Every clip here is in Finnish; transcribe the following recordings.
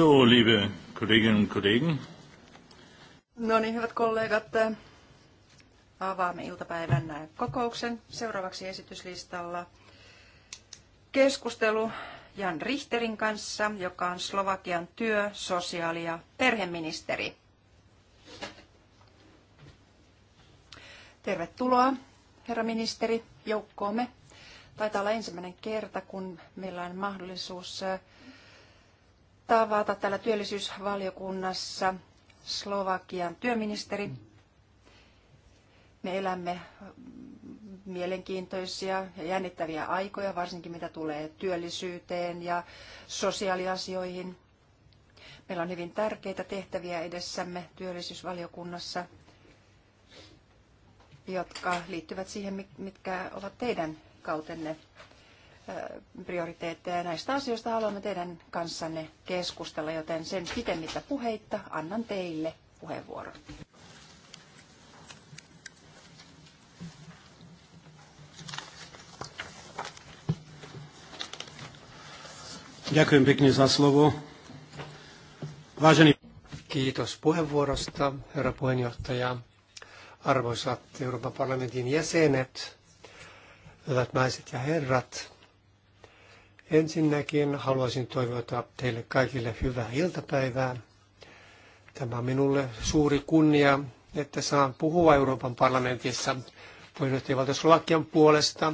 So, liebe Kolleginnen und Kollegen. No niin, hyvät kollegat. Äh, avaamme iltapäivän äh, kokouksen. Seuraavaksi esityslistalla keskustelu Jan Richterin kanssa, joka on Slovakian työ-, sosiaali- ja perheministeri. Tervetuloa, herra ministeri, joukkoomme. Taitaa olla ensimmäinen kerta, kun meillä on mahdollisuus äh, tavata täällä työllisyysvaliokunnassa Slovakian työministeri. Me elämme mielenkiintoisia ja jännittäviä aikoja, varsinkin mitä tulee työllisyyteen ja sosiaaliasioihin. Meillä on hyvin tärkeitä tehtäviä edessämme työllisyysvaliokunnassa, jotka liittyvät siihen, mitkä ovat teidän kautenne prioriteetteja. Näistä asioista haluamme teidän kanssanne keskustella, joten sen pitemmittä puheitta annan teille puheenvuoron. Ďakujem pekne za slovo. Vážený... Kiitos puheenvuorosta, herra puheenjohtaja. Arvoisat Euroopan parlamentin jäsenet, hyvät naiset ja herrat, Ensinnäkin haluaisin toivota teille kaikille hyvää iltapäivää. Tämä on minulle suuri kunnia, että saan puhua Euroopan parlamentissa puheenjohtajavaltioslovakian puolesta,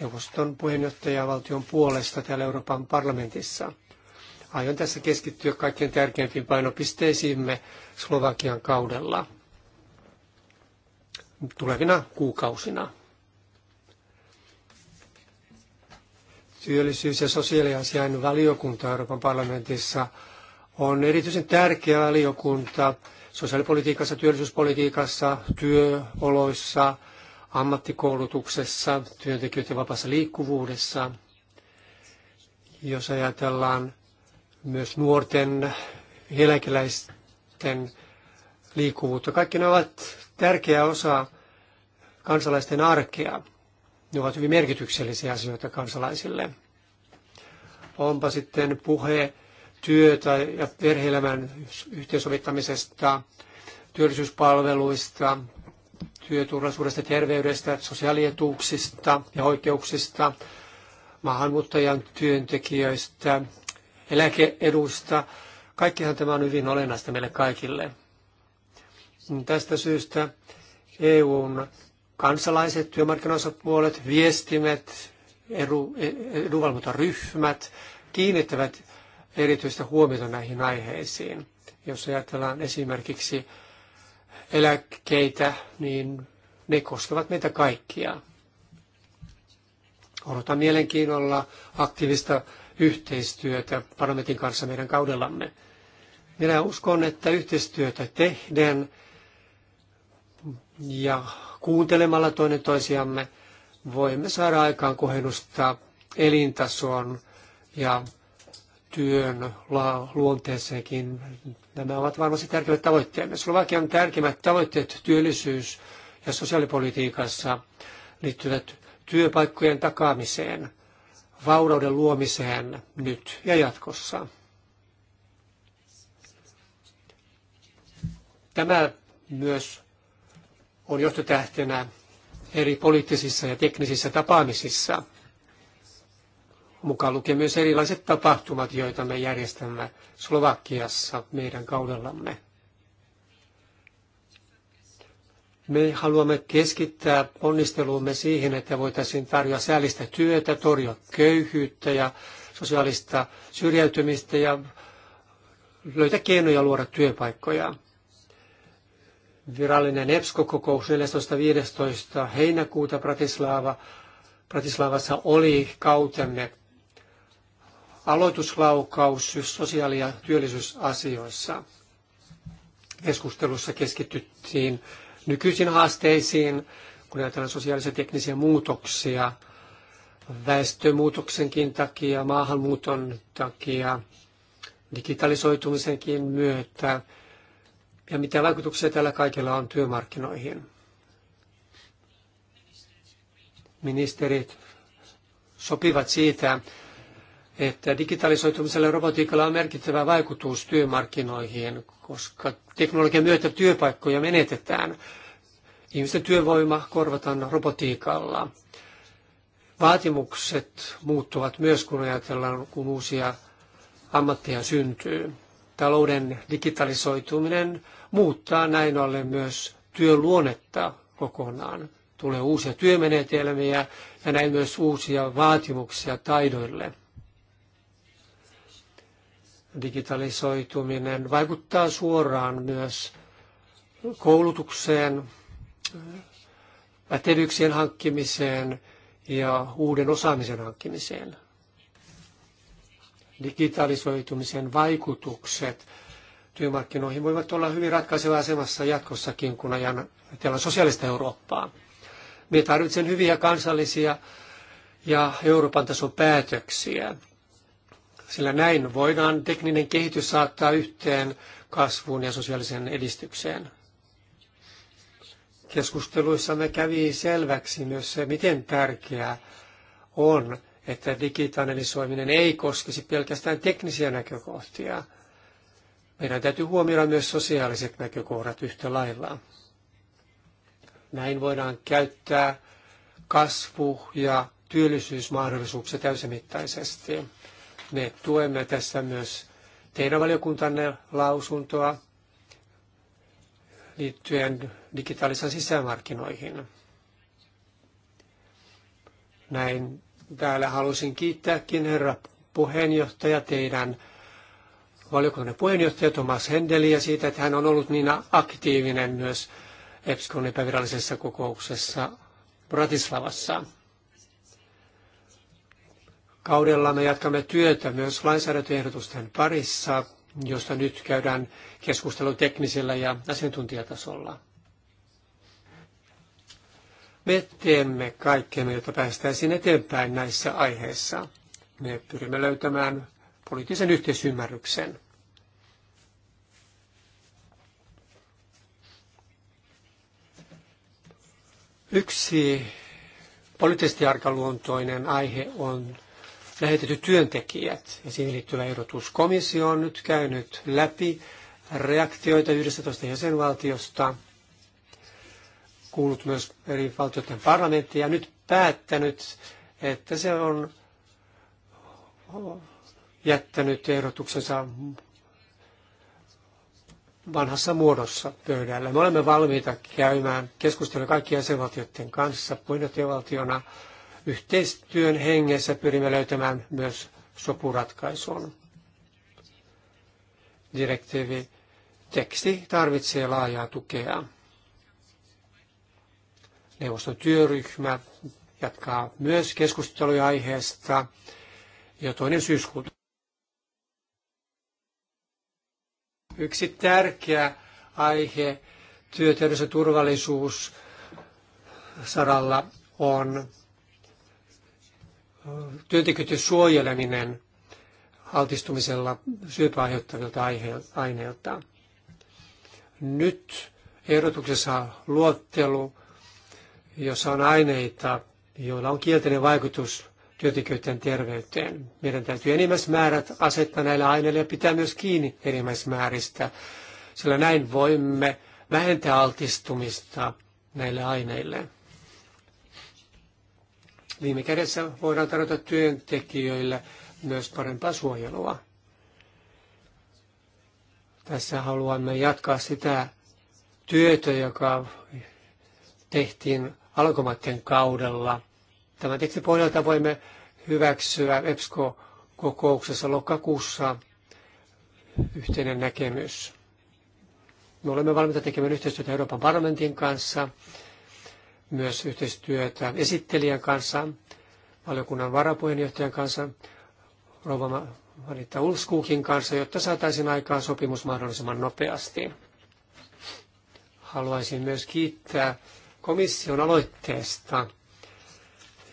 neuvoston puheenjohtajavaltion puolesta täällä Euroopan parlamentissa. Aion tässä keskittyä kaikkein tärkeimpiin painopisteisiimme Slovakian kaudella tulevina kuukausina. Työllisyys- ja sosiaaliasian valiokunta Euroopan parlamentissa on erityisen tärkeä valiokunta sosiaalipolitiikassa, työllisyyspolitiikassa, työoloissa, ammattikoulutuksessa, työntekijöiden vapaassa liikkuvuudessa. Jos ajatellaan myös nuorten eläkeläisten liikkuvuutta, kaikki ne ovat tärkeä osa kansalaisten arkea. Ne ovat hyvin merkityksellisiä asioita kansalaisille. Onpa sitten puhe työ- tai ja perheelämän yhteensovittamisesta, työllisyyspalveluista, työturvallisuudesta, terveydestä, sosiaalietuuksista ja oikeuksista, maahanmuuttajan työntekijöistä, eläkeedusta. Kaikkihan tämä on hyvin olennaista meille kaikille. Tästä syystä EUn kansalaiset, työmarkkinaosapuolet, viestimet, edunvalvontaryhmät kiinnittävät erityistä huomiota näihin aiheisiin. Jos ajatellaan esimerkiksi eläkkeitä, niin ne koskevat meitä kaikkia. Odotan mielenkiinnolla aktiivista yhteistyötä parlamentin kanssa meidän kaudellamme. Minä uskon, että yhteistyötä tehden ja kuuntelemalla toinen toisiamme voimme saada aikaan kohennusta elintasoon ja työn luonteeseenkin. Nämä ovat varmasti tärkeimmät tavoitteemme. Slovakian tärkeimmät tavoitteet työllisyys- ja sosiaalipolitiikassa liittyvät työpaikkojen takaamiseen, vaurauden luomiseen nyt ja jatkossa. Tämä myös on johtotähtenä eri poliittisissa ja teknisissä tapaamisissa, mukaan lukien myös erilaiset tapahtumat, joita me järjestämme Slovakiassa meidän kaudellamme. Me haluamme keskittää ponnisteluumme siihen, että voitaisiin tarjota säällistä työtä, torjua köyhyyttä ja sosiaalista syrjäytymistä ja löytää keinoja luoda työpaikkoja virallinen EPSCO-kokous 14.15. heinäkuuta Bratislava, Bratislavassa oli kautemme aloituslaukaus sosiaali- ja työllisyysasioissa. Keskustelussa keskityttiin nykyisiin haasteisiin, kun ajatellaan sosiaalisia teknisiä muutoksia, väestömuutoksenkin takia, maahanmuuton takia, digitalisoitumisenkin myötä, ja mitä vaikutuksia tällä kaikella on työmarkkinoihin. Ministerit sopivat siitä, että digitalisoitumisella ja robotiikalla on merkittävä vaikutus työmarkkinoihin, koska teknologian myötä työpaikkoja menetetään. Ihmisten työvoima korvataan robotiikalla. Vaatimukset muuttuvat myös, kun ajatellaan, kun uusia ammatteja syntyy talouden digitalisoituminen muuttaa näin ollen myös työluonnetta kokonaan. Tulee uusia työmenetelmiä ja näin myös uusia vaatimuksia taidoille. Digitalisoituminen vaikuttaa suoraan myös koulutukseen, pätevyyksien hankkimiseen ja uuden osaamisen hankkimiseen digitalisoitumisen vaikutukset työmarkkinoihin voivat olla hyvin ratkaisevassa asemassa jatkossakin, kun ajatellaan sosiaalista Eurooppaa. Me tarvitsemme hyviä kansallisia ja Euroopan tason päätöksiä, sillä näin voidaan tekninen kehitys saattaa yhteen kasvuun ja sosiaaliseen edistykseen. Keskusteluissa me kävi selväksi myös se, miten tärkeää on, että digitalisoiminen ei koskisi pelkästään teknisiä näkökohtia. Meidän täytyy huomioida myös sosiaaliset näkökohdat yhtä lailla. Näin voidaan käyttää kasvu- ja työllisyysmahdollisuuksia täysimittaisesti. Me tuemme tässä myös teidän valiokuntanne lausuntoa liittyen digitaalisiin sisämarkkinoihin. Näin Täällä haluaisin kiittääkin herra puheenjohtaja teidän valiokunnan puheenjohtaja Thomas Hendeliä siitä, että hän on ollut niin aktiivinen myös EPSCON epävirallisessa kokouksessa Bratislavassa. Kaudella me jatkamme työtä myös lainsäädäntöehdotusten parissa, josta nyt käydään keskustelu teknisellä ja asiantuntijatasolla. Me teemme kaikkemme, jotta päästäisiin eteenpäin näissä aiheissa. Me pyrimme löytämään poliittisen yhteisymmärryksen. Yksi poliittisesti arkaluontoinen aihe on lähetetyt työntekijät ja siihen liittyvä ehdotus. Komissio on nyt käynyt läpi reaktioita 11 jäsenvaltiosta kuullut myös eri valtioiden parlamentteja ja nyt päättänyt, että se on jättänyt ehdotuksensa vanhassa muodossa pöydällä. Me olemme valmiita käymään keskustelua kaikkien jäsenvaltioiden kanssa puheenjohtajavaltiona yhteistyön hengessä pyrimme löytämään myös sopuratkaisun. Direktiivi teksti tarvitsee laajaa tukea. Neuvostotyöryhmä jatkaa myös keskusteluja aiheesta jo toinen syyskuuta. Yksi tärkeä aihe työterveys- ja turvallisuus saralla on työntekijöiden suojeleminen altistumisella syöpää aiheuttavilta aineilta. Nyt ehdotuksessa luottelu jossa on aineita, joilla on kielteinen vaikutus työntekijöiden terveyteen. Meidän täytyy enimmäismäärät asettaa näille aineille ja pitää myös kiinni enimmäismääristä, sillä näin voimme vähentää altistumista näille aineille. Viime kädessä voidaan tarjota työntekijöille myös parempaa suojelua. Tässä haluamme jatkaa sitä työtä, joka tehtiin alkomaiden kaudella. Tämän tekstin pohjalta voimme hyväksyä EPSCO-kokouksessa lokakuussa yhteinen näkemys. Me olemme valmiita tekemään yhteistyötä Euroopan parlamentin kanssa, myös yhteistyötä esittelijän kanssa, valiokunnan varapuheenjohtajan kanssa, Rova Marita Ulskukin kanssa, jotta saataisiin aikaan sopimus mahdollisimman nopeasti. Haluaisin myös kiittää komission aloitteesta,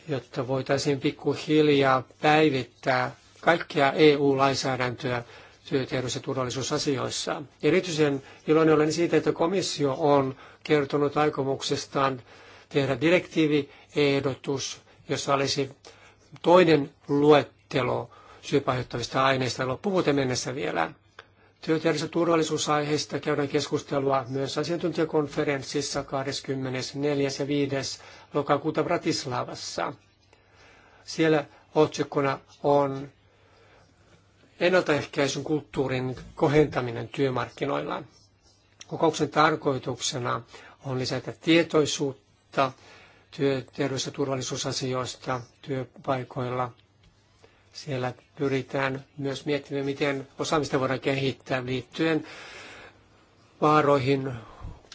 jotta voitaisiin pikkuhiljaa päivittää kaikkia EU-lainsäädäntöä työterveys- ja turvallisuusasioissa. Erityisen iloinen olen siitä, että komissio on kertonut aikomuksestaan tehdä direktiiviehdotus, jossa olisi toinen luettelo syöpäaiheuttavista aineista loppuvuoteen mennessä vielä. Työterveys- ja turvallisuusaiheista käydään keskustelua myös asiantuntijakonferenssissa 24. ja 5. lokakuuta Bratislavassa. Siellä otsikkona on ennaltaehkäisyn kulttuurin kohentaminen työmarkkinoilla. Kokouksen tarkoituksena on lisätä tietoisuutta työterveys- ja turvallisuusasioista työpaikoilla – siellä pyritään myös miettimään, miten osaamista voidaan kehittää liittyen vaaroihin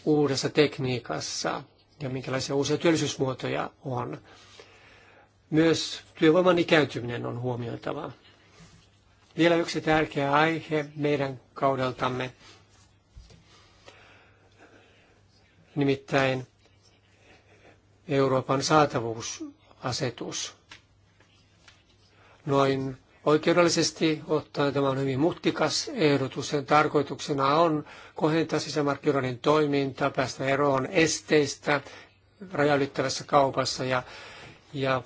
uudessa tekniikassa ja minkälaisia uusia työllisyysmuotoja on. Myös työvoiman ikääntyminen on huomioitava. Vielä yksi tärkeä aihe meidän kaudeltamme, nimittäin Euroopan saatavuusasetus. Noin oikeudellisesti ottaen tämä on hyvin mutkikas ehdotus. Sen tarkoituksena on kohentaa sisämarkkinoiden toimintaa, päästä eroon esteistä rajaylittävässä kaupassa ja, ja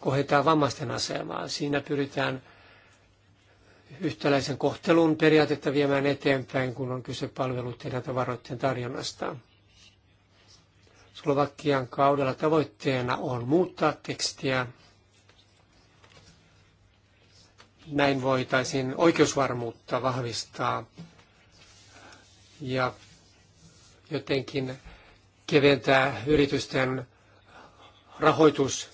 kohentaa vammaisten asemaa. Siinä pyritään yhtäläisen kohtelun periaatetta viemään eteenpäin, kun on kyse palveluiden ja tavaroiden tarjonnasta. Slovakian kaudella tavoitteena on muuttaa tekstiä näin voitaisiin oikeusvarmuutta vahvistaa ja jotenkin keventää yritysten rahoitus-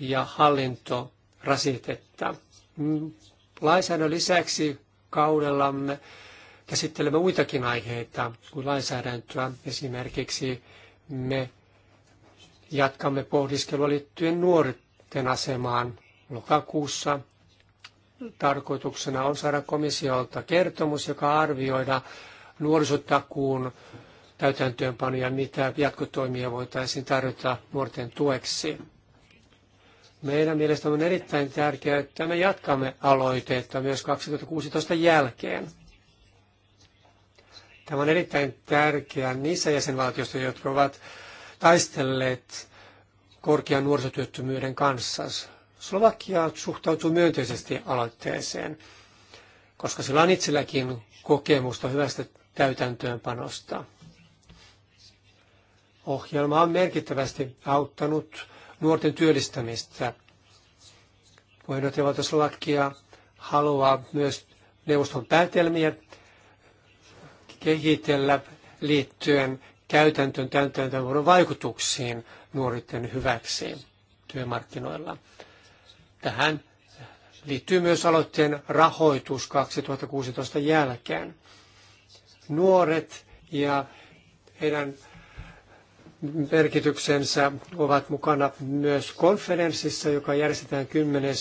ja hallintorasitetta. Lainsäädännön lisäksi kaudellamme käsittelemme muitakin aiheita kuin lainsäädäntöä. Esimerkiksi me jatkamme pohdiskelua liittyen nuorten asemaan lokakuussa tarkoituksena on saada komissiolta kertomus, joka arvioida nuorisotakuun täytäntöönpanoja, mitä jatkotoimia voitaisiin tarjota nuorten tueksi. Meidän mielestämme on erittäin tärkeää, että me jatkamme aloitetta myös 2016 jälkeen. Tämä on erittäin tärkeää niissä jäsenvaltioissa, jotka ovat taistelleet korkean nuorisotyöttömyyden kanssa Slovakia suhtautuu myönteisesti aloitteeseen, koska sillä on itselläkin kokemusta hyvästä täytäntöönpanosta. Ohjelma on merkittävästi auttanut nuorten työllistämistä. Puheenjohtajavalta Slovakia haluaa myös neuvoston päätelmiä kehitellä liittyen käytäntöön täytäntöönpanon vaikutuksiin nuorten hyväksi työmarkkinoilla. Tähän liittyy myös aloitteen rahoitus 2016 jälkeen. Nuoret ja heidän merkityksensä ovat mukana myös konferenssissa, joka järjestetään 10.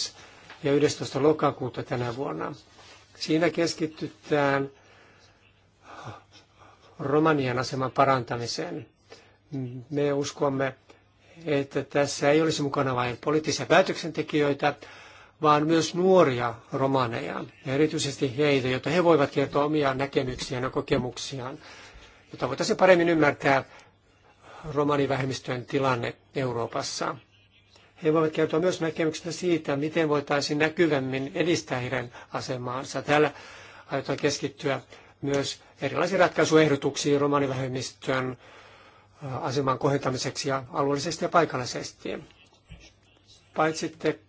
ja 11. lokakuuta tänä vuonna. Siinä keskitytään Romanian aseman parantamiseen. Me uskomme että tässä ei olisi mukana vain poliittisia päätöksentekijöitä, vaan myös nuoria romaneja, ja erityisesti heitä, jotta he voivat kertoa omia näkemyksiään ja kokemuksiaan, jotta voitaisiin paremmin ymmärtää romanivähemmistöjen tilanne Euroopassa. He voivat kertoa myös näkemyksistä siitä, miten voitaisiin näkyvämmin edistää heidän asemaansa. Täällä aiotaan keskittyä myös erilaisiin ratkaisuehdotuksiin romanivähemmistön Äh, aseman kohentamiseksi ja alueellisesti ja paikallisesti. Paitsi te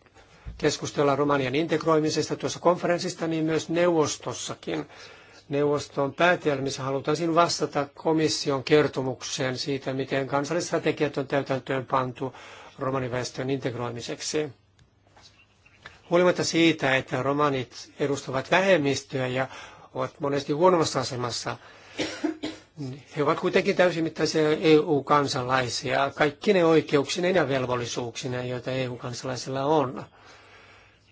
keskustellaan Romanian integroimisesta tuossa konferenssista, niin myös neuvostossakin. Neuvoston päätelmissä halutaan vastata komission kertomukseen siitä, miten kansallistrategiat on täytäntöön pantu romaniväestön integroimiseksi. Huolimatta siitä, että romanit edustavat vähemmistöä ja ovat monesti huonommassa asemassa niin. He ovat kuitenkin täysimittaisia EU-kansalaisia, kaikki ne oikeuksineen ja velvollisuuksineen, joita EU-kansalaisilla on.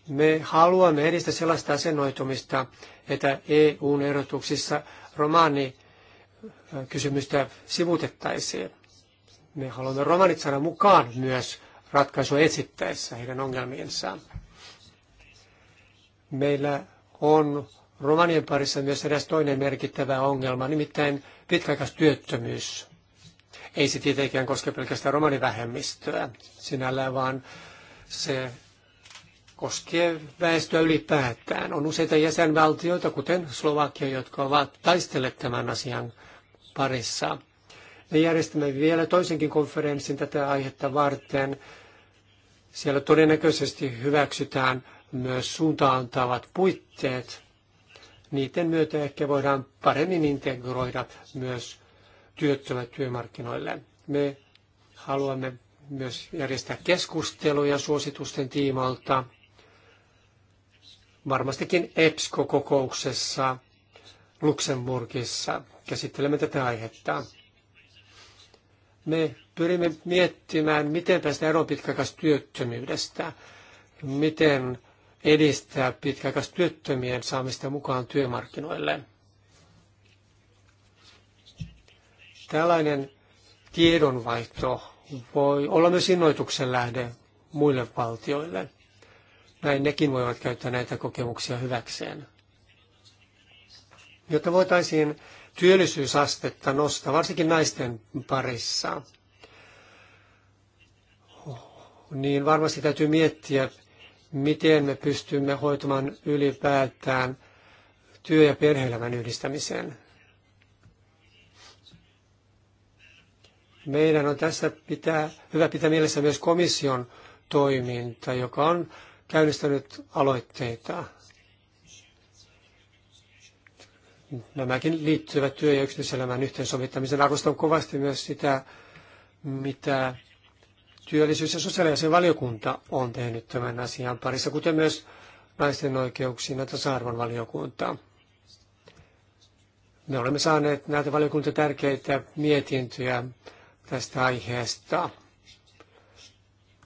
Me haluamme edistää sellaista asennoitumista, että EUn erotuksissa romaani kysymystä sivutettaisiin. Me haluamme romanit saada mukaan myös ratkaisua etsittäessä heidän ongelmiinsa. Meillä on Romanien parissa myös eräs toinen merkittävä ongelma, nimittäin pitkäaikaistyöttömyys. Ei se tietenkään koske pelkästään romanivähemmistöä sinällään, vaan se koskee väestöä ylipäätään. On useita jäsenvaltioita, kuten Slovakia, jotka ovat taistelleet tämän asian parissa. Me järjestämme vielä toisenkin konferenssin tätä aihetta varten. Siellä todennäköisesti hyväksytään myös suuntaantavat puitteet niiden myötä ehkä voidaan paremmin integroida myös työttömät työmarkkinoille. Me haluamme myös järjestää keskusteluja suositusten tiimalta. Varmastikin EPSCO-kokouksessa Luxemburgissa käsittelemme tätä aihetta. Me pyrimme miettimään, miten päästä eroon pitkäaikaistyöttömyydestä, miten edistää pitkäaikaistyöttömien saamista mukaan työmarkkinoille. Tällainen tiedonvaihto voi olla myös innoituksen lähde muille valtioille. Näin nekin voivat käyttää näitä kokemuksia hyväkseen. Jotta voitaisiin työllisyysastetta nostaa, varsinkin naisten parissa, niin varmasti täytyy miettiä miten me pystymme hoitamaan ylipäätään työ- ja perheelämän yhdistämisen. Meidän on tässä pitää, hyvä pitää mielessä myös komission toiminta, joka on käynnistänyt aloitteita. Nämäkin liittyvät työ- ja yksityiselämän yhteensovittamisen. Arvostan kovasti myös sitä, mitä Työllisyys- ja sosiaalisen valiokunta on tehnyt tämän asian parissa, kuten myös naisten oikeuksien ja tasa-arvon valiokunta. Me olemme saaneet näiltä valiokunta tärkeitä mietintöjä tästä aiheesta.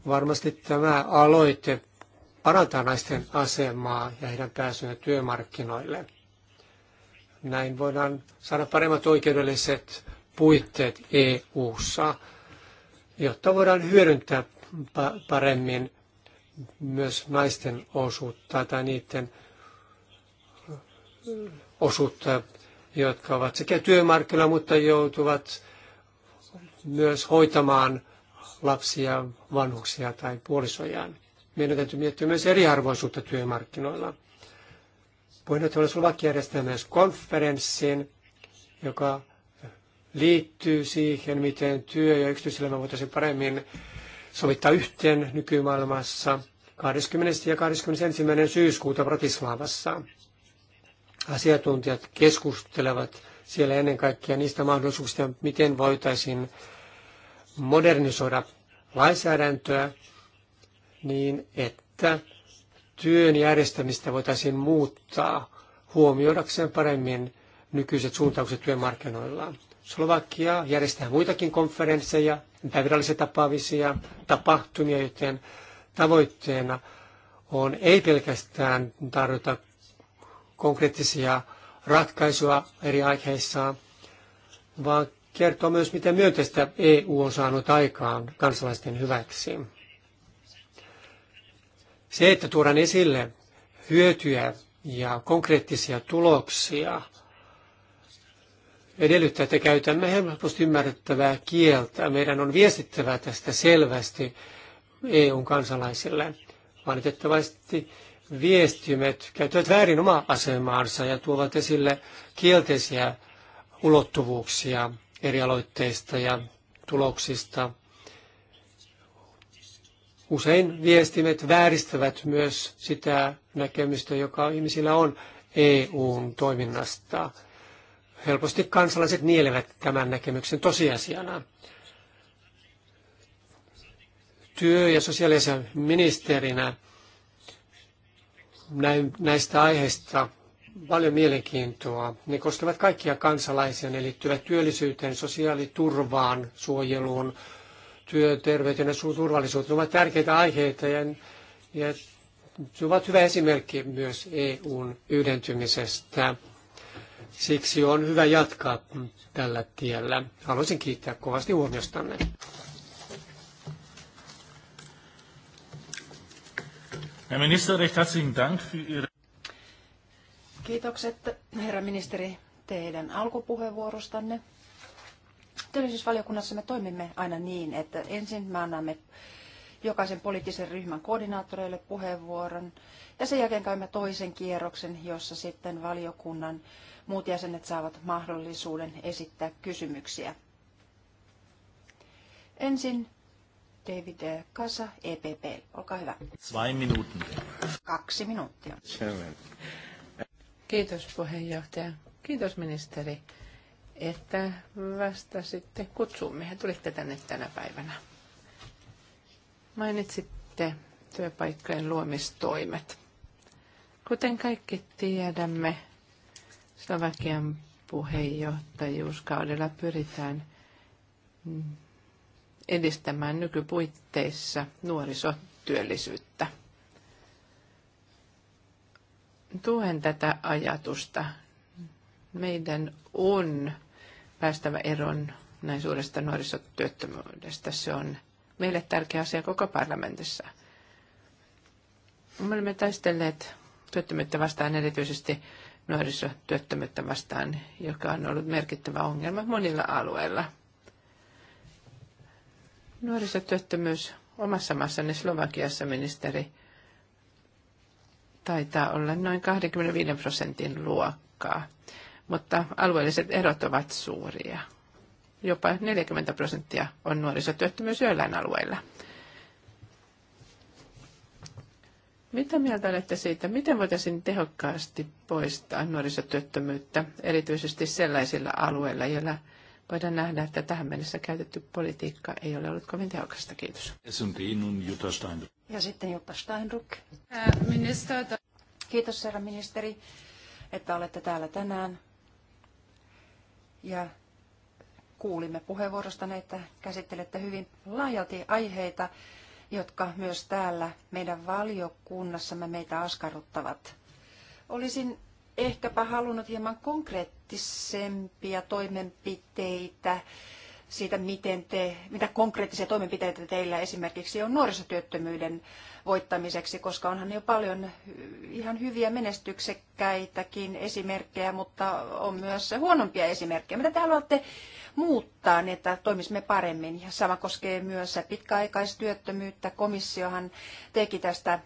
Varmasti tämä aloite parantaa naisten asemaa ja heidän pääsyä työmarkkinoille. Näin voidaan saada paremmat oikeudelliset puitteet EU-ssa jotta voidaan hyödyntää paremmin myös naisten osuutta tai niiden osuutta, jotka ovat sekä työmarkkinoilla, mutta joutuvat myös hoitamaan lapsia, vanhuksia tai puolisojaan. Meidän täytyy miettiä myös eriarvoisuutta työmarkkinoilla. Puheenjohtajalla Slovakia järjestää myös konferenssin, joka liittyy siihen, miten työ- ja yksityiselämä voitaisiin paremmin sovittaa yhteen nykymaailmassa 20. ja 21. syyskuuta Bratislavassa. Asiantuntijat keskustelevat siellä ennen kaikkea niistä mahdollisuuksista, miten voitaisiin modernisoida lainsäädäntöä niin, että työn järjestämistä voitaisiin muuttaa huomioidakseen paremmin nykyiset suuntaukset työmarkkinoilla. Slovakia järjestää muitakin konferensseja, epävirallisia tapaamisia, tapahtumia, joten tavoitteena on ei pelkästään tarjota konkreettisia ratkaisuja eri aiheissa, vaan kertoa myös, miten myönteistä EU on saanut aikaan kansalaisten hyväksi. Se, että tuodaan esille hyötyjä ja konkreettisia tuloksia – edellyttää, että käytämme helposti ymmärrettävää kieltä. Meidän on viestittävä tästä selvästi EUn kansalaisille. Valitettavasti viestimet käyttävät väärin omaa asemaansa ja tuovat esille kielteisiä ulottuvuuksia eri aloitteista ja tuloksista. Usein viestimet vääristävät myös sitä näkemystä, joka ihmisillä on EUn toiminnasta helposti kansalaiset nielevät tämän näkemyksen tosiasiana. Työ- ja sosiaalisen ministerinä näistä aiheista paljon mielenkiintoa. Ne koskevat kaikkia kansalaisia. Ne liittyvät työllisyyteen, sosiaaliturvaan, suojeluun, työterveyteen ja turvallisuuteen. Ne ovat tärkeitä aiheita ja, ja ne ovat hyvä esimerkki myös EUn yhdentymisestä. Siksi on hyvä jatkaa tällä tiellä. Haluaisin kiittää kovasti huomiostanne. Herr ministeri, Dank für Kiitokset, herra ministeri, teidän alkupuheenvuorostanne. Työllisyysvaliokunnassa me toimimme aina niin, että ensin me annamme jokaisen poliittisen ryhmän koordinaattoreille puheenvuoron ja sen jälkeen käymme toisen kierroksen, jossa sitten valiokunnan muut jäsenet saavat mahdollisuuden esittää kysymyksiä. Ensin David Kasa, EPP. Olkaa hyvä. Kaksi minuuttia. Kiitos puheenjohtaja. Kiitos ministeri, että vastasitte kutsuun, ja tulitte tänne tänä päivänä. Mainitsitte työpaikkojen luomistoimet. Kuten kaikki tiedämme, Slovakian puheenjohtajuuskaudella pyritään edistämään nykypuitteissa nuorisotyöllisyyttä. Tuen tätä ajatusta. Meidän on päästävä eron näin suuresta nuorisotyöttömyydestä. Se on meille tärkeä asia koko parlamentissa. Me olemme taistelleet työttömyyttä vastaan erityisesti nuorisotyöttömyyttä vastaan, joka on ollut merkittävä ongelma monilla alueilla. Nuorisotyöttömyys omassa maassani Slovakiassa ministeri taitaa olla noin 25 prosentin luokkaa, mutta alueelliset erot ovat suuria. Jopa 40 prosenttia on nuorisotyöttömyys joillain alueilla. Mitä mieltä olette siitä, miten voitaisiin tehokkaasti poistaa nuorisotyöttömyyttä, erityisesti sellaisilla alueilla, joilla voidaan nähdä, että tähän mennessä käytetty politiikka ei ole ollut kovin tehokasta. Kiitos. Ja sitten Jutta Steinruck. Äh, Kiitos herra ministeri, että olette täällä tänään. Ja kuulimme puheenvuorostanne, että käsittelette hyvin laajalti aiheita, jotka myös täällä meidän valiokunnassamme meitä askarruttavat. Olisin ehkäpä halunnut hieman konkreettisempia toimenpiteitä siitä, miten te, mitä konkreettisia toimenpiteitä teillä esimerkiksi on nuorisotyöttömyyden voittamiseksi, koska onhan jo paljon ihan hyviä menestyksekkäitäkin esimerkkejä, mutta on myös huonompia esimerkkejä. Mitä te haluatte muuttaa, niin että toimisimme paremmin? Ja sama koskee myös pitkäaikaistyöttömyyttä. Komissiohan teki tästä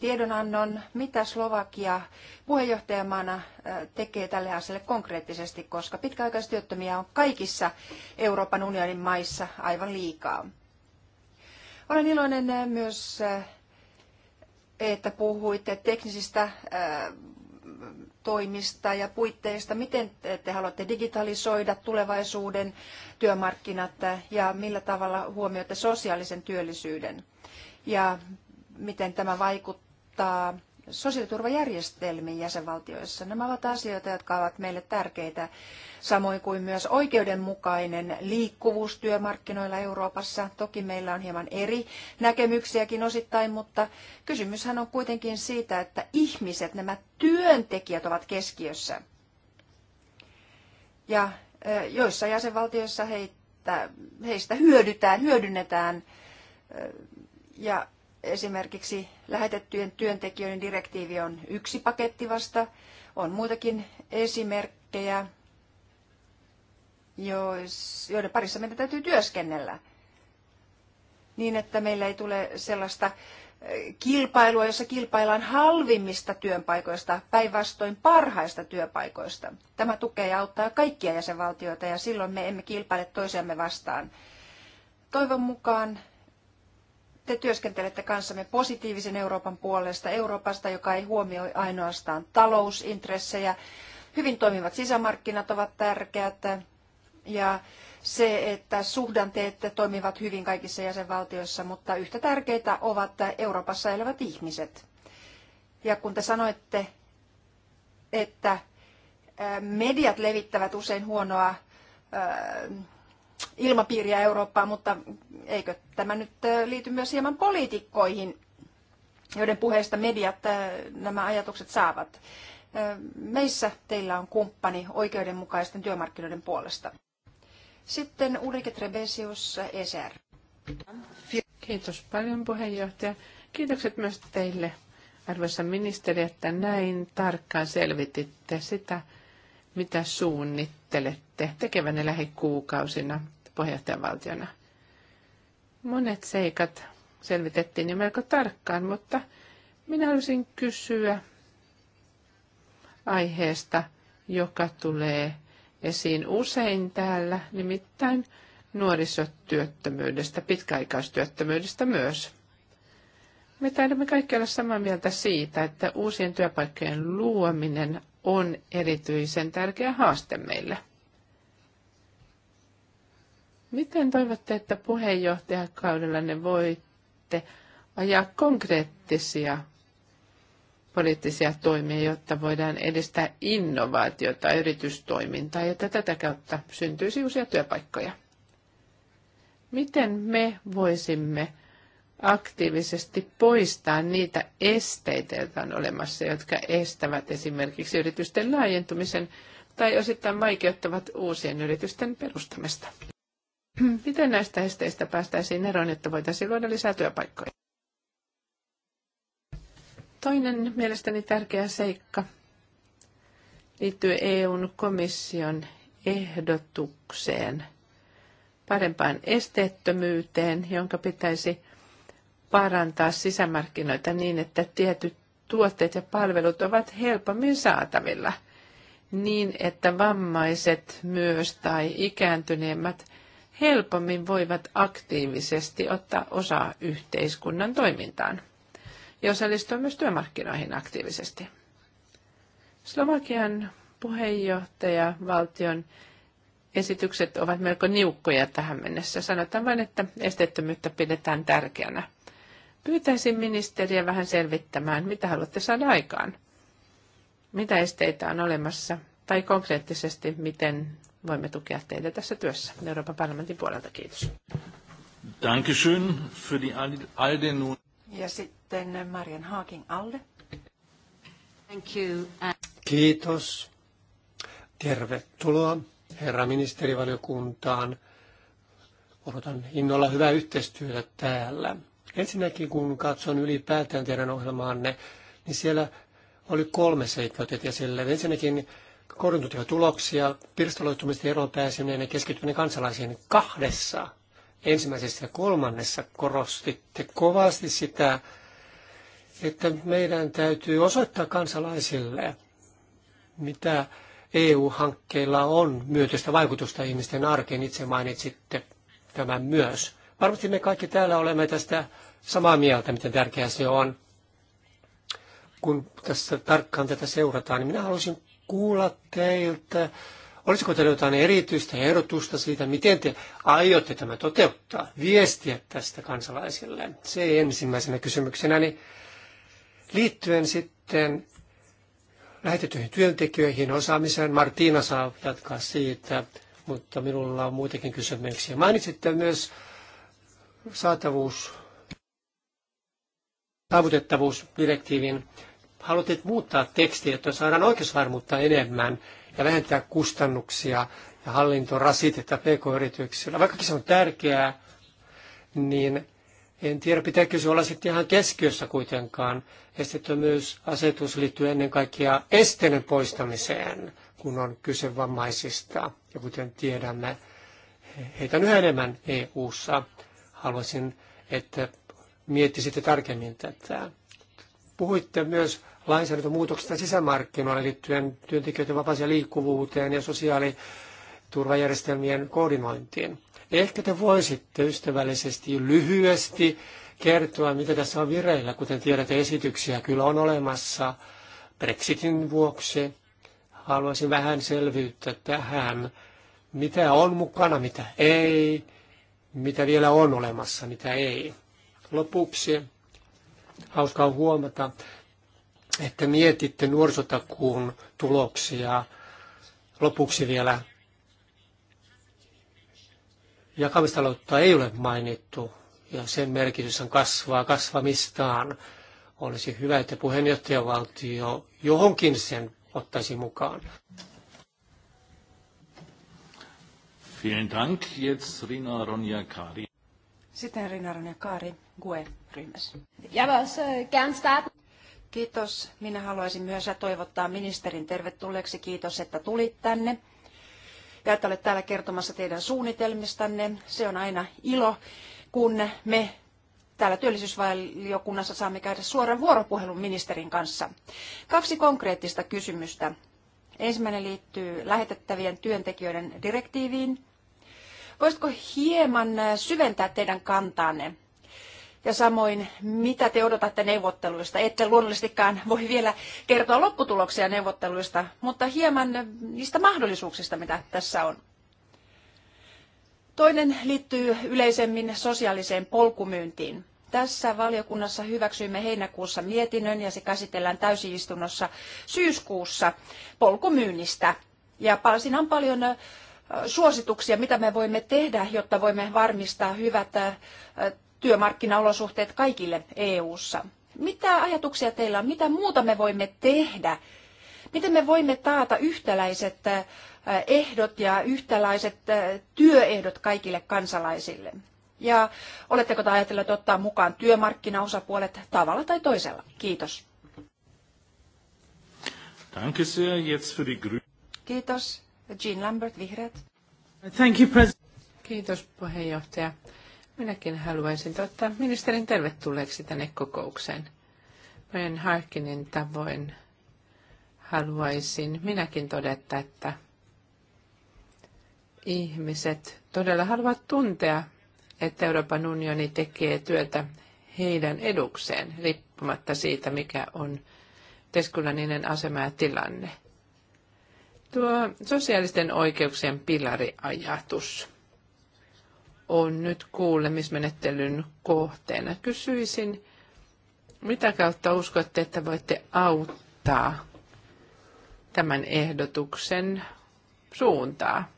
tiedonannon. Mitä Slovakia puheenjohtajamaana tekee tälle asialle konkreettisesti, koska pitkäaikaistyöttömiä on kaikissa Euroopan unionin maissa aivan liikaa. Olen iloinen myös että puhuitte teknisistä äh, toimista ja puitteista, miten te haluatte digitalisoida tulevaisuuden työmarkkinat ja millä tavalla huomioitte sosiaalisen työllisyyden ja miten tämä vaikuttaa sosiaaliturvajärjestelmiin jäsenvaltioissa. Nämä ovat asioita, jotka ovat meille tärkeitä, samoin kuin myös oikeudenmukainen liikkuvuus työmarkkinoilla Euroopassa. Toki meillä on hieman eri näkemyksiäkin osittain, mutta kysymyshän on kuitenkin siitä, että ihmiset, nämä työntekijät ovat keskiössä. Ja joissa jäsenvaltioissa heitä, heistä hyödytään, hyödynnetään ja Esimerkiksi lähetettyjen työntekijöiden direktiivi on yksi paketti vasta. On muitakin esimerkkejä, joiden parissa meidän täytyy työskennellä. Niin, että meillä ei tule sellaista eh, kilpailua, jossa kilpaillaan halvimmista työpaikoista, päinvastoin parhaista työpaikoista. Tämä tukee ja auttaa kaikkia jäsenvaltioita ja silloin me emme kilpaile toisiamme vastaan. Toivon mukaan te työskentelette kanssamme positiivisen Euroopan puolesta, Euroopasta, joka ei huomioi ainoastaan talousintressejä. Hyvin toimivat sisämarkkinat ovat tärkeät ja se, että suhdanteet toimivat hyvin kaikissa jäsenvaltioissa, mutta yhtä tärkeitä ovat Euroopassa elävät ihmiset. Ja kun te sanoitte, että mediat levittävät usein huonoa ilmapiiriä Eurooppaan, mutta eikö tämä nyt äh, liity myös hieman poliitikkoihin, joiden puheista mediat äh, nämä ajatukset saavat? Äh, meissä teillä on kumppani oikeudenmukaisten työmarkkinoiden puolesta. Sitten Ulrike Trebesius, ESR. Kiitos paljon puheenjohtaja. Kiitokset myös teille, arvoisa ministeri, että näin tarkkaan selvititte sitä, mitä suunnit kuvittelette tekevänne lähikuukausina puheenjohtajavaltiona? Monet seikat selvitettiin jo melko tarkkaan, mutta minä haluaisin kysyä aiheesta, joka tulee esiin usein täällä, nimittäin nuorisotyöttömyydestä, pitkäaikaistyöttömyydestä myös. Me taidamme kaikki olla samaa mieltä siitä, että uusien työpaikkojen luominen on erityisen tärkeä haaste meille. Miten toivotte, että puheenjohtajakaudella ne voitte ajaa konkreettisia poliittisia toimia, jotta voidaan edistää innovaatiota, yritystoimintaa, jotta tätä kautta syntyisi uusia työpaikkoja? Miten me voisimme aktiivisesti poistaa niitä esteitä, joita on olemassa, jotka estävät esimerkiksi yritysten laajentumisen tai osittain vaikeuttavat uusien yritysten perustamista. Miten näistä esteistä päästäisiin eroon, että voitaisiin luoda lisää työpaikkoja? Toinen mielestäni tärkeä seikka liittyy EUn komission ehdotukseen parempaan esteettömyyteen, jonka pitäisi – parantaa sisämarkkinoita niin, että tietyt tuotteet ja palvelut ovat helpommin saatavilla, niin että vammaiset myös tai ikääntyneemmät helpommin voivat aktiivisesti ottaa osaa yhteiskunnan toimintaan ja osallistua myös työmarkkinoihin aktiivisesti. Slovakian puheenjohtaja valtion esitykset ovat melko niukkoja tähän mennessä. Sanotaan vain, että esteettömyyttä pidetään tärkeänä. Pyytäisin ministeriä vähän selvittämään, mitä haluatte saada aikaan. Mitä esteitä on olemassa tai konkreettisesti, miten voimme tukea teitä tässä työssä Euroopan parlamentin puolelta. Kiitos. Dankeschön für die ALDE nun. Ja sitten Marian Haakin ALDE. Thank you. Uh- Kiitos. Tervetuloa herra ministerivaliokuntaan. Odotan innolla hyvää yhteistyötä täällä. Ensinnäkin kun katson ylipäätään teidän ohjelmaanne, niin siellä oli kolme seikkaa otettu esille. Ensinnäkin koordinoituja tuloksia, pirstaloitumista eroon pääseminen ja keskittyminen kansalaisiin kahdessa ensimmäisessä ja kolmannessa korostitte kovasti sitä, että meidän täytyy osoittaa kansalaisille, mitä EU-hankkeilla on myötäistä vaikutusta ihmisten arkeen. Itse mainitsitte tämän myös. Varmasti me kaikki täällä olemme tästä samaa mieltä, miten tärkeää se on. Kun tässä tarkkaan tätä seurataan, niin minä haluaisin kuulla teiltä, olisiko teillä jotain erityistä ehdotusta siitä, miten te aiotte tämä toteuttaa, viestiä tästä kansalaisille. Se ensimmäisenä kysymyksenä. Niin liittyen sitten lähetettyihin työntekijöihin, osaamiseen, Martina saa jatkaa siitä, mutta minulla on muitakin kysymyksiä. Mainitsitte myös saatavuus saavutettavuusdirektiivin haluttiin muuttaa tekstiä, jotta saadaan oikeusvarmuutta enemmän ja vähentää kustannuksia ja hallintorasitetta pk-yrityksillä. Vaikkakin se on tärkeää, niin en tiedä, pitääkö se olla sitten ihan keskiössä kuitenkaan. Esteettömyysasetus liittyy ennen kaikkea esteiden poistamiseen, kun on kyse vammaisista. Ja kuten tiedämme, heitä on yhä enemmän EU-ssa. Haluaisin, että miettisitte tarkemmin tätä. Puhuitte myös lainsäädäntömuutoksesta sisämarkkinoilla liittyen työntekijöiden vapaaseen liikkuvuuteen ja sosiaaliturvajärjestelmien koordinointiin. Ehkä te voisitte ystävällisesti lyhyesti kertoa, mitä tässä on vireillä. Kuten tiedätte, esityksiä kyllä on olemassa Brexitin vuoksi. Haluaisin vähän selvyyttä tähän, mitä on mukana, mitä ei, mitä vielä on olemassa, mitä ei. Lopuksi hauskaa huomata, että mietitte nuorisotakuun tuloksia. Lopuksi vielä jakamistaloutta ei ole mainittu ja sen merkitys on kasvaa kasvamistaan. Olisi hyvä, että puheenjohtajavaltio johonkin sen ottaisi mukaan. Vielen Dank. Jetzt Rina Ronja Kari. Sitten Rinaran ja Kaari GUE-ryhmässä. Ja Kiitos. Minä haluaisin myös toivottaa ministerin tervetulleeksi. Kiitos, että tulit tänne ja että olet täällä kertomassa teidän suunnitelmistanne. Se on aina ilo, kun me täällä työllisyysvaliokunnassa saamme käydä suoran vuoropuhelun ministerin kanssa. Kaksi konkreettista kysymystä. Ensimmäinen liittyy lähetettävien työntekijöiden direktiiviin. Voisitko hieman äh, syventää teidän kantaanne? Ja samoin, mitä te odotatte neuvotteluista? Ette luonnollisestikaan voi vielä kertoa lopputuloksia neuvotteluista, mutta hieman äh, niistä mahdollisuuksista, mitä tässä on. Toinen liittyy yleisemmin sosiaaliseen polkumyyntiin. Tässä valiokunnassa hyväksyimme heinäkuussa mietinnön ja se käsitellään täysistunnossa syyskuussa polkumyynnistä. Ja siinä on paljon äh, suosituksia, mitä me voimme tehdä, jotta voimme varmistaa hyvät työmarkkinaolosuhteet kaikille EU:ssa. Mitä ajatuksia teillä on? Mitä muuta me voimme tehdä? Miten me voimme taata yhtäläiset ehdot ja yhtäläiset työehdot kaikille kansalaisille? Ja oletteko te ajatelleet ottaa mukaan työmarkkinaosapuolet tavalla tai toisella? Kiitos. Kiitos. Jean Lambert, Vihreät. Thank you, Kiitos puheenjohtaja. Minäkin haluaisin toivottaa ministerin tervetulleeksi tänne kokoukseen. Meidän Harkinin tavoin haluaisin minäkin todeta, että ihmiset todella haluavat tuntea, että Euroopan unioni tekee työtä heidän edukseen, riippumatta siitä, mikä on yhteiskunnallinen asema ja tilanne. Tuo sosiaalisten oikeuksien pilariajatus on nyt kuulemismenettelyn kohteena. Kysyisin, mitä kautta uskotte, että voitte auttaa tämän ehdotuksen suuntaa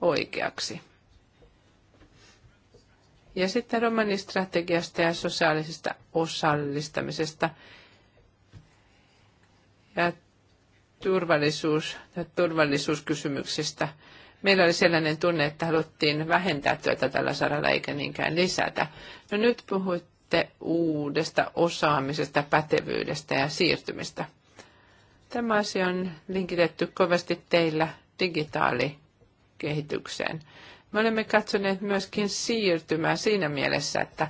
oikeaksi? Ja sitten romanistrategiasta ja sosiaalisesta osallistamisesta ja turvallisuus turvallisuuskysymyksistä. Meillä oli sellainen tunne, että haluttiin vähentää työtä tällä saralla eikä niinkään lisätä. No nyt puhuitte uudesta osaamisesta, pätevyydestä ja siirtymistä. Tämä asia on linkitetty kovasti teillä digitaalikehitykseen. Me olemme katsoneet myöskin siirtymää siinä mielessä, että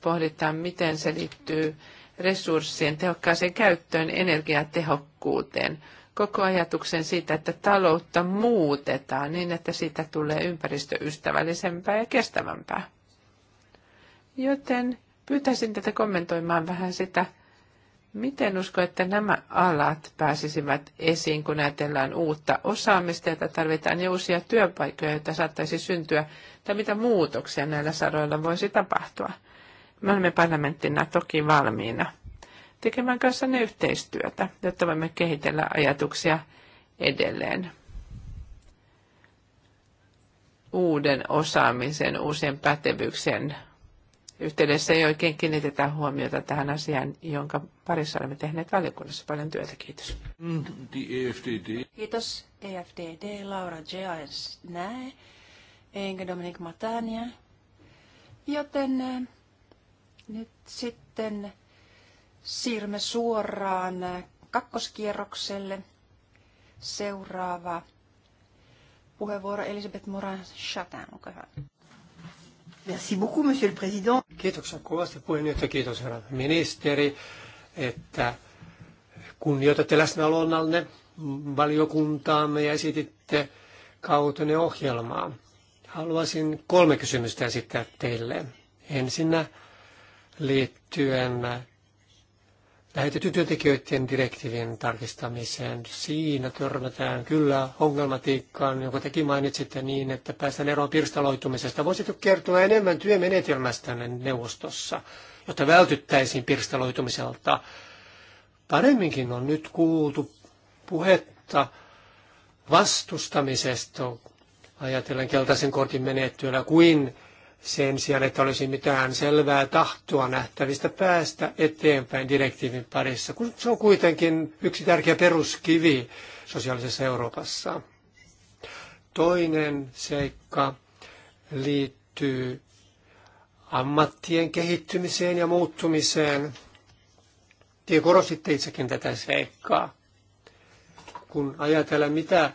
pohditaan, miten se liittyy resurssien tehokkaaseen käyttöön, energiatehokkuuteen – koko ajatuksen siitä, että taloutta muutetaan niin, että siitä tulee ympäristöystävällisempää ja kestävämpää. Joten pyytäisin tätä kommentoimaan vähän sitä, miten usko, että nämä alat pääsisivät esiin, kun ajatellaan uutta osaamista, jota tarvitaan ja uusia työpaikkoja, joita saattaisi syntyä, tai mitä muutoksia näillä saroilla voisi tapahtua. Me olemme parlamenttina toki valmiina tekemään kanssanne yhteistyötä, jotta voimme kehitellä ajatuksia edelleen. Uuden osaamisen, uusien pätevyyksien yhteydessä ei oikein kiinnitetä huomiota tähän asiaan, jonka parissa olemme tehneet valiokunnassa paljon työtä. Kiitos. Kiitos EFDD, Laura Giaes näe, enkä Dominik Matania. Joten eh, nyt sitten Siirrymme suoraan kakkoskierrokselle. Seuraava puheenvuoro Elisabeth Moran Chatin, onko hyvä. Merci beaucoup, monsieur le président. Kiitoksia kovasti puheenjohtaja, kiitos herra ministeri, että kunnioitatte läsnäolonnalle valiokuntaamme ja esititte kautenne ohjelmaa. Haluaisin kolme kysymystä esittää teille. Ensinnä liittyen lähetetty työntekijöiden direktiivin tarkistamiseen. Siinä törmätään kyllä ongelmatiikkaan, jonka tekin mainitsitte niin, että päästään eroon pirstaloitumisesta. Voisitko kertoa enemmän työmenetelmästä neuvostossa, jotta vältyttäisiin pirstaloitumiselta? Paremminkin on nyt kuultu puhetta vastustamisesta, ajatellen keltaisen kortin menettyä, kuin sen sijaan, että olisi mitään selvää tahtoa nähtävistä päästä eteenpäin direktiivin parissa, kun se on kuitenkin yksi tärkeä peruskivi sosiaalisessa Euroopassa. Toinen seikka liittyy ammattien kehittymiseen ja muuttumiseen. Te korostitte itsekin tätä seikkaa. Kun ajatellaan, mitä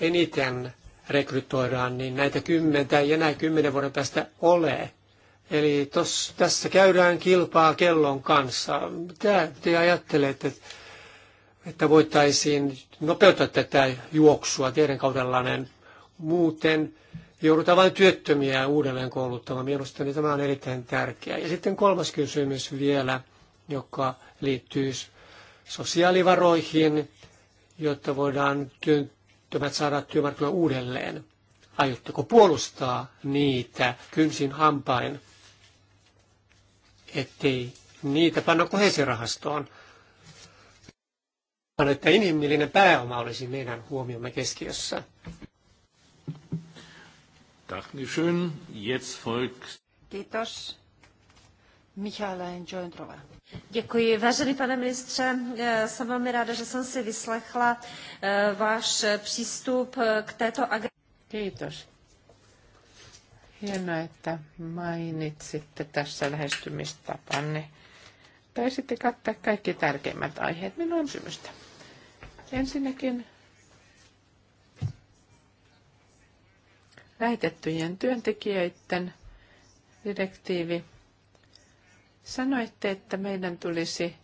eniten rekrytoidaan, niin näitä kymmentä ei enää kymmenen vuoden päästä ole. Eli tos, tässä käydään kilpaa kellon kanssa. Mitä te ajattelette, että, että voitaisiin nopeuttaa tätä juoksua teidän kaudellanne? Muuten joudutaan vain työttömiä uudelleen kouluttamaan. Mielestäni tämä on erittäin tärkeää. Ja sitten kolmas kysymys vielä, joka liittyy sosiaalivaroihin, jotta voidaan työn työttömät saada työmarkkinoilla uudelleen? Aiotteko puolustaa niitä kynsin hampain, ettei niitä panna kohesirahastoon, vaan että inhimillinen pääoma olisi meidän huomiomme keskiössä? Dankeschön. Jetzt folgt. Kiitos. Michaela trova Děkuji. Vážený pane ministře, eh, jsem velmi ráda, že jsem si vyslechla eh, váš eh, přístup k této agendě. Kiitos. Hienoa, että mainitsitte tässä lähestymistapanne. Taisitte kattaa kaikki tärkeimmät aiheet. minun on Ensinnäkin lähetettyjen työntekijöiden direktiivi Sanoitte, että meidän tulisi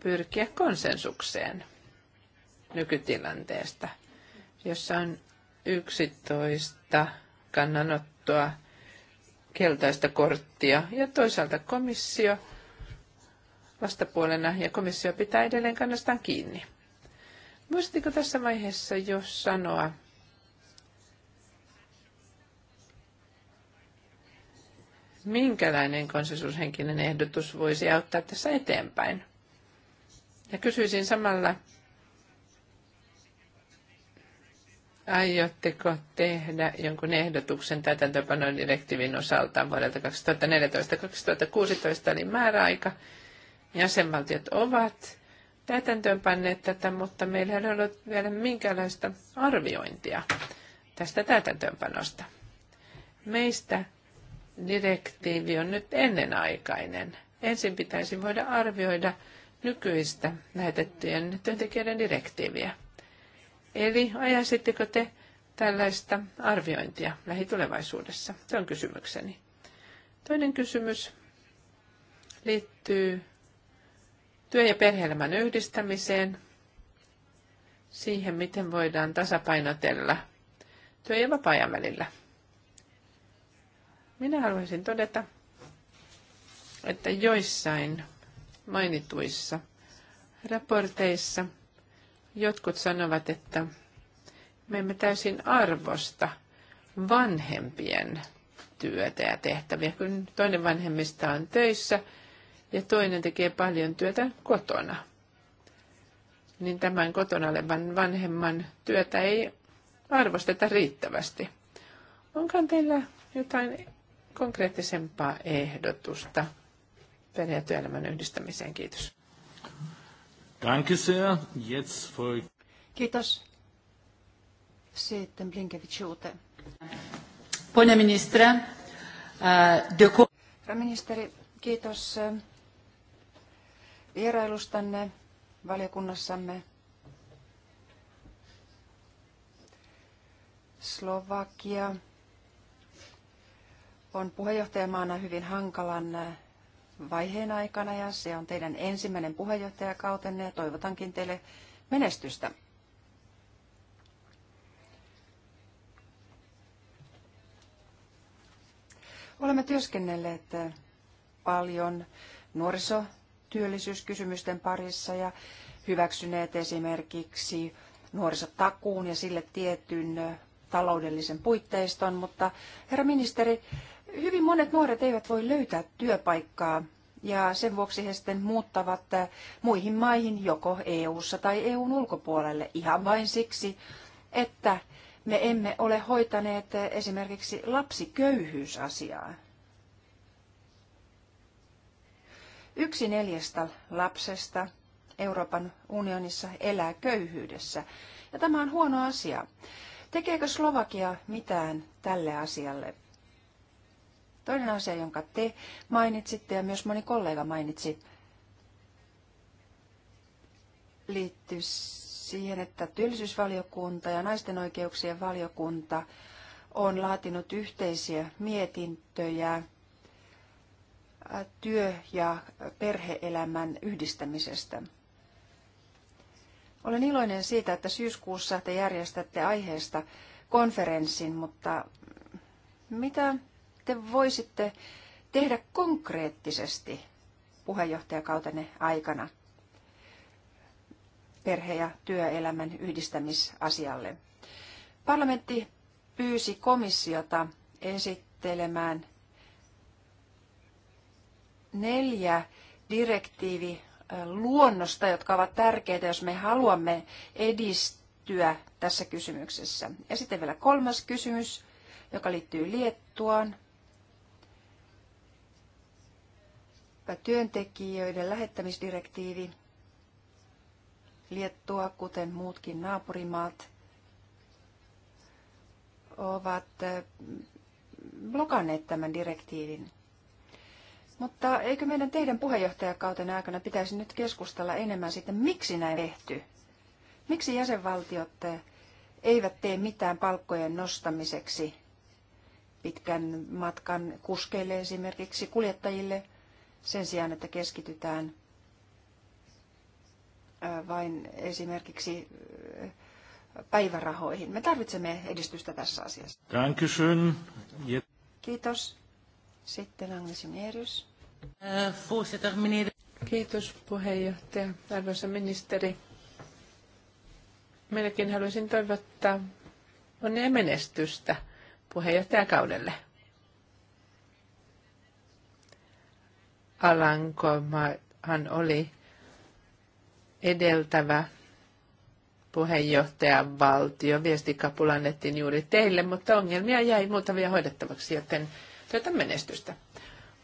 pyrkiä konsensukseen nykytilanteesta, jossa on 11 kannanottoa keltaista korttia ja toisaalta komissio vastapuolena ja komissio pitää edelleen kannastaan kiinni. Muistiko tässä vaiheessa jo sanoa, minkälainen konsensushenkinen ehdotus voisi auttaa tässä eteenpäin. Ja kysyisin samalla, aiotteko tehdä jonkun ehdotuksen täytäntöpanon direktiivin osalta vuodelta 2014-2016, eli määräaika. Jäsenvaltiot ovat täytäntöönpanneet tätä, mutta meillä ei ole ollut vielä minkäänlaista arviointia tästä täytäntöönpanosta. Meistä direktiivi on nyt ennenaikainen. Ensin pitäisi voida arvioida nykyistä lähetettyjen työntekijöiden direktiiviä. Eli ajaisitteko te tällaista arviointia lähitulevaisuudessa? Se on kysymykseni. Toinen kysymys liittyy työ- ja perheelämän yhdistämiseen, siihen miten voidaan tasapainotella työ- ja vapaa-ajan välillä. Minä haluaisin todeta, että joissain mainituissa raporteissa jotkut sanovat, että me emme täysin arvosta vanhempien työtä ja tehtäviä, kun toinen vanhemmista on töissä ja toinen tekee paljon työtä kotona. Niin tämän kotona olevan vanhemman työtä ei arvosteta riittävästi. Onko teillä jotain konkreettisempaa ehdotusta perhe- ja työelämän yhdistämiseen. Kiitos. Danke sehr. Jetzt folgt... Kiitos. Sitten Blinkevičiūte. Pone ministre, eh, Herra ministeri, kiitos eh, vierailustanne valiokunnassamme. Slovakia on puheenjohtajamaana hyvin hankalan äh, vaiheen aikana ja se on teidän ensimmäinen puheenjohtajakautenne ja toivotankin teille menestystä. Olemme työskennelleet äh, paljon nuorisotyöllisyyskysymysten parissa ja hyväksyneet esimerkiksi nuorisotakuun ja sille tietyn äh, taloudellisen puitteiston, mutta herra ministeri, Hyvin monet nuoret eivät voi löytää työpaikkaa ja sen vuoksi he sitten muuttavat äh, muihin maihin joko EU-ssa tai EUn ulkopuolelle ihan vain siksi, että me emme ole hoitaneet äh, esimerkiksi lapsiköyhyysasiaa. Yksi neljästä lapsesta Euroopan unionissa elää köyhyydessä, ja tämä on huono asia. Tekeekö Slovakia mitään tälle asialle? Toinen asia, jonka te mainitsitte ja myös moni kollega mainitsi, liittyy siihen, että työllisyysvaliokunta ja naisten oikeuksien valiokunta on laatinut yhteisiä mietintöjä työ- ja perheelämän yhdistämisestä. Olen iloinen siitä, että syyskuussa te järjestätte aiheesta konferenssin, mutta mitä te voisitte tehdä konkreettisesti puheenjohtajakautenne aikana perhe- ja työelämän yhdistämisasialle. Parlamentti pyysi komissiota esittelemään neljä direktiivi luonnosta, jotka ovat tärkeitä, jos me haluamme edistyä tässä kysymyksessä. Ja sitten vielä kolmas kysymys, joka liittyy Liettuaan. työntekijöiden lähettämisdirektiivi, Liettua, kuten muutkin naapurimaat, ovat blokanneet tämän direktiivin. Mutta eikö meidän teidän puheenjohtajakauten aikana pitäisi nyt keskustella enemmän siitä, miksi näin tehty? Miksi jäsenvaltiot eivät tee mitään palkkojen nostamiseksi pitkän matkan kuskeille esimerkiksi kuljettajille – sen sijaan, että keskitytään vain esimerkiksi päivärahoihin. Me tarvitsemme edistystä tässä asiassa. Dankeschön. Kiitos. Sitten Agnes Jungerius. Kiitos puheenjohtaja, arvoisa ministeri. Minäkin haluaisin toivottaa onnea menestystä puheenjohtajakaudelle. Alankomaan oli edeltävä puheenjohtajan valtio. Viestikapula annettiin juuri teille, mutta ongelmia jäi muutamia hoidettavaksi, joten työtä menestystä.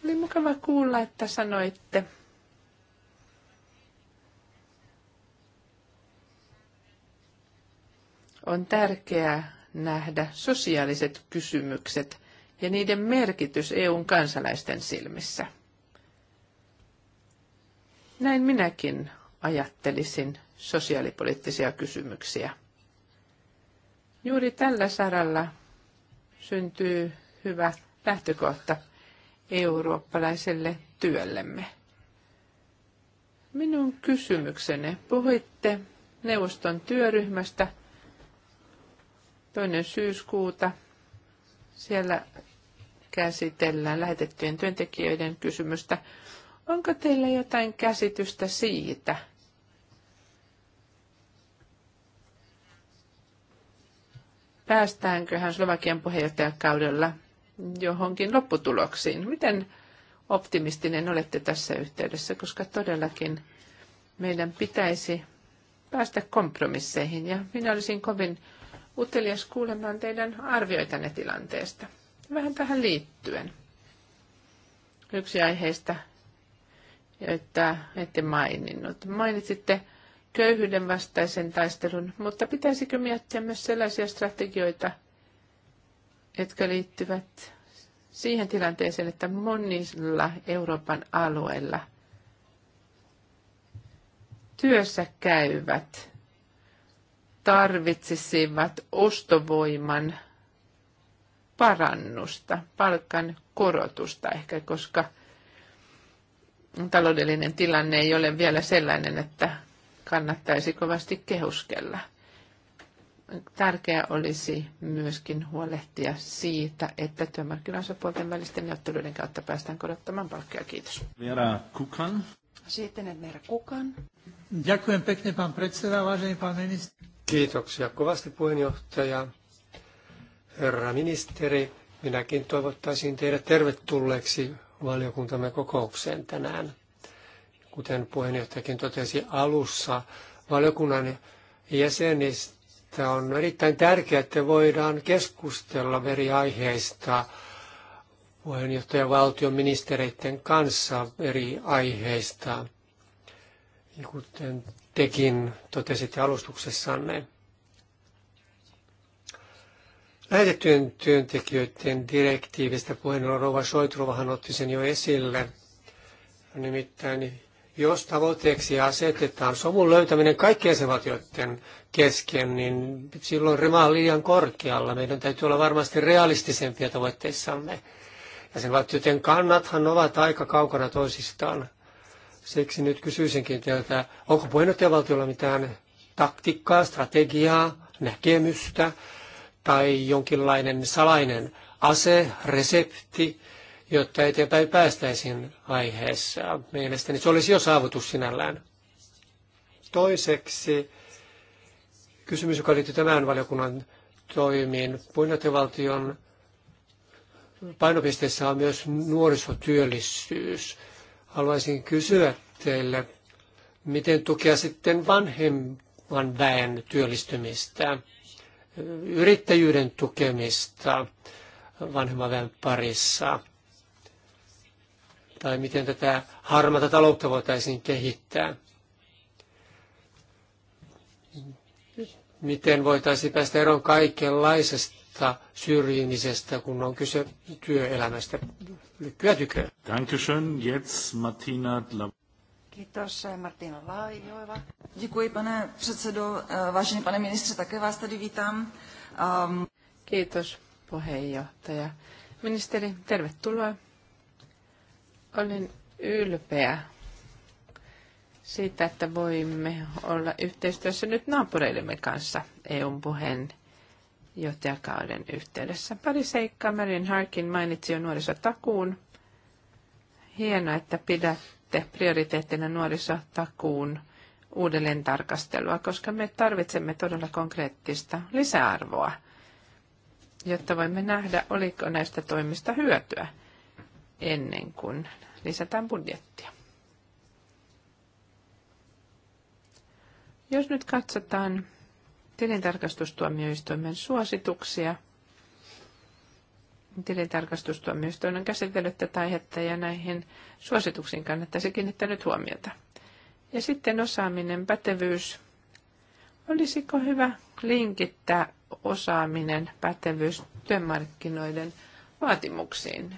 Oli mukava kuulla, että sanoitte. On tärkeää nähdä sosiaaliset kysymykset ja niiden merkitys EUn kansalaisten silmissä. Näin minäkin ajattelisin sosiaalipoliittisia kysymyksiä. Juuri tällä saralla syntyy hyvä lähtökohta eurooppalaiselle työllemme. Minun kysymyksenne. Puhuitte neuvoston työryhmästä toinen syyskuuta. Siellä käsitellään lähetettyjen työntekijöiden kysymystä. Onko teillä jotain käsitystä siitä? Päästäänköhän Slovakian puheenjohtajakaudella johonkin lopputuloksiin? Miten optimistinen olette tässä yhteydessä, koska todellakin meidän pitäisi päästä kompromisseihin ja minä olisin kovin utelias kuulemaan teidän arvioitanne tilanteesta. Vähän tähän liittyen. Yksi aiheista, että ette maininnut. Mainitsitte köyhyyden vastaisen taistelun, mutta pitäisikö miettiä myös sellaisia strategioita, jotka liittyvät siihen tilanteeseen, että monilla Euroopan alueilla työssä käyvät tarvitsisivat ostovoiman parannusta, palkan korotusta ehkä, koska – taloudellinen tilanne ei ole vielä sellainen, että kannattaisi kovasti kehuskella. Tärkeää olisi myöskin huolehtia siitä, että työmarkkinaosapuolten välisten neuvotteluiden kautta päästään korottamaan palkkia. Kiitos. Vera Kukan. Sitten Vera Kukan. Jakujem pekne pan predseda, pan ministeri. Kiitoksia kovasti puheenjohtaja. Herra ministeri, minäkin toivottaisin teidät tervetulleeksi valiokuntamme kokoukseen tänään. Kuten puheenjohtajakin totesi alussa, valiokunnan jäsenistä on erittäin tärkeää, että voidaan keskustella eri aiheista puheenjohtajan valtion ministereiden kanssa eri aiheista, kuten tekin totesitte alustuksessanne. Lähetettyjen työntekijöiden direktiivistä puheenjohtaja Rova Soitrovahan otti sen jo esille. Nimittäin jos tavoitteeksi asetetaan somun löytäminen kaikkien jäsenvaltioiden kesken, niin silloin rima on liian korkealla. Meidän täytyy olla varmasti realistisempia tavoitteissamme. Jäsenvaltioiden kannathan ovat aika kaukana toisistaan. Siksi nyt kysyisinkin teiltä, onko puheenjohtajavaltiolla mitään taktiikkaa, strategiaa, näkemystä, tai jonkinlainen salainen ase, resepti, jotta eteenpäin päästäisiin aiheessa. Mielestäni se olisi jo saavutus sinällään. Toiseksi kysymys, joka liittyy tämän valiokunnan toimiin. Puheenjohtajavaltion painopisteessä on myös nuorisotyöllisyys. Haluaisin kysyä teille, miten tukea sitten vanhemman väen työllistymistä yrittäjyyden tukemista vanhemman väen parissa? Tai miten tätä harmata taloutta voitaisiin kehittää? Miten voitaisiin päästä eroon kaikenlaisesta syrjimisestä, kun on kyse työelämästä? Lykkyä tykö. Dankeschön. Jetzt Martina Kiitos, eh, Martina Laijoeva. Děkuji, pane předsedo. Eh, vážený pane ministeri, také vás tady vítám. Um... Kiitos, puheenjohtaja. Ministeri, tervetuloa. Olen ylpeä siitä, että voimme olla yhteistyössä nyt naapureidemme kanssa EUn puheen johtajakauden yhteydessä. Pari seikkaa. Marian Harkin mainitsi jo nuorisotakuun. Hienoa, että pidät pidätte prioriteettina nuorisotakuun uudelleen tarkastelua, koska me tarvitsemme todella konkreettista lisäarvoa, jotta voimme nähdä, oliko näistä toimista hyötyä ennen kuin lisätään budjettia. Jos nyt katsotaan tilintarkastustuomioistuimen suosituksia – tilintarkastustuomioistuin on käsitellyt tätä aihetta ja näihin suosituksiin kannattaisi kiinnittää nyt huomiota. Ja sitten osaaminen, pätevyys. Olisiko hyvä linkittää osaaminen, pätevyys työmarkkinoiden vaatimuksiin?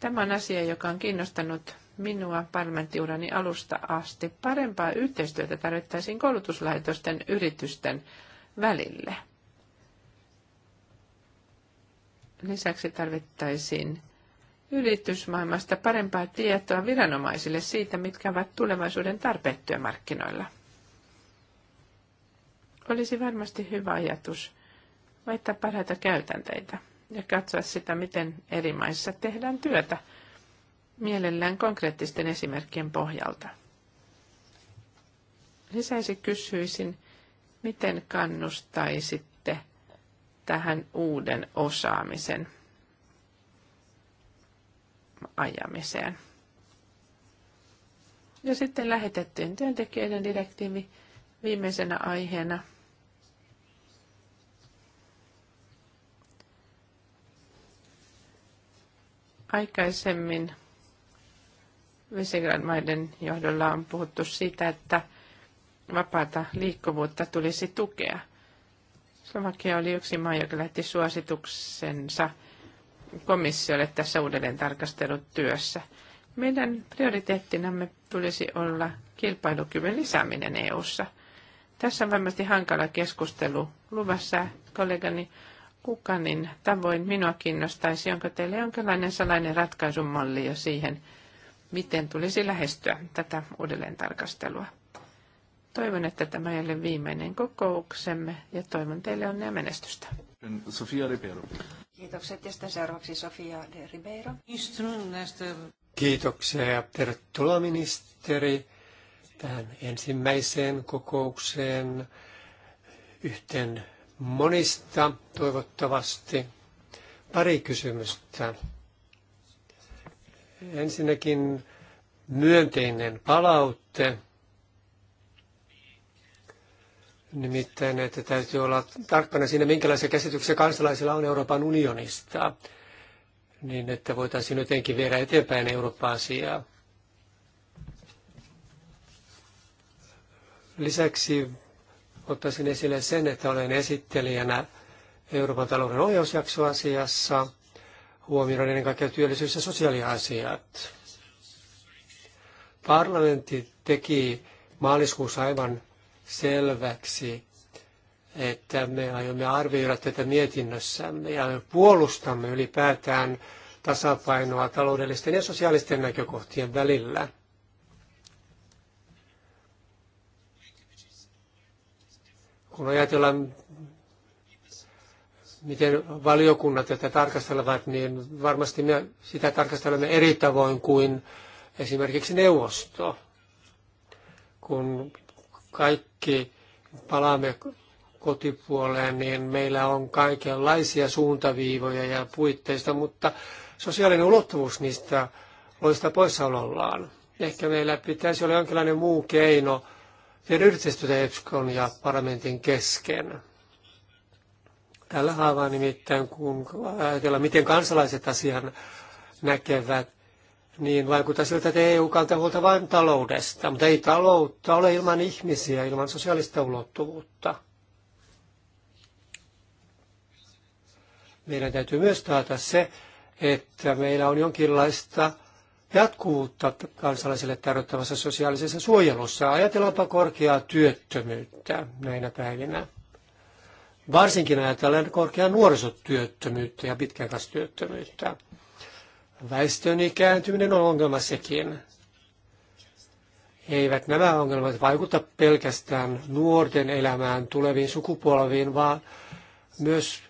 Tämä on asia, joka on kiinnostanut minua parlamenttiurani alusta asti. Parempaa yhteistyötä tarvittaisiin koulutuslaitosten yritysten välille – Lisäksi tarvittaisiin yritysmaailmasta parempaa tietoa viranomaisille siitä, mitkä ovat tulevaisuuden tarpeet työmarkkinoilla. Olisi varmasti hyvä ajatus vaihtaa parhaita käytänteitä ja katsoa sitä, miten eri maissa tehdään työtä mielellään konkreettisten esimerkkien pohjalta. Lisäksi kysyisin, miten kannustaisit tähän uuden osaamisen ajamiseen. Ja sitten lähetettyjen työntekijöiden direktiivi viimeisenä aiheena. Aikaisemmin Visegrad-maiden johdolla on puhuttu siitä, että vapaata liikkuvuutta tulisi tukea – Slovakia oli yksi maa, joka lähti suosituksensa komissiolle tässä uudelleen tarkastelutyössä. Meidän prioriteettinamme tulisi olla kilpailukyvyn lisääminen EU:ssa. Tässä on varmasti hankala keskustelu luvassa kollegani Kukanin tavoin minua kiinnostaisi, onko teillä jonkinlainen salainen ratkaisumalli jo siihen, miten tulisi lähestyä tätä uudelleen tarkastelua. Toivon, että tämä ei ole viimeinen kokouksemme ja toivon teille onnea menestystä. Sofia Ribeiro. Kiitokset ja sitten seuraavaksi Sofia de Ribeiro. Kiitoksia ja tervetuloa ministeri tähän ensimmäiseen kokoukseen yhteen monista toivottavasti. Pari kysymystä. Ensinnäkin myönteinen palaute Nimittäin, että täytyy olla tarkkana siinä, minkälaisia käsityksiä kansalaisilla on Euroopan unionista, niin että voitaisiin jotenkin viedä eteenpäin Eurooppa-asiaa. Lisäksi ottaisin esille sen, että olen esittelijänä Euroopan talouden ohjausjaksoasiassa huomioiden ennen kaikkea työllisyys- ja sosiaaliasiat. Parlamentti teki maaliskuussa aivan selväksi, että me aiomme arvioida tätä mietinnössämme ja me puolustamme ylipäätään tasapainoa taloudellisten ja sosiaalisten näkökohtien välillä. Kun ajatellaan, miten valiokunnat tätä tarkastelevat, niin varmasti me sitä tarkastelemme eri tavoin kuin esimerkiksi neuvosto, kun kaikki palaamme kotipuoleen, niin meillä on kaikenlaisia suuntaviivoja ja puitteista, mutta sosiaalinen ulottuvuus niistä loista poissaolollaan. Ehkä meillä pitäisi olla jonkinlainen muu keino tehdä yhteistyötä EPSCON ja parlamentin kesken. Tällä haavaa nimittäin, kun ajatellaan, miten kansalaiset asian näkevät, niin vaikuttaa siltä, että EU kantaa huolta vain taloudesta, mutta ei taloutta ole ilman ihmisiä, ilman sosiaalista ulottuvuutta. Meidän täytyy myös taata se, että meillä on jonkinlaista jatkuvuutta kansalaisille tarjottavassa sosiaalisessa suojelussa. Ajatellaanpa korkeaa työttömyyttä näinä päivinä. Varsinkin ajatellen korkeaa nuorisotyöttömyyttä ja pitkäaikaistyöttömyyttä. Väestön ikääntyminen on ongelma sekin. Eivät nämä ongelmat vaikuta pelkästään nuorten elämään tuleviin sukupolviin, vaan myös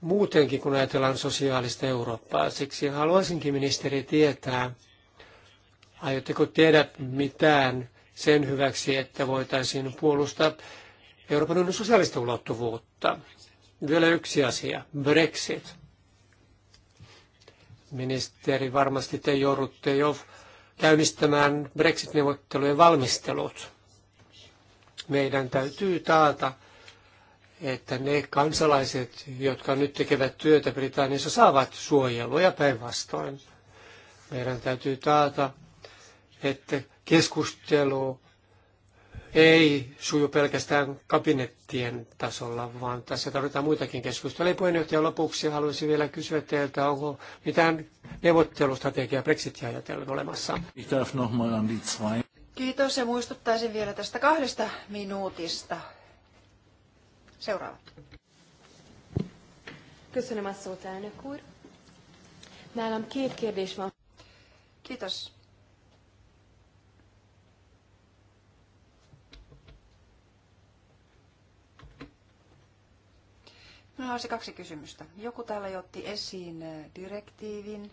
muutenkin, kun ajatellaan sosiaalista Eurooppaa. Siksi haluaisinkin ministeri tietää, aiotteko tehdä mitään sen hyväksi, että voitaisiin puolustaa Euroopan unionin sosiaalista ulottuvuutta. Vielä yksi asia, Brexit. Ministeri, varmasti te joudutte jo käynnistämään Brexit-neuvottelujen valmistelut. Meidän täytyy taata, että ne kansalaiset, jotka nyt tekevät työtä Britanniassa, saavat suojelua ja päinvastoin. Meidän täytyy taata, että keskustelu ei suju pelkästään kabinettien tasolla, vaan tässä tarvitaan muitakin keskusteluja. Puheenjohtaja, lopuksi haluaisin vielä kysyä teiltä, onko mitään neuvottelustrategiaa Brexitia ajatellen olemassa? Kiitos ja muistuttaisin vielä tästä kahdesta minuutista. Seuraava. Köszönöm a Kiitos, Minulla olisi kaksi kysymystä. Joku täällä jo otti esiin eh, direktiivin.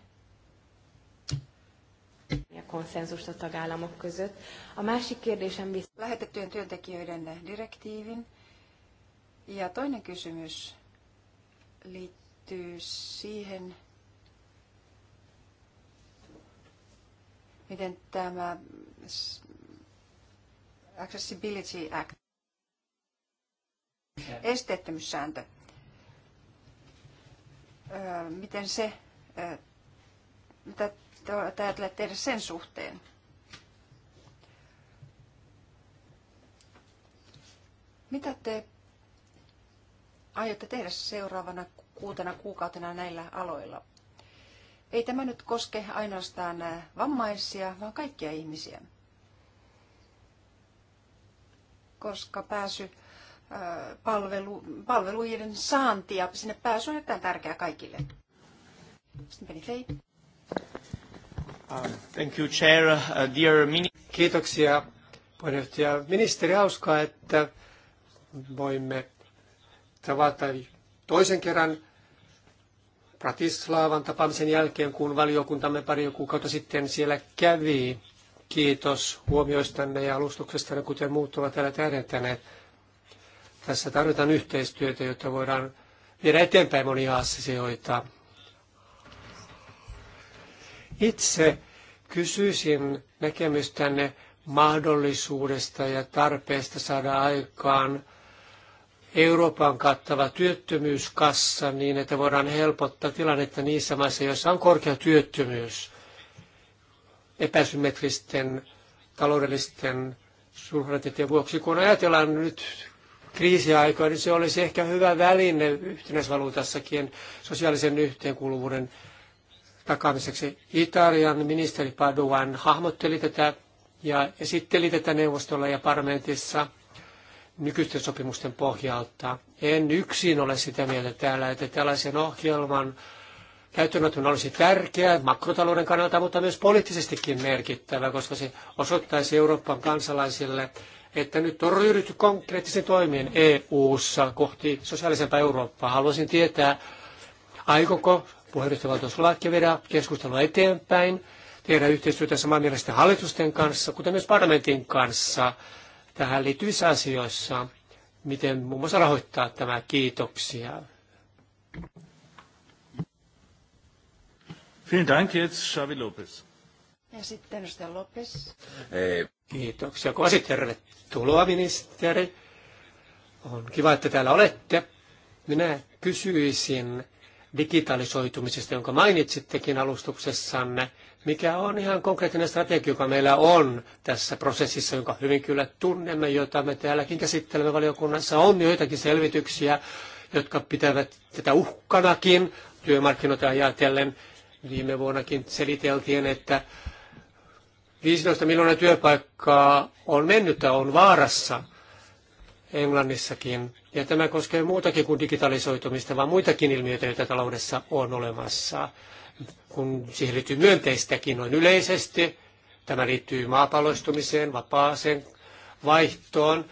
Ja konsensusta tagállamok között. A másik kérdésem... Lähetettyjen työntekijöiden eh, direktiivin. Ja toinen kysymys liittyy siihen, miten tämä Accessibility Act, esteettömyyssääntö, miten se, mitä te ajattelette tehdä sen suhteen? Mitä te aiotte tehdä seuraavana kuutena kuukautena näillä aloilla? Ei tämä nyt koske ainoastaan vammaisia, vaan kaikkia ihmisiä. Koska pääsy palvelu, palveluiden saantia sinne pääsy on erittäin tärkeää kaikille. Um, thank you, Chair. Uh, dear Kiitoksia puheenjohtaja. Ministeri hauskaa, että voimme tavata toisen kerran Pratislaavan tapaamisen jälkeen, kun valiokuntamme pari kuukautta sitten siellä kävi. Kiitos huomioistanne ja alustuksestanne, kuten muut ovat täällä tähdentäneet. Tässä tarvitaan yhteistyötä, jotta voidaan viedä eteenpäin monia asioita. Itse kysyisin näkemystänne mahdollisuudesta ja tarpeesta saada aikaan Euroopan kattava työttömyyskassa niin, että voidaan helpottaa tilannetta niissä maissa, joissa on korkea työttömyys epäsymmetristen taloudellisten suhdanteiden vuoksi. Kun ajatellaan nyt kriisiaikoja, niin se olisi ehkä hyvä väline yhtenäisvaluutassakin sosiaalisen yhteenkuuluvuuden takaamiseksi. Italian ministeri Paduan hahmotteli tätä ja esitteli tätä neuvostolla ja parlamentissa nykyisten sopimusten pohjalta. En yksin ole sitä mieltä täällä, että tällaisen ohjelman käyttöönoton olisi tärkeä makrotalouden kannalta, mutta myös poliittisestikin merkittävä, koska se osoittaisi Euroopan kansalaisille, että nyt on ryhdytty konkreettisiin toimiin EU-ssa kohti sosiaalisempaa Eurooppaa. Haluaisin tietää, aikoko puheenjohtajavaltio Slovakia viedä keskustelua eteenpäin, tehdä yhteistyötä samanmielisten hallitusten kanssa, kuten myös parlamentin kanssa tähän liittyvissä asioissa, miten muun muassa rahoittaa tämä kiitoksia. Vielen Dank, jetzt Xavi Lopez. Ja sitten edustaja Lopes. Eh. Kiitoksia kovasti. Tervetuloa ministeri. On kiva, että täällä olette. Minä kysyisin digitalisoitumisesta, jonka mainitsittekin alustuksessanne. Mikä on ihan konkreettinen strategia, joka meillä on tässä prosessissa, jonka hyvin kyllä tunnemme, jota me täälläkin käsittelemme valiokunnassa. On joitakin selvityksiä, jotka pitävät tätä uhkanakin työmarkkinoita ajatellen. Viime vuonnakin seliteltiin, että 15 miljoonaa työpaikkaa on mennyt tai on vaarassa Englannissakin. Ja tämä koskee muutakin kuin digitalisoitumista, vaan muitakin ilmiöitä, joita taloudessa on olemassa. Kun siihen liittyy myönteistäkin noin yleisesti, tämä liittyy maapalloistumiseen, vapaaseen vaihtoon,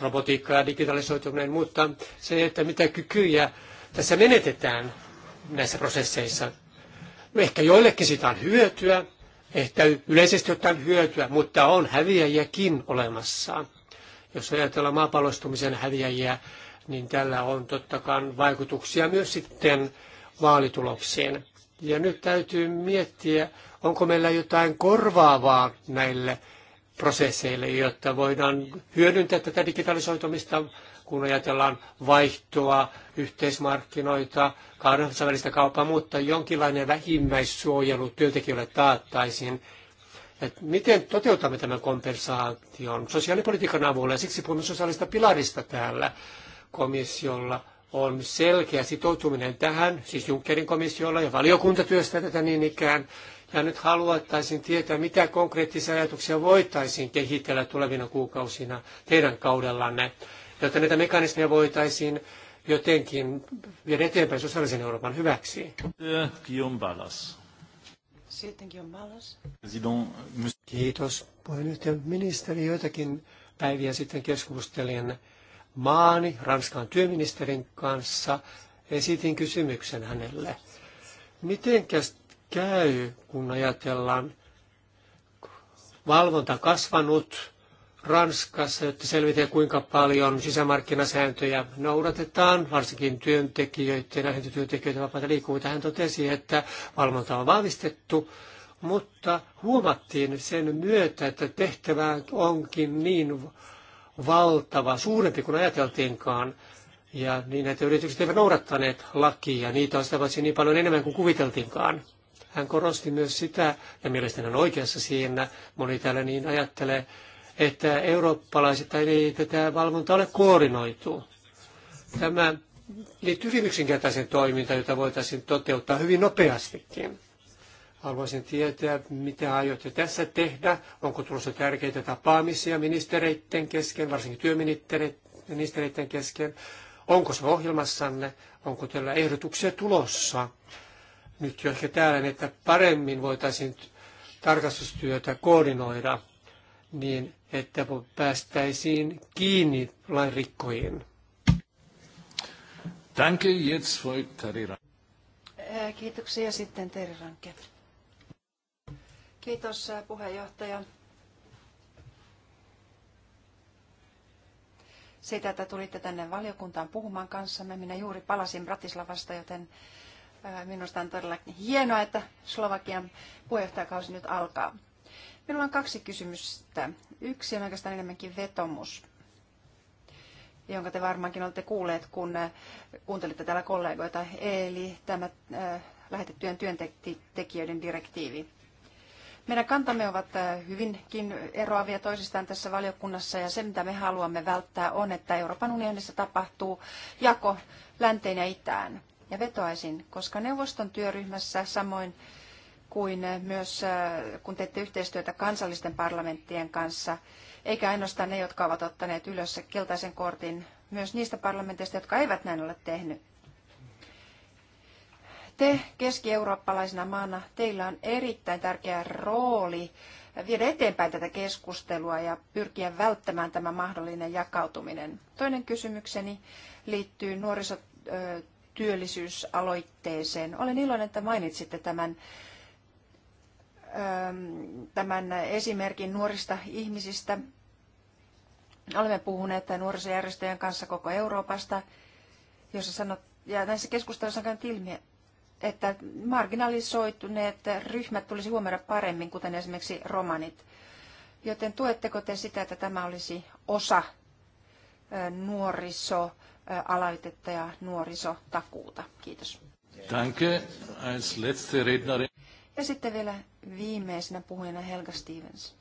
robotiikkaan ja digitalisoituminen, mutta se, että mitä kykyjä tässä menetetään näissä prosesseissa, ehkä joillekin siitä on hyötyä, ehkä yleisesti ottaen hyötyä, mutta on häviäjiäkin olemassa. Jos ajatellaan maapallostumisen häviäjiä, niin tällä on totta kai vaikutuksia myös sitten vaalitulokseen. Ja nyt täytyy miettiä, onko meillä jotain korvaavaa näille prosesseille, jotta voidaan hyödyntää tätä digitalisoitumista kun ajatellaan vaihtoa, yhteismarkkinoita, kansainvälistä kauppaa, mutta jonkinlainen vähimmäissuojelu työntekijöille taattaisiin. Et miten toteutamme tämän kompensaation sosiaalipolitiikan avulla, ja siksi puhumme sosiaalista pilarista täällä komissiolla on selkeä sitoutuminen tähän, siis Junckerin komissiolla ja valiokunta työstää tätä niin ikään. Ja nyt haluaisin tietää, mitä konkreettisia ajatuksia voitaisiin kehitellä tulevina kuukausina teidän kaudellanne jotta näitä mekanismeja voitaisiin jotenkin viedä eteenpäin sosiaalisen Euroopan hyväksi. Sitten Kiitos puheenjohtaja ministeri. Joitakin päiviä sitten keskustelin maani Ranskan työministerin kanssa. Esitin kysymyksen hänelle. Miten käy, kun ajatellaan valvonta kasvanut Ranskassa, jotta selvitetään kuinka paljon sisämarkkinasääntöjä noudatetaan, varsinkin työntekijöiden, lähentötyöntekijöiden vapaata liikkuvuutta. Hän totesi, että valvonta on vahvistettu, mutta huomattiin sen myötä, että tehtävä onkin niin valtava, suurempi kuin ajateltiinkaan. Ja niin, että yritykset eivät noudattaneet lakia, niitä on sitä paitsi niin paljon enemmän kuin kuviteltiinkaan. Hän korosti myös sitä, ja mielestäni on oikeassa siinä, moni täällä niin ajattelee, että eurooppalaiset ei tätä valvontaa ole koordinoitu. Tämä liittyy hyvin yksinkertaisen toimintaan, jota voitaisiin toteuttaa hyvin nopeastikin. Haluaisin tietää, mitä aiotte tässä tehdä. Onko tulossa tärkeitä tapaamisia ministereiden kesken, varsinkin työministereiden kesken? Onko se ohjelmassanne? Onko teillä ehdotuksia tulossa? Nyt jo ehkä täällä, että paremmin voitaisiin tarkastustyötä koordinoida niin että päästäisiin kiinni lainrikkojiin. Danke, jetzt folgt äh, Kiitoksia sitten Terri Ranke. Kiitos äh, puheenjohtaja. Siitä, että tulitte tänne valiokuntaan puhumaan kanssamme. Minä juuri palasin Bratislavasta, joten äh, minusta on todella hienoa, että Slovakian puheenjohtajakausi nyt alkaa. Minulla on kaksi kysymystä. Yksi on oikeastaan enemmänkin vetomus, jonka te varmaankin olette kuulleet, kun äh, kuuntelitte täällä kollegoita, eli tämä äh, lähetettyjen työntekijöiden direktiivi. Meidän kantamme ovat äh, hyvinkin eroavia toisistaan tässä valiokunnassa ja se, mitä me haluamme välttää, on, että Euroopan unionissa tapahtuu jako länteen ja itään. Ja vetoaisin, koska neuvoston työryhmässä samoin kuin äh, myös äh, kun teette yhteistyötä kansallisten parlamenttien kanssa, eikä ainoastaan ne, jotka ovat ottaneet ylös keltaisen kortin, myös niistä parlamenteista, jotka eivät näin ole tehnyt. Te keski-eurooppalaisena maana, teillä on erittäin tärkeä rooli viedä eteenpäin tätä keskustelua ja pyrkiä välttämään tämä mahdollinen jakautuminen. Toinen kysymykseni liittyy nuorisotyöllisyysaloitteeseen. Olen iloinen, että mainitsitte tämän Ähm, tämän esimerkin nuorista ihmisistä. Olemme puhuneet nuorisojärjestöjen kanssa koko Euroopasta, jossa sanot, ja näissä keskusteluissa on käynyt ilmi, että marginalisoituneet ryhmät tulisi huomioida paremmin, kuten esimerkiksi romanit. Joten tuetteko te sitä, että tämä olisi osa äh, nuorisoaloitetta ja nuorisotakuuta? Kiitos. Danke. Als letzte Rednerin. Ja sitten vielä viimeisenä puhujana Helga Stevens.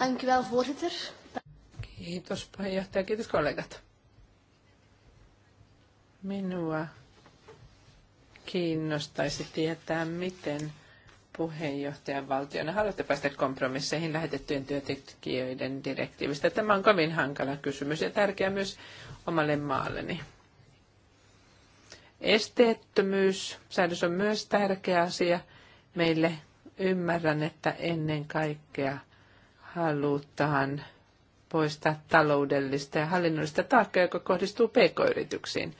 Dank u wel, voorzitter. Kiitos puheenjohtaja, kiitos kollegat. Minua kiinnostaisi tietää, miten puheenjohtajan valtiona haluatte päästä kompromisseihin lähetettyjen työntekijöiden direktiivistä. Tämä on kovin hankala kysymys ja tärkeä myös omalle maalleni. Esteettömyys, säädös on myös tärkeä asia meille. Ymmärrän, että ennen kaikkea halutaan poistaa taloudellista ja hallinnollista taakkaa, joka kohdistuu pk-yrityksiin.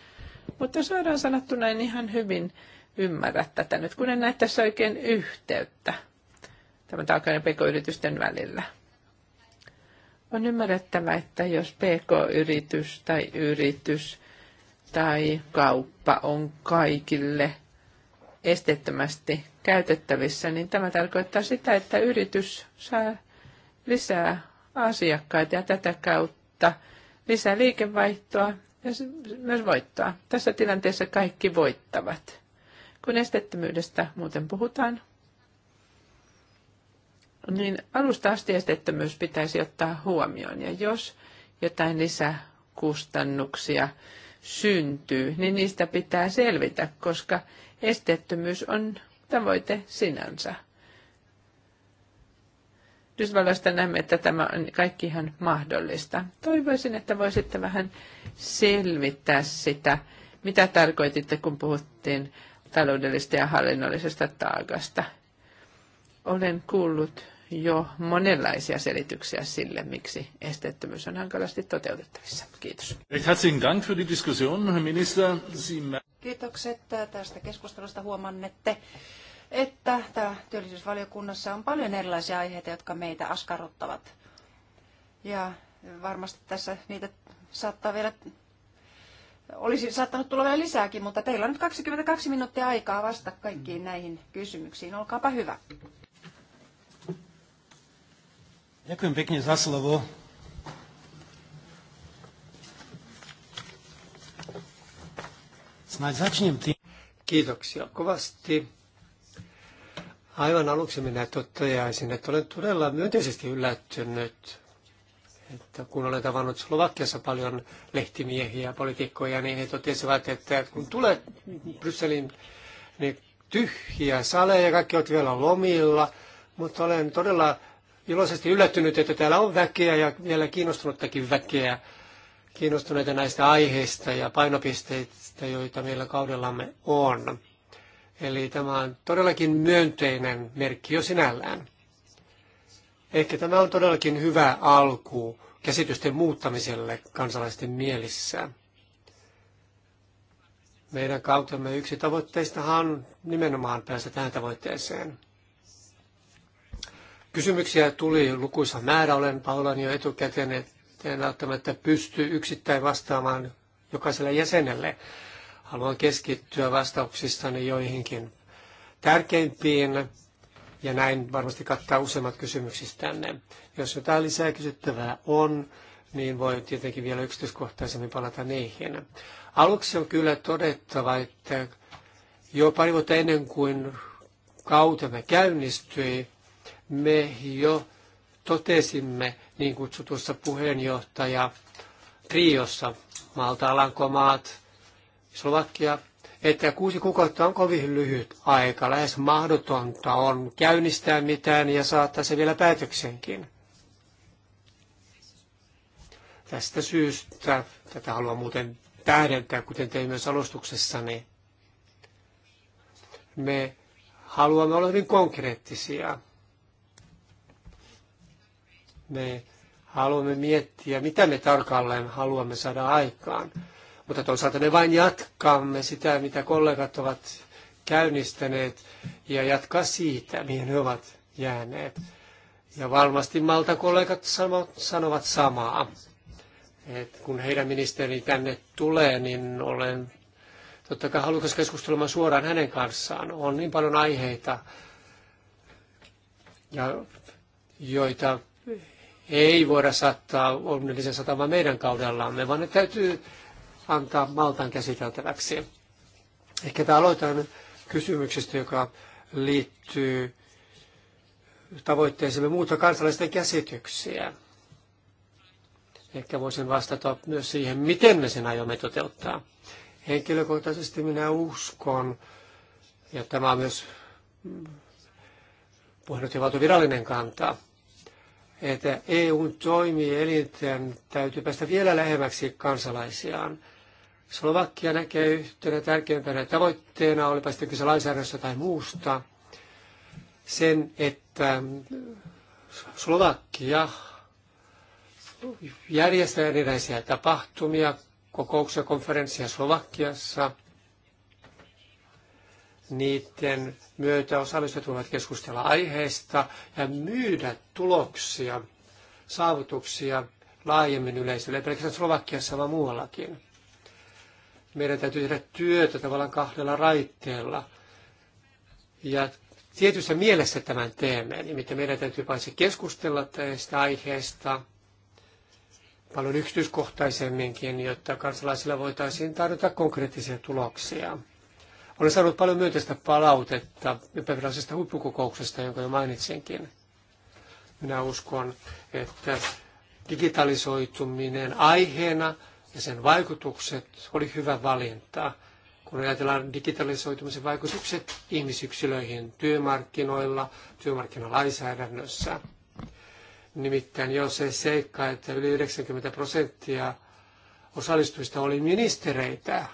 Mutta saadaan sanottuna en ihan hyvin ymmärrä tätä nyt, kun en näe tässä oikein yhteyttä tämän taakkaan ja pk-yritysten välillä. On ymmärrettävä, että jos pk-yritys tai yritys tai kauppa on kaikille esteettömästi käytettävissä, niin tämä tarkoittaa sitä, että yritys saa lisää asiakkaita ja tätä kautta lisää liikevaihtoa ja myös voittoa. Tässä tilanteessa kaikki voittavat. Kun esteettömyydestä muuten puhutaan, niin alusta asti esteettömyys pitäisi ottaa huomioon. Ja jos jotain lisäkustannuksia syntyy, niin niistä pitää selvitä, koska esteettömyys on tavoite sinänsä. Yhdysvalloista näemme, että tämä on kaikki ihan mahdollista. Toivoisin, että voisitte vähän selvittää sitä, mitä tarkoititte, kun puhuttiin taloudellisesta ja hallinnollisesta taakasta. Olen kuullut jo monenlaisia selityksiä sille, miksi esteettömyys on hankalasti toteutettavissa. Kiitos. Kiitokset tästä keskustelusta. Huomannette, että työllisyysvaliokunnassa on paljon erilaisia aiheita, jotka meitä askarruttavat. Ja varmasti tässä niitä saattaa vielä olisi saattanut tulla vielä lisääkin, mutta teillä on nyt 22 minuuttia aikaa vastata kaikkiin näihin kysymyksiin. Olkaapa hyvä. Ďakujem pekne za slovo. Snaď začnem tým. Kiitoksia kovasti. Aivan aluksi minä toteaisin, että olen todella myönteisesti yllättynyt, että kun olen tavannut Slovakiassa paljon lehtimiehiä ja poliitikkoja, niin he totesivat, että kun tulee Brysselin niin tyhjiä saleja, kaikki ovat vielä lomilla, mutta olen todella iloisesti yllättynyt, että täällä on väkeä ja vielä kiinnostunuttakin väkeä kiinnostuneita näistä aiheista ja painopisteistä, joita meillä kaudellamme on. Eli tämä on todellakin myönteinen merkki jo sinällään. Ehkä tämä on todellakin hyvä alku käsitysten muuttamiselle kansalaisten mielissä. Meidän kautemme yksi tavoitteistahan on nimenomaan päästä tähän tavoitteeseen. Kysymyksiä tuli lukuisa määrä, olen pahoillani jo etukäteen, että en välttämättä pysty yksittäin vastaamaan jokaiselle jäsenelle. Haluan keskittyä vastauksistani joihinkin tärkeimpiin ja näin varmasti kattaa useimmat kysymyksistänne. Jos jotain lisää kysyttävää on, niin voi tietenkin vielä yksityiskohtaisemmin palata niihin. Aluksi on kyllä todettava, että jo pari vuotta ennen kuin kautemme käynnistyi, me jo totesimme niin kutsutussa puheenjohtaja triossa, Malta, Alankomaat, Slovakia, että kuusi kuukautta on kovin lyhyt aika, lähes mahdotonta on käynnistää mitään ja saattaa se vielä päätöksenkin. Tästä syystä, tätä haluan muuten tähdentää, kuten tein myös alustuksessani, me haluamme olla hyvin konkreettisia. Me haluamme miettiä, mitä me tarkalleen haluamme saada aikaan. Mutta toisaalta me vain jatkamme sitä, mitä kollegat ovat käynnistäneet, ja jatkaa siitä, mihin he ovat jääneet. Ja varmasti malta kollegat sanovat samaa. Et kun heidän ministeri tänne tulee, niin olen totta kai halukas keskustelemaan suoraan hänen kanssaan. On niin paljon aiheita, ja joita ei voida saattaa onnellisen satamaan meidän kaudellamme, vaan ne täytyy antaa Maltaan käsiteltäväksi. tämä aloitan kysymyksestä, joka liittyy tavoitteeseemme muuta kansalaisten käsityksiä. Ehkä voisin vastata myös siihen, miten me sen aiomme toteuttaa. Henkilökohtaisesti minä uskon, ja tämä on myös puheenjohtajavaltion virallinen kanta, että EUn toimielinten täytyy päästä vielä lähemmäksi kansalaisiaan. Slovakia näkee yhtenä tärkeimpänä tavoitteena, olipa sitten kyse lainsäädännössä tai muusta, sen, että Slovakia järjestää erilaisia tapahtumia, kokouksia, konferenssia Slovakiassa – niiden myötä osallistujat voivat keskustella aiheesta ja myydä tuloksia, saavutuksia laajemmin yleisölle, pelkästään Slovakiassa, vaan muuallakin. Meidän täytyy tehdä työtä tavallaan kahdella raitteella. Ja tietyssä mielessä tämän teemme, nimittäin meidän täytyy paitsi keskustella tästä aiheesta paljon yksityiskohtaisemminkin, jotta kansalaisilla voitaisiin tarjota konkreettisia tuloksia. Olen saanut paljon myönteistä palautetta epävirallisesta huippukokouksesta, jonka jo mainitsinkin. Minä uskon, että digitalisoituminen aiheena ja sen vaikutukset oli hyvä valinta. Kun ajatellaan digitalisoitumisen vaikutukset ihmisyksilöihin työmarkkinoilla, työmarkkinalainsäädännössä. Nimittäin jo se seikka, että yli 90 prosenttia osallistujista oli ministereitä,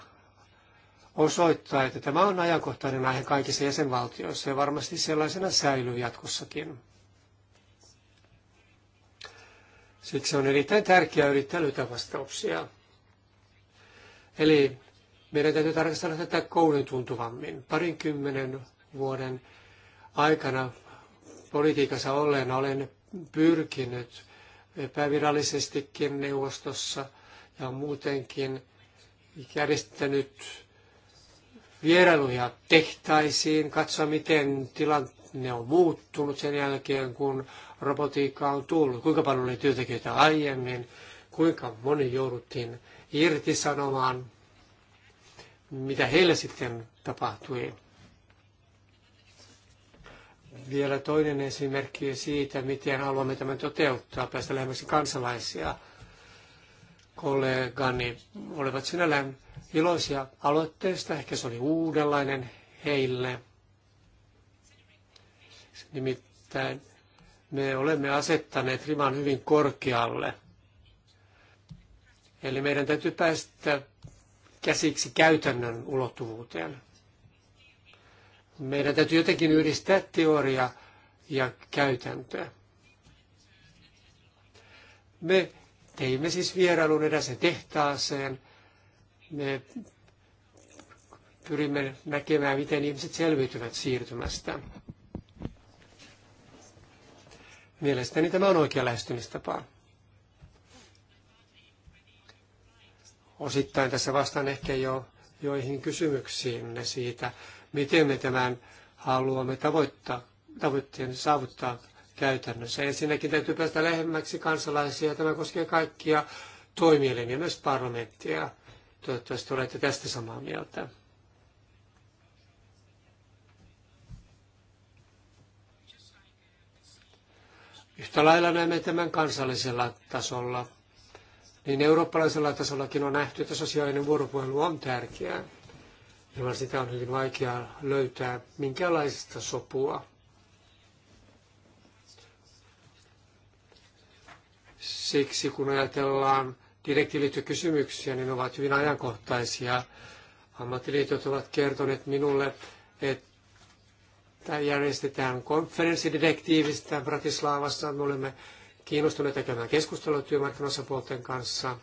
osoittaa, että tämä on ajankohtainen aihe kaikissa jäsenvaltioissa ja varmasti sellaisena säilyy jatkossakin. Siksi on erittäin tärkeää yrittää löytää vastauksia. Eli meidän täytyy tarkastella tätä koulun tuntuvammin. Parinkymmenen vuoden aikana politiikassa olleena olen pyrkinyt epävirallisestikin neuvostossa ja muutenkin järjestänyt vierailuja tehtäisiin, katsoa miten tilanne on muuttunut sen jälkeen, kun robotiikka on tullut, kuinka paljon oli työntekijöitä aiemmin, kuinka moni jouduttiin irtisanomaan, mitä heille sitten tapahtui. Vielä toinen esimerkki siitä, miten haluamme tämän toteuttaa, päästä lähemmäksi kansalaisia – kollegani olivat sinällään iloisia aloitteesta. Ehkä se oli uudenlainen heille. Nimittäin me olemme asettaneet riman hyvin korkealle. Eli meidän täytyy päästä käsiksi käytännön ulottuvuuteen. Meidän täytyy jotenkin yhdistää teoria ja käytäntöä. Me Teimme siis vierailun edäsen tehtaaseen. Me pyrimme näkemään, miten ihmiset selviytyvät siirtymästä. Mielestäni tämä on oikea lähestymistapa. Osittain tässä vastaan ehkä jo joihin kysymyksiin siitä, miten me tämän haluamme tavoittaa, tavoitteen saavuttaa käytännössä. Ensinnäkin täytyy päästä lähemmäksi kansalaisia. Tämä koskee kaikkia toimielimiä, myös parlamenttia. Toivottavasti olette tästä samaa mieltä. Yhtä lailla näemme tämän kansallisella tasolla. Niin eurooppalaisella tasollakin on nähty, että sosiaalinen vuoropuhelu on tärkeää. Ilman sitä on hyvin vaikea löytää minkäänlaista sopua. Siksi kun ajatellaan direktiiviliittokysymyksiä, niin ne ovat hyvin ajankohtaisia. Ammattiliitot ovat kertoneet minulle, että järjestetään konferenssi direktiivistä Bratislavassa. Me olemme kiinnostuneita tekemään keskustelua työmarkkinosapuolten kanssa.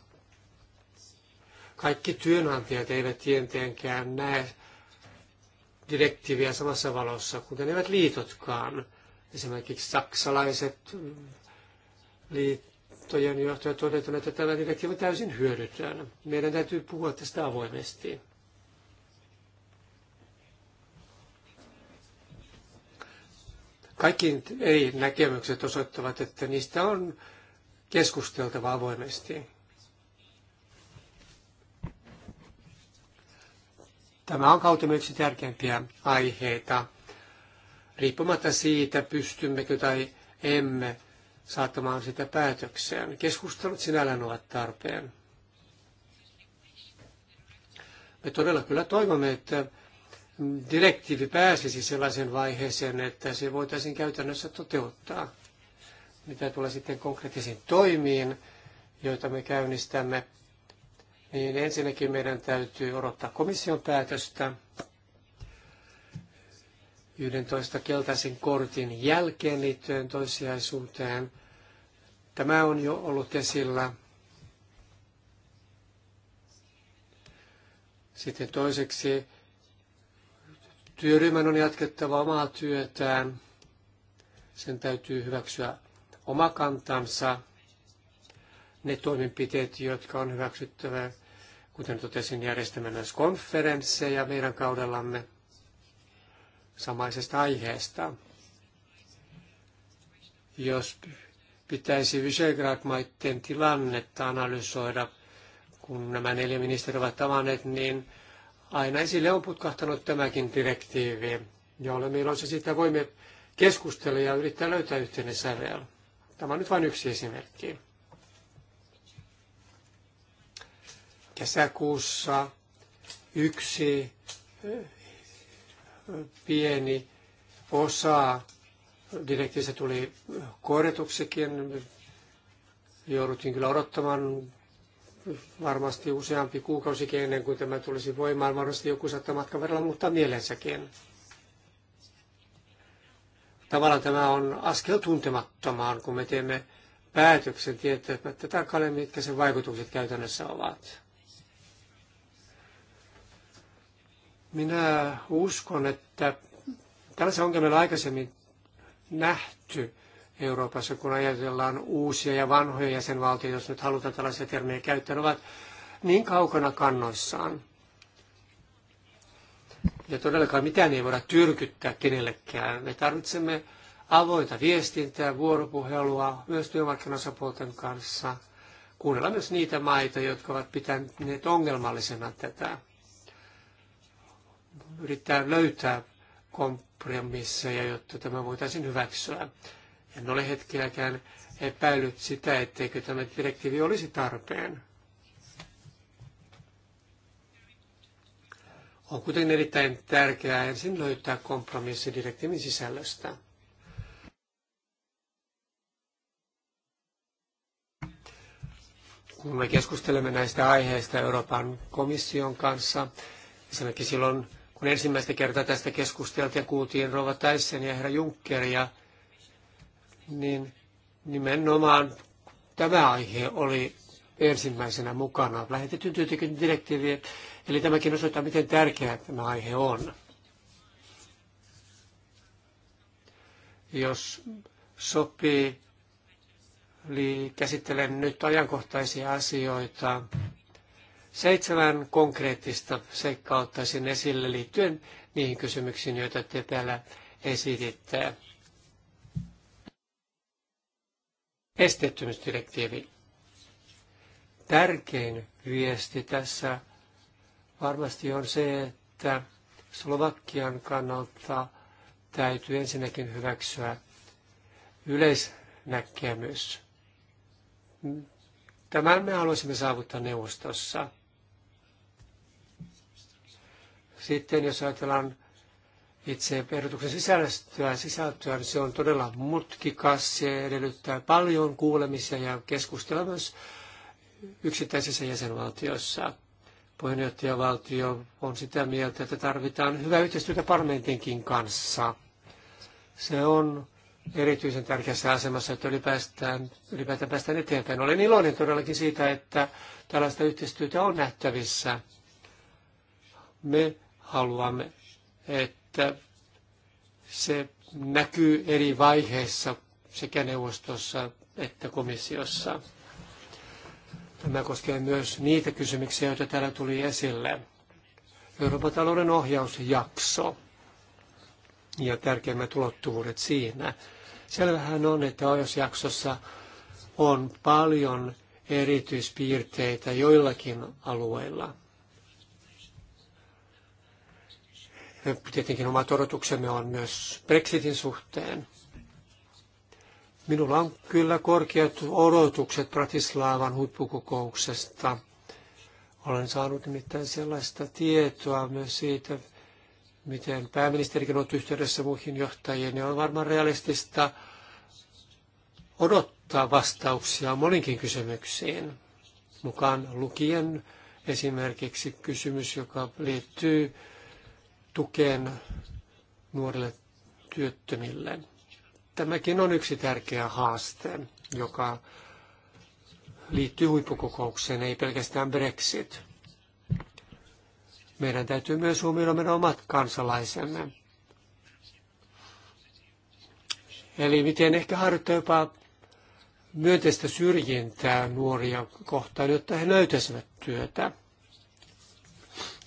Kaikki työnantajat eivät tietenkään näe direktiiviä samassa valossa, kuten eivät liitotkaan. Esimerkiksi saksalaiset liit, liittojen johtajat todentuneet, että tämä direktiivi on täysin hyödytön. Meidän täytyy puhua tästä avoimesti. Kaikki eri näkemykset osoittavat, että niistä on keskusteltava avoimesti. Tämä on kautemme yksi tärkeimpiä aiheita, riippumatta siitä, pystymmekö tai emme saattamaan sitä päätökseen. Keskustelut sinällään ovat tarpeen. Me todella kyllä toivomme, että direktiivi pääsisi sellaisen vaiheeseen, että se voitaisiin käytännössä toteuttaa. Mitä tulee sitten konkreettisiin toimiin, joita me käynnistämme, niin ensinnäkin meidän täytyy odottaa komission päätöstä 11 keltaisen kortin jälkeen liittyen toissijaisuuteen. Tämä on jo ollut esillä. Sitten toiseksi työryhmän on jatkettava omaa työtään. Sen täytyy hyväksyä oma kantansa, ne toimenpiteet, jotka on hyväksyttävä, kuten totesin, järjestämme myös konferensseja meidän kaudellamme samaisesta aiheesta. Jos pitäisi Visegrad-maiden tilannetta analysoida, kun nämä neljä ministeriä ovat tavanneet, niin aina esille on putkahtanut tämäkin direktiivi, ja olemme iloisia siitä voimme keskustella ja yrittää löytää yhteinen sävel. Tämä on nyt vain yksi esimerkki. Kesäkuussa yksi eh, pieni osa direktiivistä tuli korjatuksikin. Jouduttiin kyllä odottamaan varmasti useampi kuukausikin ennen kuin tämä tulisi voimaan. Varmasti joku saattaa matkan verran muuttaa mielensäkin. Tavallaan tämä on askel tuntemattomaan, kun me teemme päätöksen tietämättä tarkalleen, mitkä sen vaikutukset käytännössä ovat. Minä uskon, että tällaisen ongelmia aikaisemmin nähty Euroopassa, kun ajatellaan uusia ja vanhoja jäsenvaltioita, jos nyt halutaan tällaisia termejä käyttää, ne ovat niin kaukana kannoissaan. Ja todellakaan mitään ei voida tyrkyttää kenellekään. Me tarvitsemme avointa viestintää, vuoropuhelua myös työmarkkinaosapuolten kanssa. Kuunnella myös niitä maita, jotka ovat pitäneet ongelmallisena tätä. Yrittää löytää kom- ja jotta tämä voitaisiin hyväksyä. En ole hetkelläkään epäillyt sitä, etteikö tämä direktiivi olisi tarpeen. On kuitenkin erittäin tärkeää ensin löytää kompromissi direktiivin sisällöstä. Kun me keskustelemme näistä aiheista Euroopan komission kanssa, esimerkiksi silloin kun ensimmäistä kertaa tästä keskusteltiin ja kuultiin Rova Tyson ja herra Junckeria, niin nimenomaan tämä aihe oli ensimmäisenä mukana lähetetyn työntekijän direktiivi. Eli tämäkin osoittaa, miten tärkeä tämä aihe on. Jos sopii, eli niin käsittelen nyt ajankohtaisia asioita Seitsemän konkreettista seikkaa ottaisin esille liittyen niihin kysymyksiin, joita te täällä esititte. Esteettömyysdirektiivi. Tärkein viesti tässä varmasti on se, että Slovakian kannalta täytyy ensinnäkin hyväksyä yleisnäkemys. Tämän me haluaisimme saavuttaa neuvostossa. Sitten jos ajatellaan itse ehdotuksen sisältöä, sisältöä, niin se on todella mutkikas, se edellyttää paljon kuulemisia ja keskustelua myös yksittäisissä jäsenvaltioissa. Puheenjohtajavaltio on sitä mieltä, että tarvitaan hyvää yhteistyötä parlamentinkin kanssa. Se on erityisen tärkeässä asemassa, että ylipäätään, ylipäätään päästään eteenpäin. Olen iloinen todellakin siitä, että tällaista yhteistyötä on nähtävissä. Me haluamme, että se näkyy eri vaiheissa sekä neuvostossa että komissiossa. Tämä koskee myös niitä kysymyksiä, joita täällä tuli esille. Euroopan talouden ohjausjakso ja tärkeimmät ulottuvuudet siinä. Selvähän on, että ohjausjaksossa on paljon erityispiirteitä joillakin alueilla – Tietenkin oma odotuksemme on myös Brexitin suhteen. Minulla on kyllä korkeat odotukset Bratislaavan huippukokouksesta. Olen saanut nimittäin sellaista tietoa myös siitä, miten pääministerikin on yhteydessä muihin johtajiin, niin on varmaan realistista odottaa vastauksia moninkin kysymyksiin, mukaan lukien esimerkiksi kysymys, joka liittyy tukeen nuorille työttömille. Tämäkin on yksi tärkeä haaste, joka liittyy huippukokoukseen, ei pelkästään Brexit. Meidän täytyy myös huomioida meidän omat kansalaisemme. Eli miten ehkä harjoittaa jopa myönteistä syrjintää nuoria kohtaan, jotta he löytäisivät työtä.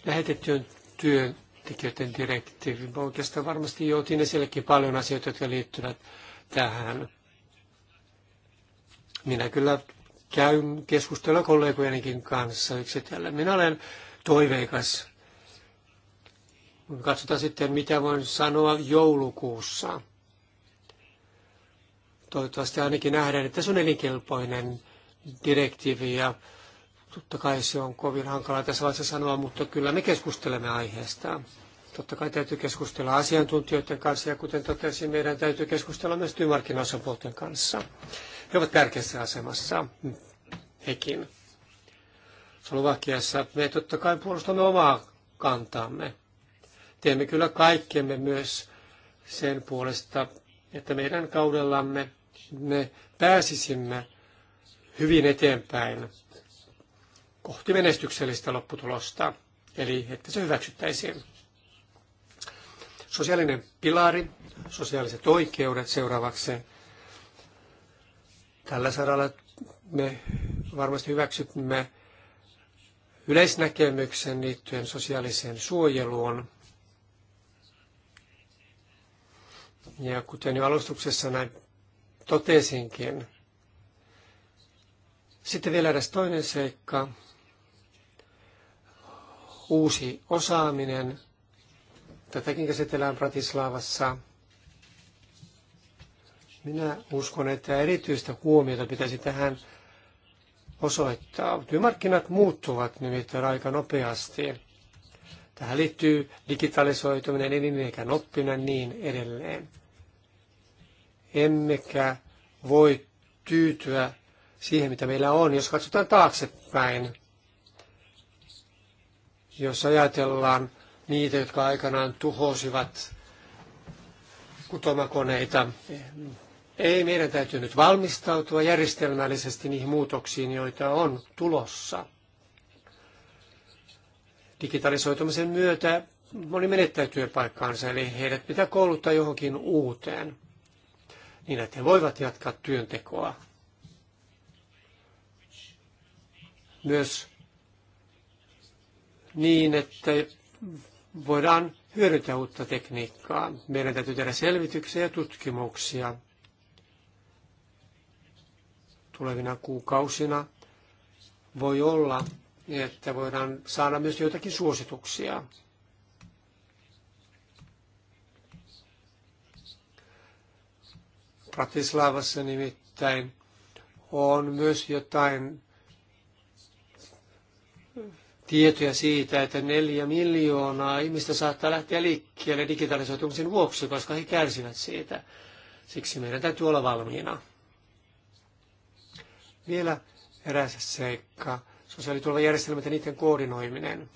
Lähetettyön työn työntekijöiden direktiivi. Oikeastaan varmasti jo otin esillekin paljon asioita, jotka liittyvät tähän. Minä kyllä käyn keskustella kollegojenkin kanssa yksitellen. Minä olen toiveikas. Katsotaan sitten, mitä voin sanoa joulukuussa. Toivottavasti ainakin nähdään, että se on elinkelpoinen direktiivi ja Totta kai se on kovin hankalaa tässä vaiheessa sanoa, mutta kyllä me keskustelemme aiheesta. Totta kai täytyy keskustella asiantuntijoiden kanssa ja kuten totesin, meidän täytyy keskustella myös työmarkkinaosapuolten kanssa. He ovat tärkeässä asemassa, hekin. Slovakiassa me totta kai puolustamme omaa kantaamme. Teemme kyllä kaikkemme myös sen puolesta, että meidän kaudellamme me pääsisimme hyvin eteenpäin kohti menestyksellistä lopputulosta, eli että se hyväksyttäisiin. Sosiaalinen pilari, sosiaaliset oikeudet seuraavaksi. Tällä saralla me varmasti hyväksymme yleisnäkemyksen liittyen sosiaaliseen suojeluun. Ja kuten jo alustuksessa näin totesinkin. Sitten vielä edes toinen seikka, uusi osaaminen. Tätäkin käsitellään Pratislavassa. Minä uskon, että erityistä huomiota pitäisi tähän osoittaa. Työmarkkinat muuttuvat nimittäin aika nopeasti. Tähän liittyy digitalisoituminen, elinikäinen niin oppiminen niin edelleen. Emmekä voi tyytyä siihen, mitä meillä on, jos katsotaan taaksepäin. Jos ajatellaan niitä, jotka aikanaan tuhosivat kutomakoneita, ei meidän täytyy nyt valmistautua järjestelmällisesti niihin muutoksiin, joita on tulossa. Digitalisoitumisen myötä moni menettää työpaikkaansa, eli heidät pitää kouluttaa johonkin uuteen, niin että he voivat jatkaa työntekoa. Myös niin, että voidaan hyödyntää uutta tekniikkaa. Meidän täytyy tehdä selvityksiä ja tutkimuksia tulevina kuukausina. Voi olla, että voidaan saada myös joitakin suosituksia. Pratislavassa nimittäin on myös jotain tietoja siitä, että neljä miljoonaa ihmistä saattaa lähteä liikkeelle digitalisoitumisen vuoksi, koska he kärsivät siitä. Siksi meidän täytyy olla valmiina. Vielä eräs seikka, sosiaaliturvajärjestelmät ja niiden koordinoiminen.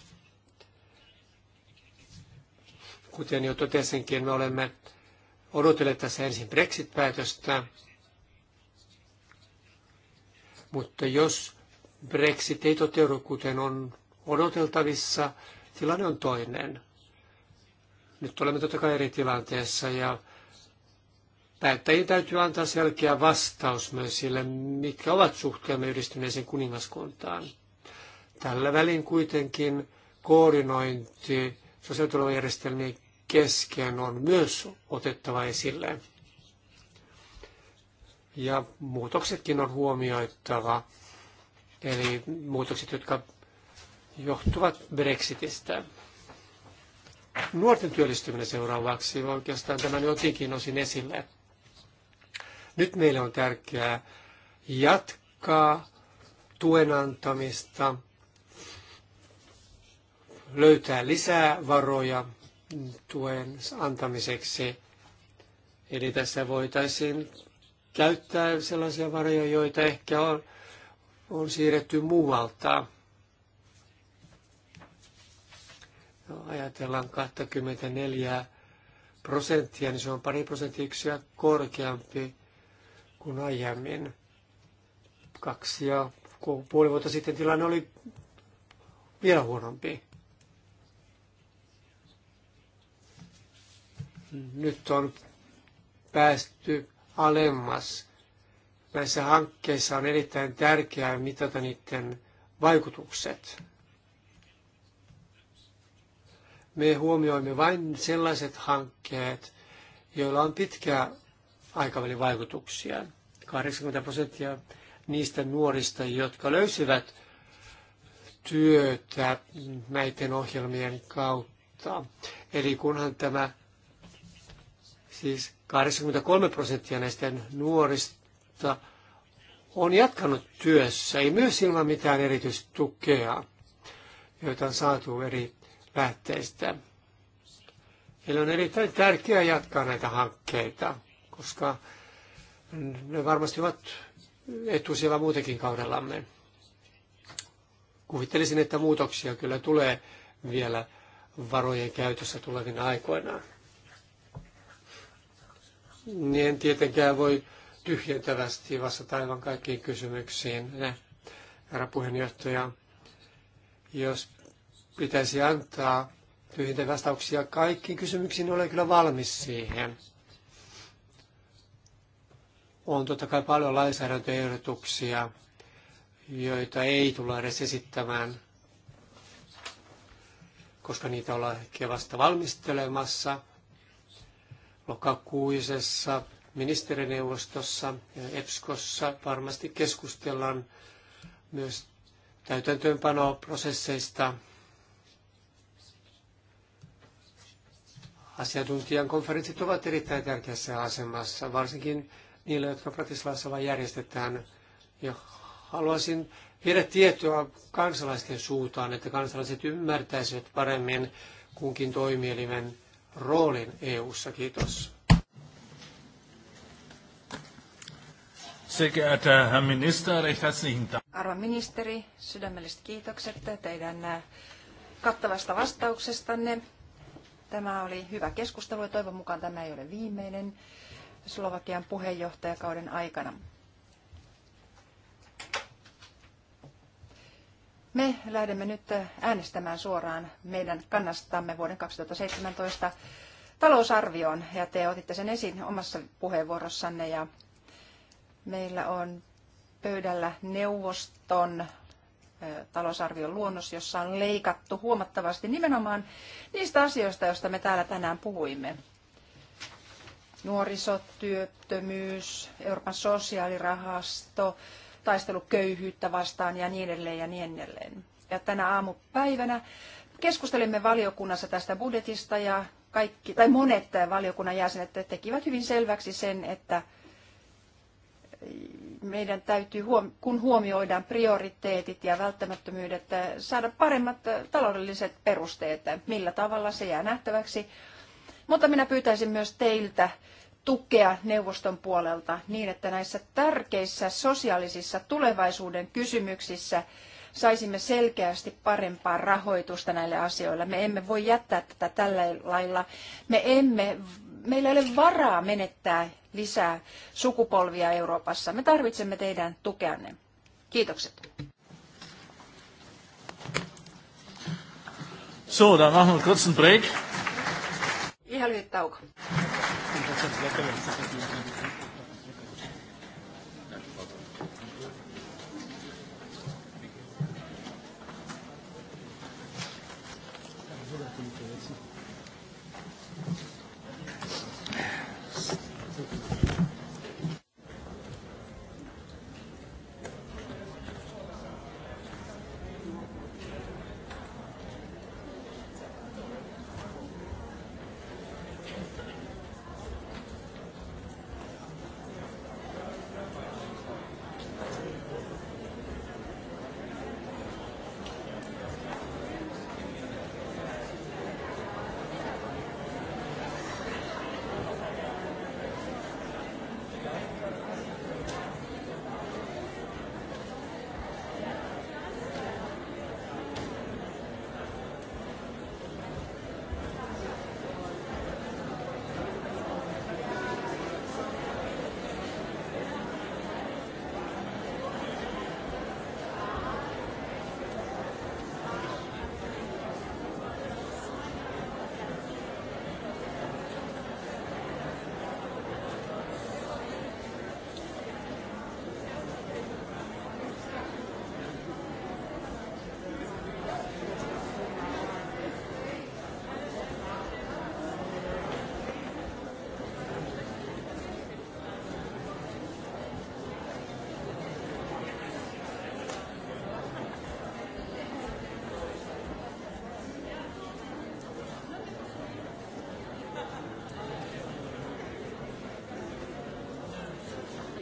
Kuten jo totesinkin, me olemme odotelleet tässä ensin Brexit-päätöstä, mutta jos Brexit ei toteudu, kuten on odoteltavissa tilanne on toinen. Nyt olemme totta kai eri tilanteessa ja päättäjien täytyy antaa selkeä vastaus myös sille, mitkä ovat suhteemme yhdistyneeseen kuningaskuntaan. Tällä välin kuitenkin koordinointi sosiaaliturvajärjestelmien kesken on myös otettava esille. Ja muutoksetkin on huomioittava. Eli muutokset, jotka johtuvat Brexitistä. Nuorten työllistyminen seuraavaksi oikeastaan tämän jotenkin osin esille. Nyt meille on tärkeää jatkaa tuen antamista, löytää lisää varoja tuen antamiseksi. Eli tässä voitaisiin käyttää sellaisia varoja, joita ehkä on, on siirretty muualta No, ajatellaan 24 prosenttia, niin se on pari prosenttiyksyä korkeampi kuin aiemmin. Kaksi ja puoli vuotta sitten tilanne oli vielä huonompi. Nyt on päästy alemmas. Näissä hankkeissa on erittäin tärkeää mitata niiden vaikutukset me huomioimme vain sellaiset hankkeet, joilla on pitkää aikavälin vaikutuksia. 80 prosenttia niistä nuorista, jotka löysivät työtä näiden ohjelmien kautta. Eli kunhan tämä, siis 83 prosenttia näistä nuorista on jatkanut työssä, ei myös ilman mitään erityistukea, joita on saatu eri päätteistä. Eli on erittäin tärkeää jatkaa näitä hankkeita, koska ne varmasti ovat etusijalla muutenkin kaudellamme. Kuvittelisin, että muutoksia kyllä tulee vielä varojen käytössä tulevina aikoina. Niin en tietenkään voi tyhjentävästi vastata aivan kaikkiin kysymyksiin, herra puheenjohtaja. Jos pitäisi antaa tyhjentä vastauksia kaikkiin kysymyksiin, olen kyllä valmis siihen. On totta kai paljon lainsäädäntöehdotuksia, joita ei tulla edes esittämään, koska niitä ollaan ehkä vasta valmistelemassa lokakuisessa ministerineuvostossa ja EPSKossa varmasti keskustellaan myös täytäntöönpanoprosesseista Asiantuntijan konferenssit ovat erittäin tärkeässä asemassa, varsinkin niille, jotka Bratislavassa vain järjestetään. Ja haluaisin viedä tietoa kansalaisten suuntaan, että kansalaiset ymmärtäisivät paremmin kunkin toimielimen roolin EU-ssa. Kiitos. Arvon ministeri, sydämelliset kiitokset teidän kattavasta vastauksestanne. Tämä oli hyvä keskustelu ja toivon mukaan tämä ei ole viimeinen Slovakian puheenjohtajakauden aikana. Me lähdemme nyt äänestämään suoraan meidän kannastamme vuoden 2017 talousarvioon ja te otitte sen esiin omassa puheenvuorossanne ja meillä on pöydällä neuvoston talousarvion luonnos, jossa on leikattu huomattavasti nimenomaan niistä asioista, joista me täällä tänään puhuimme. Nuorisotyöttömyys, Euroopan sosiaalirahasto, taistelu köyhyyttä vastaan ja niin edelleen ja niin edelleen. Ja tänä aamupäivänä keskustelimme valiokunnassa tästä budjetista ja kaikki, tai monet valiokunnan jäsenet tekivät hyvin selväksi sen, että meidän täytyy, kun huomioidaan prioriteetit ja välttämättömyydet, äh, saada paremmat äh, taloudelliset perusteet. Äh, millä tavalla se jää nähtäväksi. Mutta minä pyytäisin myös teiltä tukea neuvoston puolelta niin, että näissä tärkeissä sosiaalisissa tulevaisuuden kysymyksissä saisimme selkeästi parempaa rahoitusta näille asioille. Me emme voi jättää tätä tällä lailla. Me emme meillä ei ole varaa menettää lisää sukupolvia Euroopassa. Me tarvitsemme teidän tukeanne. Kiitokset. So, dann machen wir kurz Break. Ihan lyhyt tauko.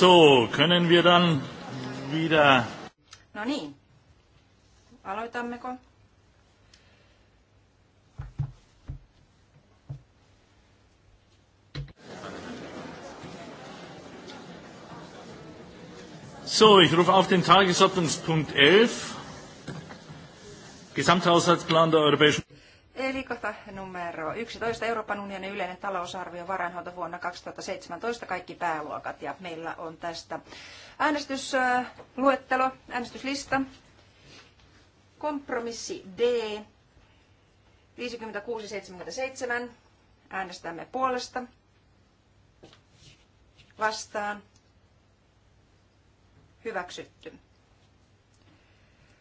So, können wir dann wieder... No niin. Aloitammeko? So, ich rufe auf den Tagesordnungspunkt 11. Gesamthaushaltsplan der Europäischen kohta numero 11 Euroopan unionin yleinen talousarvio varainhoito vuonna 2017, kaikki pääluokat. Ja meillä on tästä äänestysluettelo, äänestyslista, kompromissi D, 5677, äänestämme puolesta, vastaan, hyväksytty.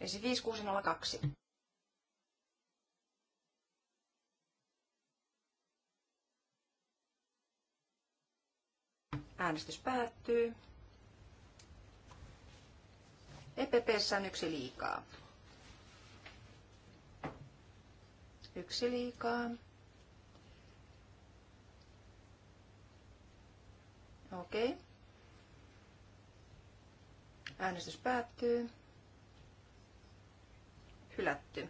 Siis 5602. Äänestys päättyy. EPPssä on yksi liikaa. Yksi liikaa. Okei. Okay. Äänestys päättyy hylätty.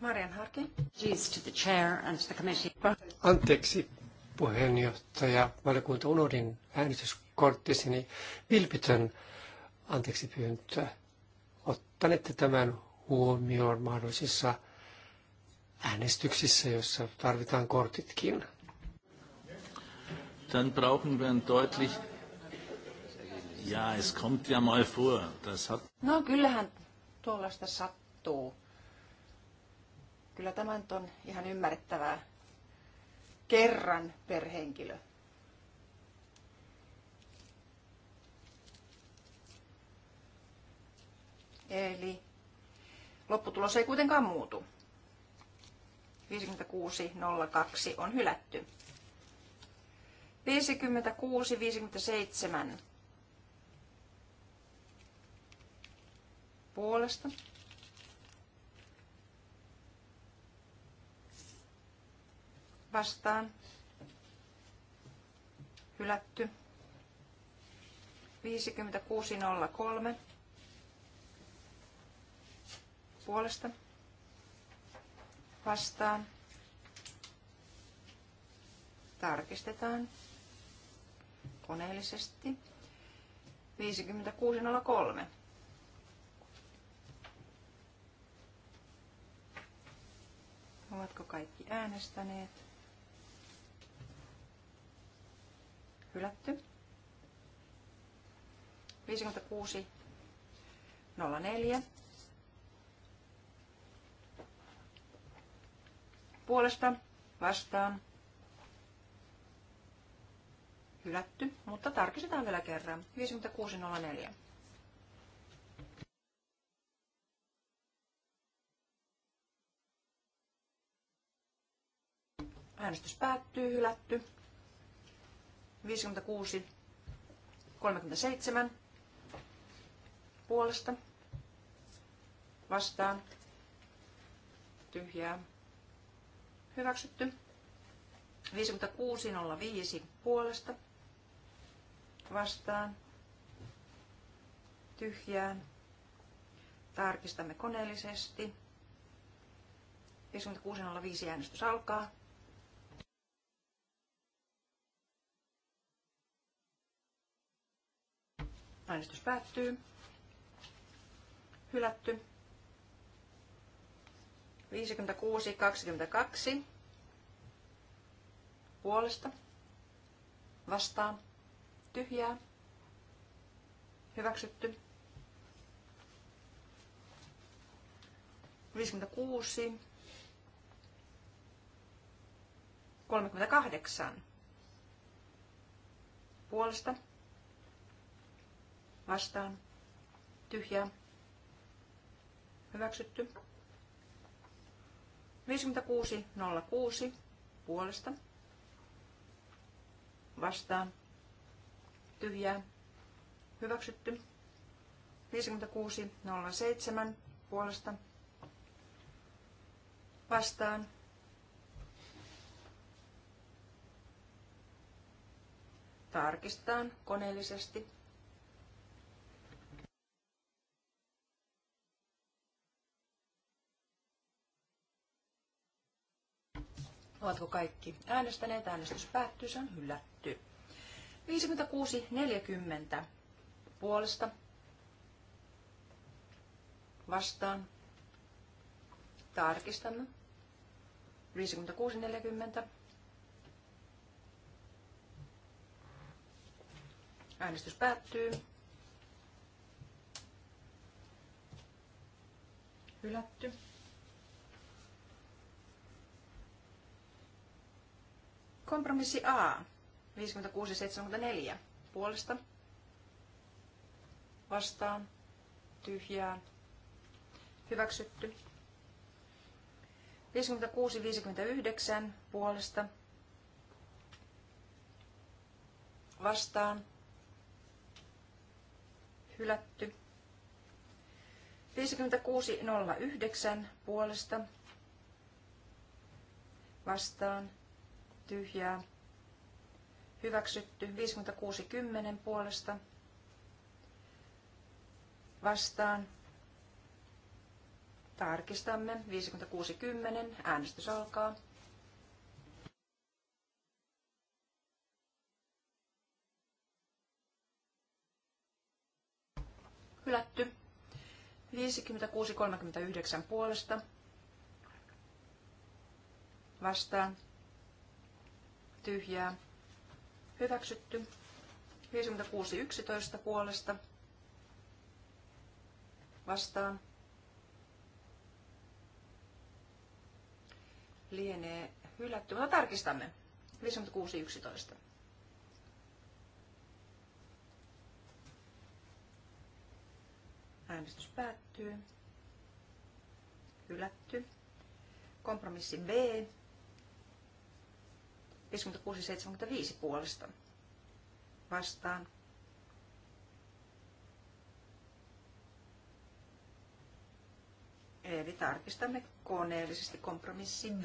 Marian Harkin. To the chair and to the committee. Anteeksi puheenjohtaja, valiokunta unohdin äänestyskorttisini vilpitön anteeksi pyyntö. Ottanette tämän huomioon mahdollisissa äänestyksissä, joissa tarvitaan kortitkin. Dann brauchen wir ein deutlich ja, es kommt ja mal vor. Das hat... No kyllähän tuollaista sattuu. Kyllä tämä nyt on ihan ymmärrettävää. Kerran per henkilö. Eli lopputulos ei kuitenkaan muutu. 56.02 on hylätty. 56.57 puolesta. Vastaan. Hylätty. 5603 puolesta vastaan. Tarkistetaan koneellisesti. 5603. Ovatko kaikki äänestäneet? Hylätty. 56 04 puolesta vastaan hylätty, mutta tarkistetaan vielä kerran. 56.04. Äänestys päättyy, hylätty. 56, 37 puolesta vastaan tyhjää hyväksytty. 5605 puolesta vastaan tyhjään. Tarkistamme koneellisesti. 5605 äänestys alkaa. Äänestys päättyy. Hylätty. 56, 22. Puolesta. Vastaan. Tyhjää. Hyväksytty. 56. 38. Puolesta vastaan, tyhjä hyväksytty. 5606 puolesta vastaan, tyhjä hyväksytty. 5607 puolesta vastaan, tarkistetaan koneellisesti Ovatko kaikki äänestäneet? Äänestys päättyy, se on hylätty. 56.40 puolesta vastaan. Tarkistamme. 56.40. Äänestys päättyy. Hylätty. Kompromissi A, 56-74, puolesta, vastaan, tyhjää, hyväksytty. 56-59, puolesta, vastaan, hylätty. 56-09, puolesta vastaan hylätty tyhjää. Hyväksytty 56.10 puolesta vastaan. Tarkistamme 56.10. Äänestys alkaa. Hylätty 56.39 puolesta vastaan tyhjää, hyväksytty. 56.11 puolesta vastaan. Lienee hylätty, mutta tarkistamme. 56.11. Äänestys päättyy. Hylätty. Kompromissi B 56-75 puolesta vastaan. Eli tarkistamme koneellisesti kompromissi B.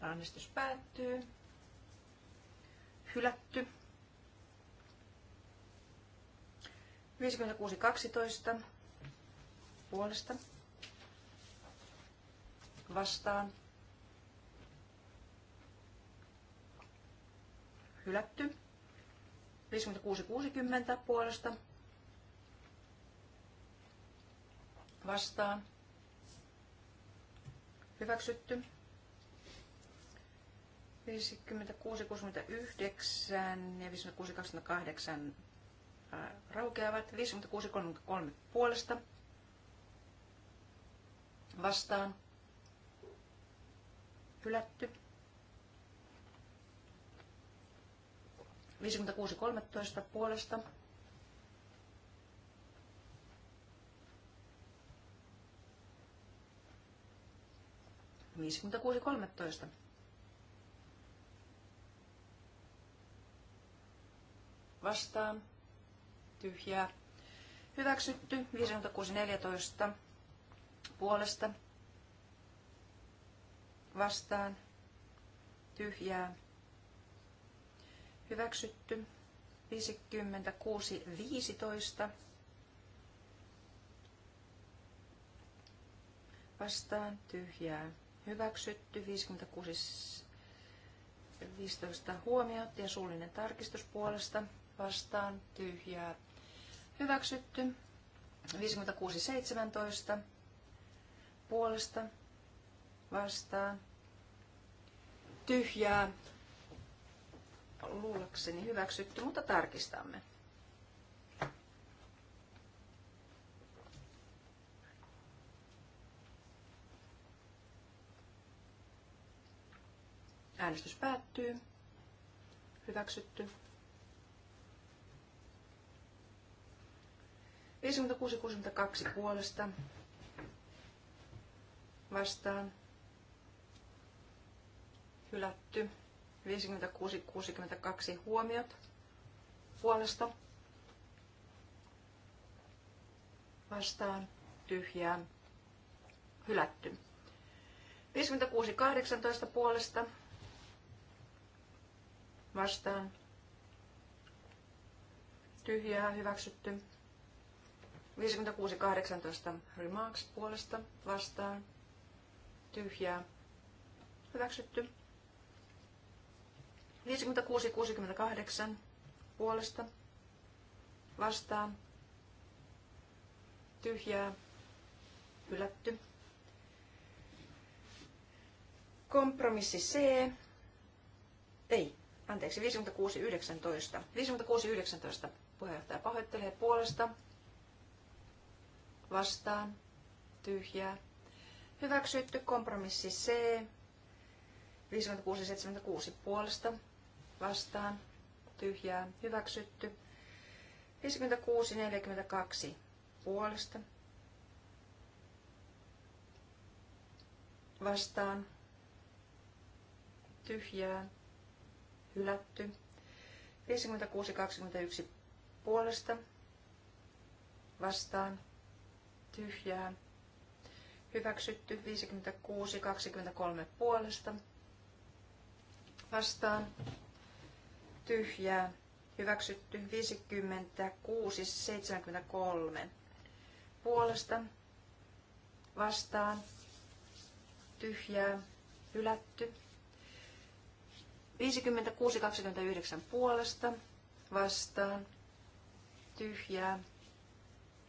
Äänestys päättyy. Hylätty. 56.12 puolesta vastaan hylätty. 56.60 puolesta vastaan hyväksytty. 56, 69 ja 56, 28 raukeavat. 56.33 puolesta vastaan. Hylätty. 56.13 puolesta. Viisikymmentäkuusi Vastaan tyhjää hyväksytty. 56.14 puolesta vastaan tyhjää hyväksytty. 56.15 vastaan tyhjää hyväksytty. 56 15 huomiot ja suullinen tarkistus puolesta vastaan tyhjää Hyväksytty. 56.17. Puolesta. Vastaan. Tyhjää. Luulakseni hyväksytty, mutta tarkistamme. Äänestys päättyy. Hyväksytty. 56-62 puolesta vastaan. Hylätty. 56-62 huomiot puolesta vastaan tyhjää hylätty. 56-18 puolesta vastaan tyhjää hyväksytty. 56.18 remarks puolesta vastaan. Tyhjää. Hyväksytty. 56.68 puolesta vastaan. Tyhjää. Hylätty. Kompromissi C. Ei, anteeksi, 56.19. 56.19 puheenjohtaja pahoittelee puolesta vastaan, tyhjää. Hyväksytty kompromissi C, 5676 puolesta, vastaan, tyhjää, hyväksytty. 5642 puolesta, vastaan, tyhjää, hylätty. 5621 puolesta, vastaan, tyhjää. Hyväksytty 56, 23 puolesta. Vastaan tyhjää. Hyväksytty 56, 73 puolesta. Vastaan tyhjää. Hylätty 56, 29 puolesta. Vastaan tyhjää.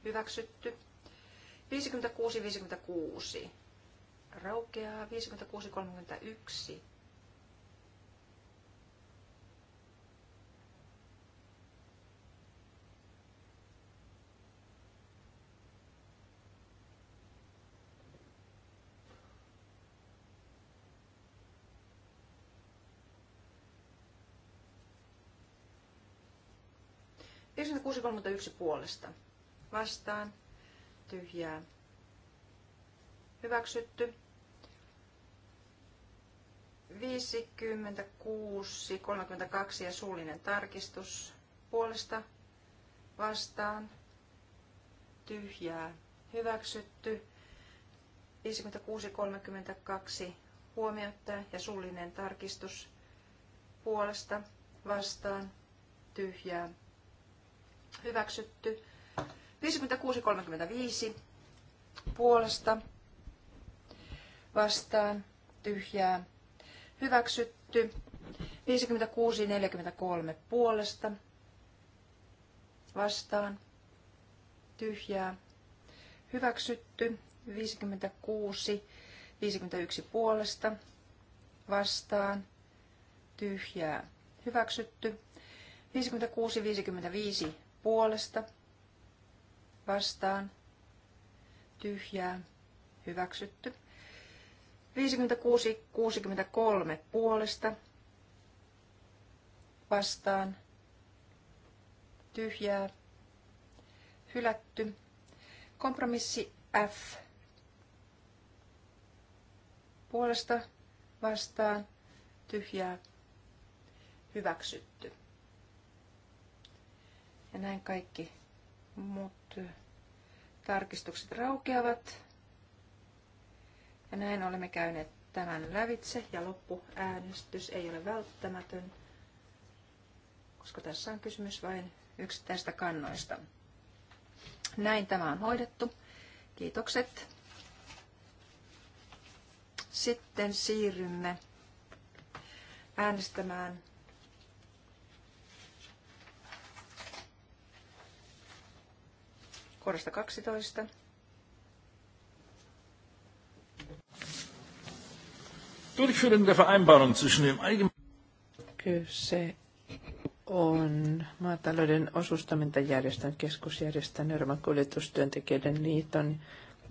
Hyväksytty 56, 56. Raukeaa 56, 31. 56-31 puolesta. Vastaan tyhjää hyväksytty. 56, 32 ja suullinen tarkistus puolesta vastaan tyhjää hyväksytty. 56, 32 huomiota ja suullinen tarkistus puolesta vastaan tyhjää hyväksytty. 56.35 puolesta vastaan tyhjää hyväksytty. 56.43 puolesta vastaan tyhjää hyväksytty. 56.51 puolesta vastaan tyhjää hyväksytty. 56.55 puolesta vastaan, tyhjää, hyväksytty. 56-63 puolesta vastaan, tyhjää, hylätty. Kompromissi F puolesta vastaan, tyhjää, hyväksytty. Ja näin kaikki muut tarkistukset raukeavat. Ja näin olemme käyneet tämän lävitse ja loppuäänestys ei ole välttämätön, koska tässä on kysymys vain yksittäistä kannoista. Näin tämä on hoidettu. Kiitokset. Sitten siirrymme äänestämään kohdasta 12. Durchführung der Vereinbarung zwischen dem Allgemeinen. Kyse on maatalouden osuustoimintajärjestön keskusjärjestön Euroopan kuljetustyöntekijöiden liiton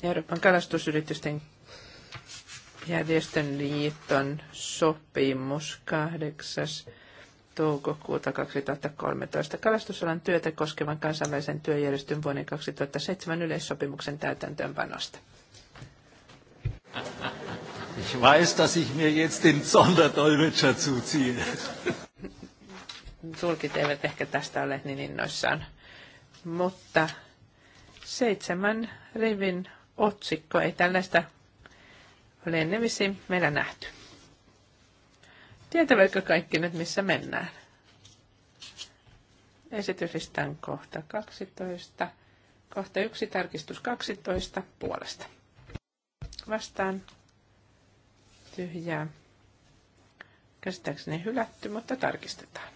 Euroopan kalastusyritysten järjestön liiton sopimus 8 toukokuuta 2013 kalastusalan työtä koskevan kansainvälisen työjärjestön vuoden 2007 yleissopimuksen täytäntöönpanosta. Ich weiß, dass ich mir jetzt den Sonderdolmetscher zuziehe. Tulkit eivät ehkä tästä ole niin innoissaan. Mutta seitsemän rivin otsikko ei tällaista ole ennenvisi meillä nähty. Tietävätkö kaikki nyt, missä mennään? Esityslistan kohta 12. Kohta 1, tarkistus 12 puolesta. Vastaan tyhjää. Käsittääkseni hylätty, mutta tarkistetaan.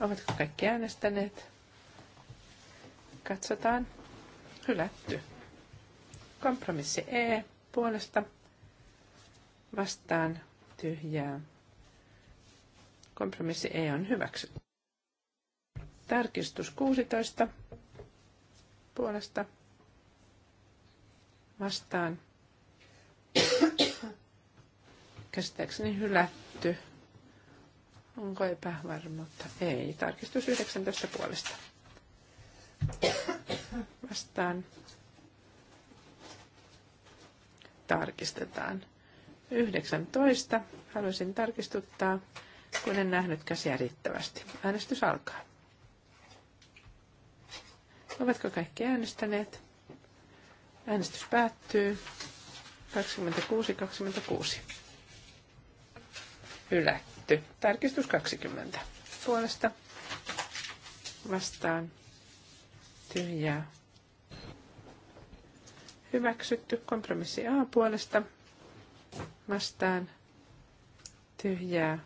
Ovatko kaikki äänestäneet? Katsotaan hylätty. Kompromissi E puolesta vastaan tyhjää. Kompromissi E on hyväksytty. Tarkistus 16 puolesta vastaan. Käsittääkseni hylätty. Onko epävarmuutta? Ei. Tarkistus 19 puolesta vastaan. Tarkistetaan. 19. Haluaisin tarkistuttaa, kun en nähnyt käsiä riittävästi. Äänestys alkaa. Ovatko kaikki äänestäneet? Äänestys päättyy. 26-26. Ylätty. Tarkistus 20. Puolesta vastaan tyhjää Hyväksytty. Kompromissi A puolesta. Vastaan. Tyhjää.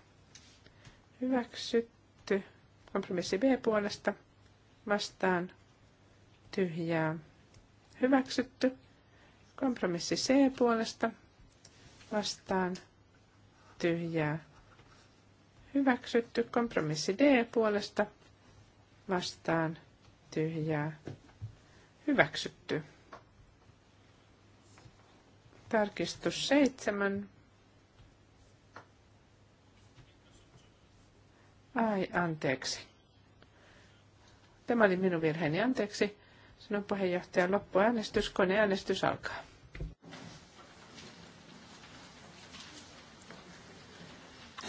Hyväksytty. Kompromissi B puolesta. Vastaan. Tyhjää. Hyväksytty. Kompromissi C puolesta. Vastaan. Tyhjää. Hyväksytty. Kompromissi D puolesta. Vastaan. Tyhjää. Hyväksytty. Tarkistus seitsemän. Ai, anteeksi. Tämä oli minun virheeni, anteeksi. Sanoi puheenjohtajan loppuäänestys, koneäänestys alkaa.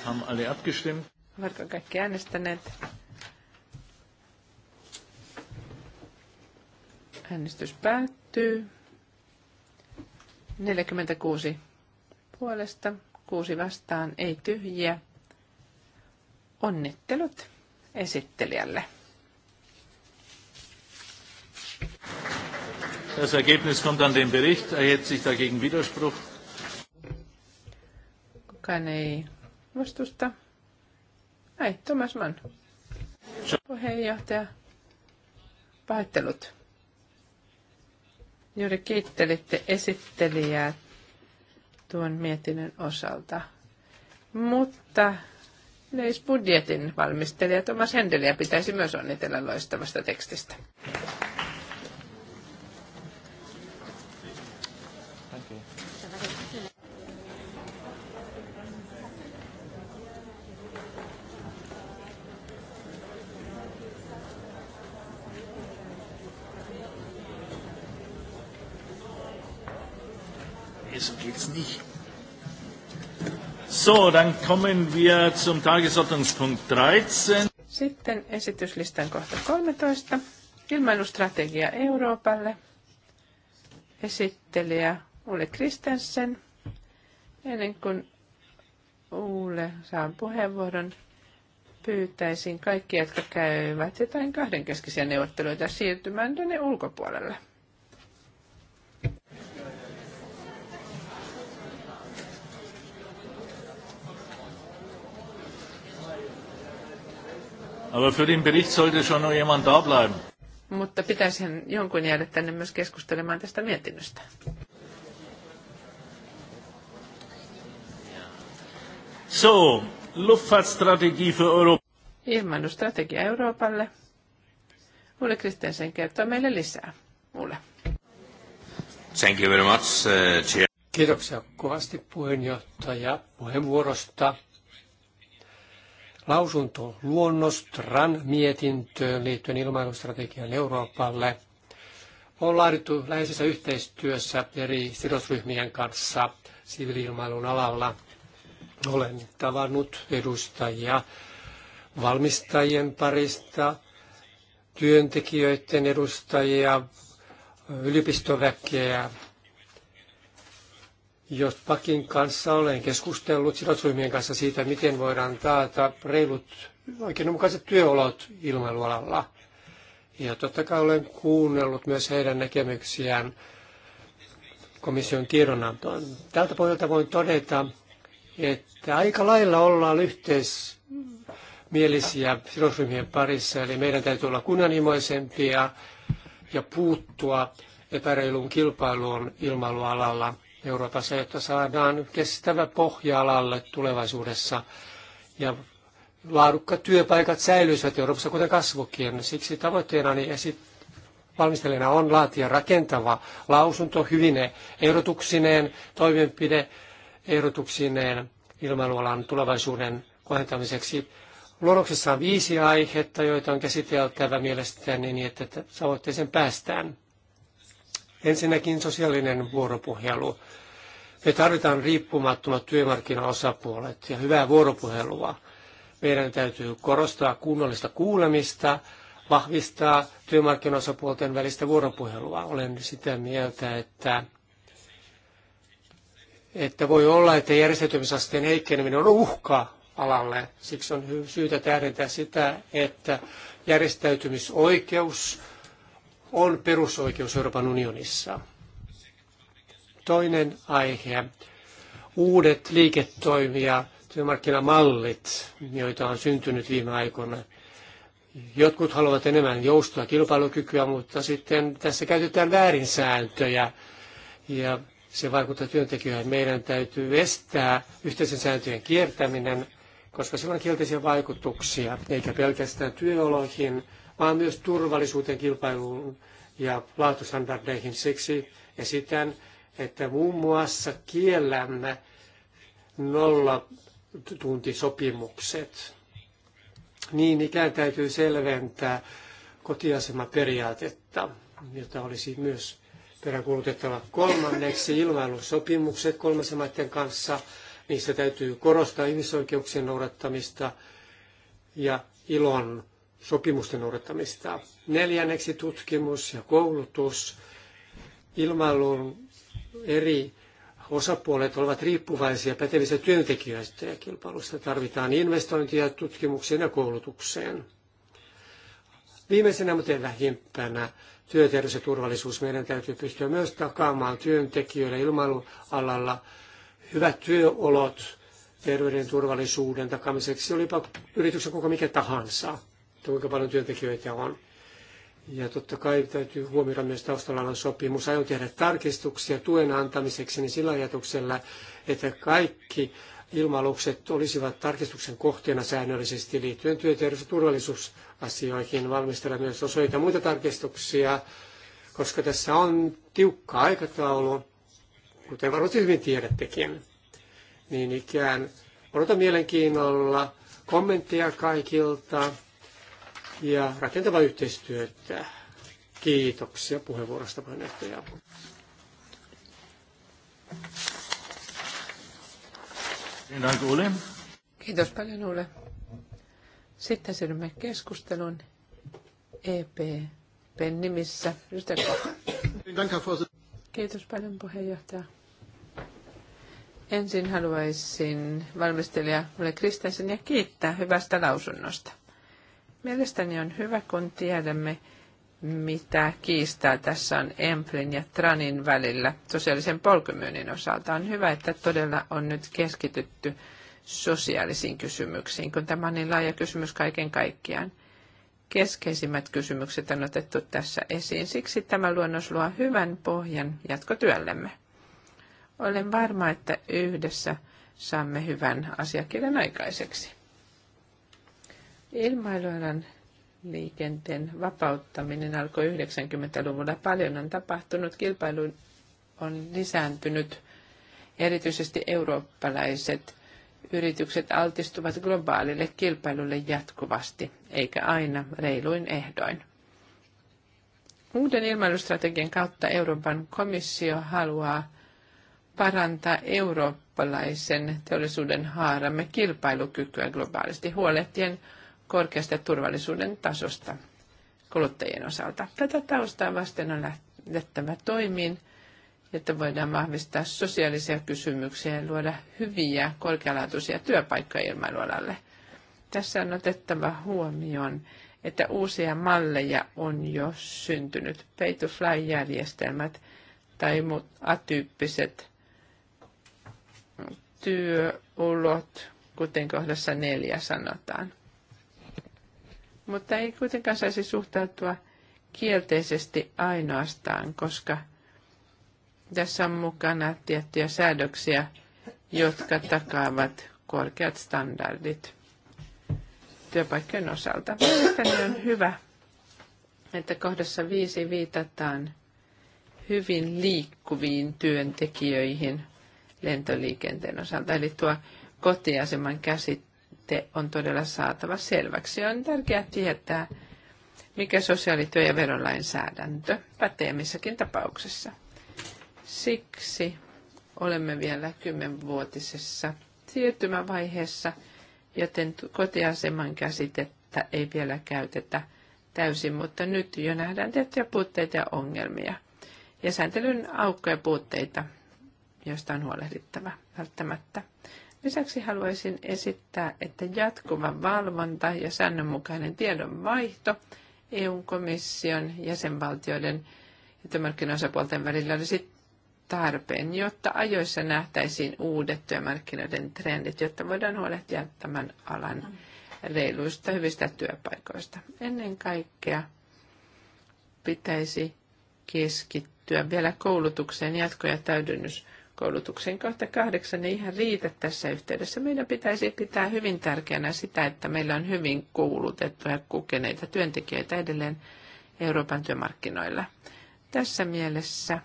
Haben alle abgestimmt? Ovatko kaikki äänestäneet? Äänestys päättyy. 46 puolesta, 6 vastaan, ei tyhjiä. Onnittelut esittelijälle. Das Ergebnis kommt an den Bericht. Erhebt sich dagegen Widerspruch? Kukaan ei vastusta. Ei, Thomas Mann. Puheenjohtaja. Pahoittelut. Juuri kiittelitte esittelijää tuon mietinnön osalta. Mutta yleisbudjetin valmistelija Thomas Hendeliä pitäisi myös onnitella loistavasta tekstistä. So, dann kommen wir zum Tagesordnungspunkt 13. Sitten esityslistan kohta 13. Ilmailustrategia Euroopalle. Esittelijä Ulle Kristensen. Ennen kuin Ulle saa puheenvuoron, pyytäisin kaikkia, jotka käyvät jotain kahdenkeskisiä neuvotteluita siirtymään tänne ulkopuolelle. Aber für den Bericht sollte schon noch jemand da bleiben. Mutta pitäisihän jonkun jäädä tänne myös keskustelemaan tästä mietinnöstä. So, Luftfahrtstrategie für Europa. Ilmailustrategia Euroopalle. Ulle Kristensen kertoo meille lisää. Ulle. Thank you very much, uh, Kiitoksia kovasti puheenjohtaja puheenvuorosta lausunto luonnos TRAN mietintöön liittyen ilmailustrategian Euroopalle on laadittu läheisessä yhteistyössä eri sidosryhmien kanssa siviiliilmailun alalla. Olen tavannut edustajia valmistajien parista, työntekijöiden edustajia, yliopistoväkeä, jos Pakin kanssa olen keskustellut sidosryhmien kanssa siitä, miten voidaan taata reilut oikeudenmukaiset työolot ilmailualalla. Ja totta kai olen kuunnellut myös heidän näkemyksiään komission tiedonantoon. Tältä pohjalta voin todeta, että aika lailla ollaan yhteismielisiä sidosryhmien parissa, eli meidän täytyy olla kunnianhimoisempia ja puuttua epäreiluun kilpailuun ilmailualalla. Euroopassa, jotta saadaan kestävä pohja alalle tulevaisuudessa ja laadukkaat työpaikat säilyisivät Euroopassa, kuten kasvukin. Siksi niin esit- valmistelijana on laatia rakentava lausunto hyvine ehdotuksineen, toimenpide ehdotuksineen ilmailualan tulevaisuuden kohentamiseksi. Luonnoksessa on viisi aihetta, joita on käsiteltävä mielestäni niin, että tavoitteeseen päästään. Ensinnäkin sosiaalinen vuoropuhelu. Me tarvitaan riippumattomat työmarkkinaosapuolet ja hyvää vuoropuhelua. Meidän täytyy korostaa kunnollista kuulemista, vahvistaa työmarkkinaosapuolten välistä vuoropuhelua. Olen sitä mieltä, että, että voi olla, että järjestäytymisasteen heikkeneminen on uhka alalle. Siksi on syytä tähdentää sitä, että järjestäytymisoikeus – on perusoikeus Euroopan unionissa. Toinen aihe, uudet liiketoimia, työmarkkinamallit, joita on syntynyt viime aikoina. Jotkut haluavat enemmän joustoa kilpailukykyä, mutta sitten tässä käytetään väärin sääntöjä ja se vaikuttaa työntekijöihin. Meidän täytyy estää yhteisen sääntöjen kiertäminen, koska sillä on kielteisiä vaikutuksia, eikä pelkästään työoloihin, vaan myös turvallisuuteen, kilpailuun ja laatustandardeihin. Siksi esitän, että muun muassa kiellämme nollatuntisopimukset. Niin ikään täytyy selventää kotiasemaperiaatetta, jota olisi myös peräkulutettava kolmanneksi ilmailusopimukset kolmansien maiden kanssa. Niissä täytyy korostaa ihmisoikeuksien noudattamista ja ilon sopimusten noudattamista. Neljänneksi tutkimus ja koulutus. Ilmailun eri osapuolet ovat riippuvaisia pätevistä työntekijöistä ja kilpailusta tarvitaan investointia tutkimukseen ja koulutukseen. Viimeisenä, mutta ei vähimpänä, työterveys ja turvallisuus. Meidän täytyy pystyä myös takaamaan työntekijöille ilmailualalla hyvät työolot terveyden turvallisuuden takamiseksi, olipa yrityksen koko mikä tahansa kuinka paljon työntekijöitä on. Ja totta kai täytyy huomioida myös taustalla sopimus. Aion tehdä tarkistuksia tuen antamiseksi niin sillä ajatuksella, että kaikki ilmalukset olisivat tarkistuksen kohteena säännöllisesti liittyen työterveys- ja turvallisuusasioihin. Valmistella myös osoita muita tarkistuksia, koska tässä on tiukka aikataulu, kuten varmasti hyvin tiedättekin. Niin ikään odotan mielenkiinnolla kommentteja kaikilta ja rakentavaa yhteistyötä. Kiitoksia puheenvuorosta puheenjohtaja. Kiitos paljon Ule. Sitten siirrymme keskustelun EP Pennimissä. Kiitos paljon puheenjohtaja. Ensin haluaisin valmistelija Ole Kristensen ja kiittää hyvästä lausunnosta. Mielestäni on hyvä, kun tiedämme, mitä kiistaa tässä on Emplin ja Tranin välillä sosiaalisen polkumyynnin osalta. On hyvä, että todella on nyt keskitytty sosiaalisiin kysymyksiin, kun tämä on niin laaja kysymys kaiken kaikkiaan. Keskeisimmät kysymykset on otettu tässä esiin, siksi tämä luonnos luo hyvän pohjan jatkotyöllemme. Olen varma, että yhdessä saamme hyvän asiakirjan aikaiseksi. Ilmailualan liikenteen vapauttaminen alkoi 90-luvulla. Paljon on tapahtunut, kilpailu on lisääntynyt. Erityisesti eurooppalaiset yritykset altistuvat globaalille kilpailulle jatkuvasti, eikä aina reiluin ehdoin. Uuden ilmailustrategian kautta Euroopan komissio haluaa parantaa eurooppalaisen teollisuuden haaramme kilpailukykyä globaalisti huolehtien korkeasta turvallisuuden tasosta kuluttajien osalta. Tätä taustaa vasten on lähdettävä toimiin, että voidaan vahvistaa sosiaalisia kysymyksiä ja luoda hyviä korkealaatuisia työpaikkoja ilmailualalle. Tässä on otettava huomioon, että uusia malleja on jo syntynyt. Pay-to-fly-järjestelmät tai muut atyyppiset työolot, kuten kohdassa neljä sanotaan – mutta ei kuitenkaan saisi suhtautua kielteisesti ainoastaan, koska tässä on mukana tiettyjä säädöksiä, jotka takaavat korkeat standardit työpaikkojen osalta. Mielestäni on hyvä, että kohdassa viisi viitataan hyvin liikkuviin työntekijöihin lentoliikenteen osalta. Eli tuo kotiaseman käsit sitten on todella saatava selväksi. On tärkeää tietää, mikä sosiaalityö- ja verolainsäädäntö pätee missäkin tapauksessa. Siksi olemme vielä kymmenvuotisessa siirtymävaiheessa, joten kotiaseman käsitettä ei vielä käytetä täysin, mutta nyt jo nähdään tiettyjä puutteita ja ongelmia. Ja sääntelyn aukkoja puutteita, joista on huolehdittava välttämättä. Lisäksi haluaisin esittää, että jatkuva valvonta ja säännönmukainen tiedonvaihto eu komission jäsenvaltioiden ja työmarkkinaosapuolten välillä olisi tarpeen, jotta ajoissa nähtäisiin uudet työmarkkinoiden trendit, jotta voidaan huolehtia tämän alan reiluista hyvistä työpaikoista. Ennen kaikkea pitäisi keskittyä vielä koulutukseen, jatko- ja täydennys koulutukseen. Kohta kahdeksan ei niin ihan riitä tässä yhteydessä. Meidän pitäisi pitää hyvin tärkeänä sitä, että meillä on hyvin koulutettuja kokeneita työntekijöitä edelleen Euroopan työmarkkinoilla. Tässä mielessä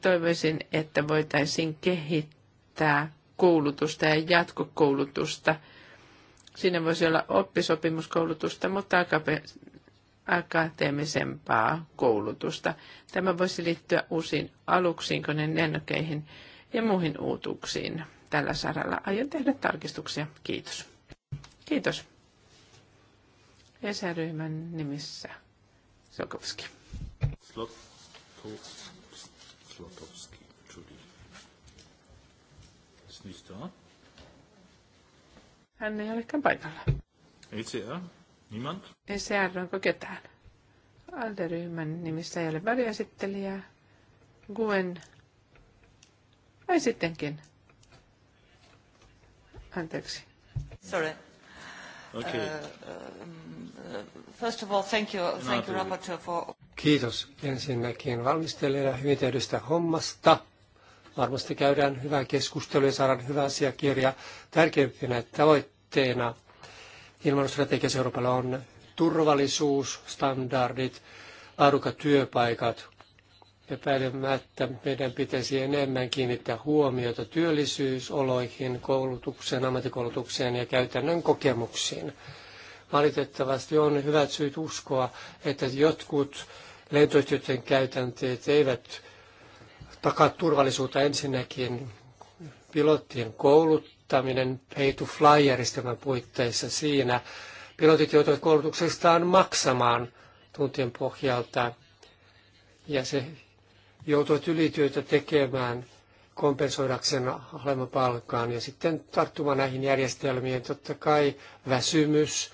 toivoisin, että voitaisiin kehittää koulutusta ja jatkokoulutusta. Siinä voisi olla oppisopimuskoulutusta, mutta akateemisempaa koulutusta. Tämä voisi liittyä uusiin aluksiin, koneen lennokeihin ja muihin uutuuksiin tällä saralla. Aion tehdä tarkistuksia. Kiitos. Kiitos. Esäryhmän nimissä Sokovski. Slotowski, Hän ei olekaan paikalla. Itse on. Niemand? ECR, onko ketään? Alderyhmän nimissä ei ole väliesittelijää. Guen. Vai sittenkin. Anteeksi. Sorry. Okay. Uh, um, first of all, thank you, thank you rapporteur for... Kiitos ensinnäkin valmistelijalle hyvin tehdystä hommasta. Varmasti käydään hyvää keskustelua ja saadaan hyvä asiakirja. Tärkeimpinä tavoitteena ilmailustrategiassa Euroopalla on turvallisuusstandardit, laadukkaat työpaikat. Epäilemättä meidän pitäisi enemmän kiinnittää huomiota työllisyysoloihin, koulutukseen, ammattikoulutukseen ja käytännön kokemuksiin. Valitettavasti on hyvät syyt uskoa, että jotkut lentoyhtiöiden käytänteet eivät takaa turvallisuutta ensinnäkin pilottien koulut, kouluttaminen pay to fly-järjestelmän puitteissa siinä. Pilotit joutuivat koulutuksestaan maksamaan tuntien pohjalta ja se joutuivat ylityötä tekemään kompensoidakseen alemman palkkaan ja sitten tarttumaan näihin järjestelmiin. Totta kai väsymys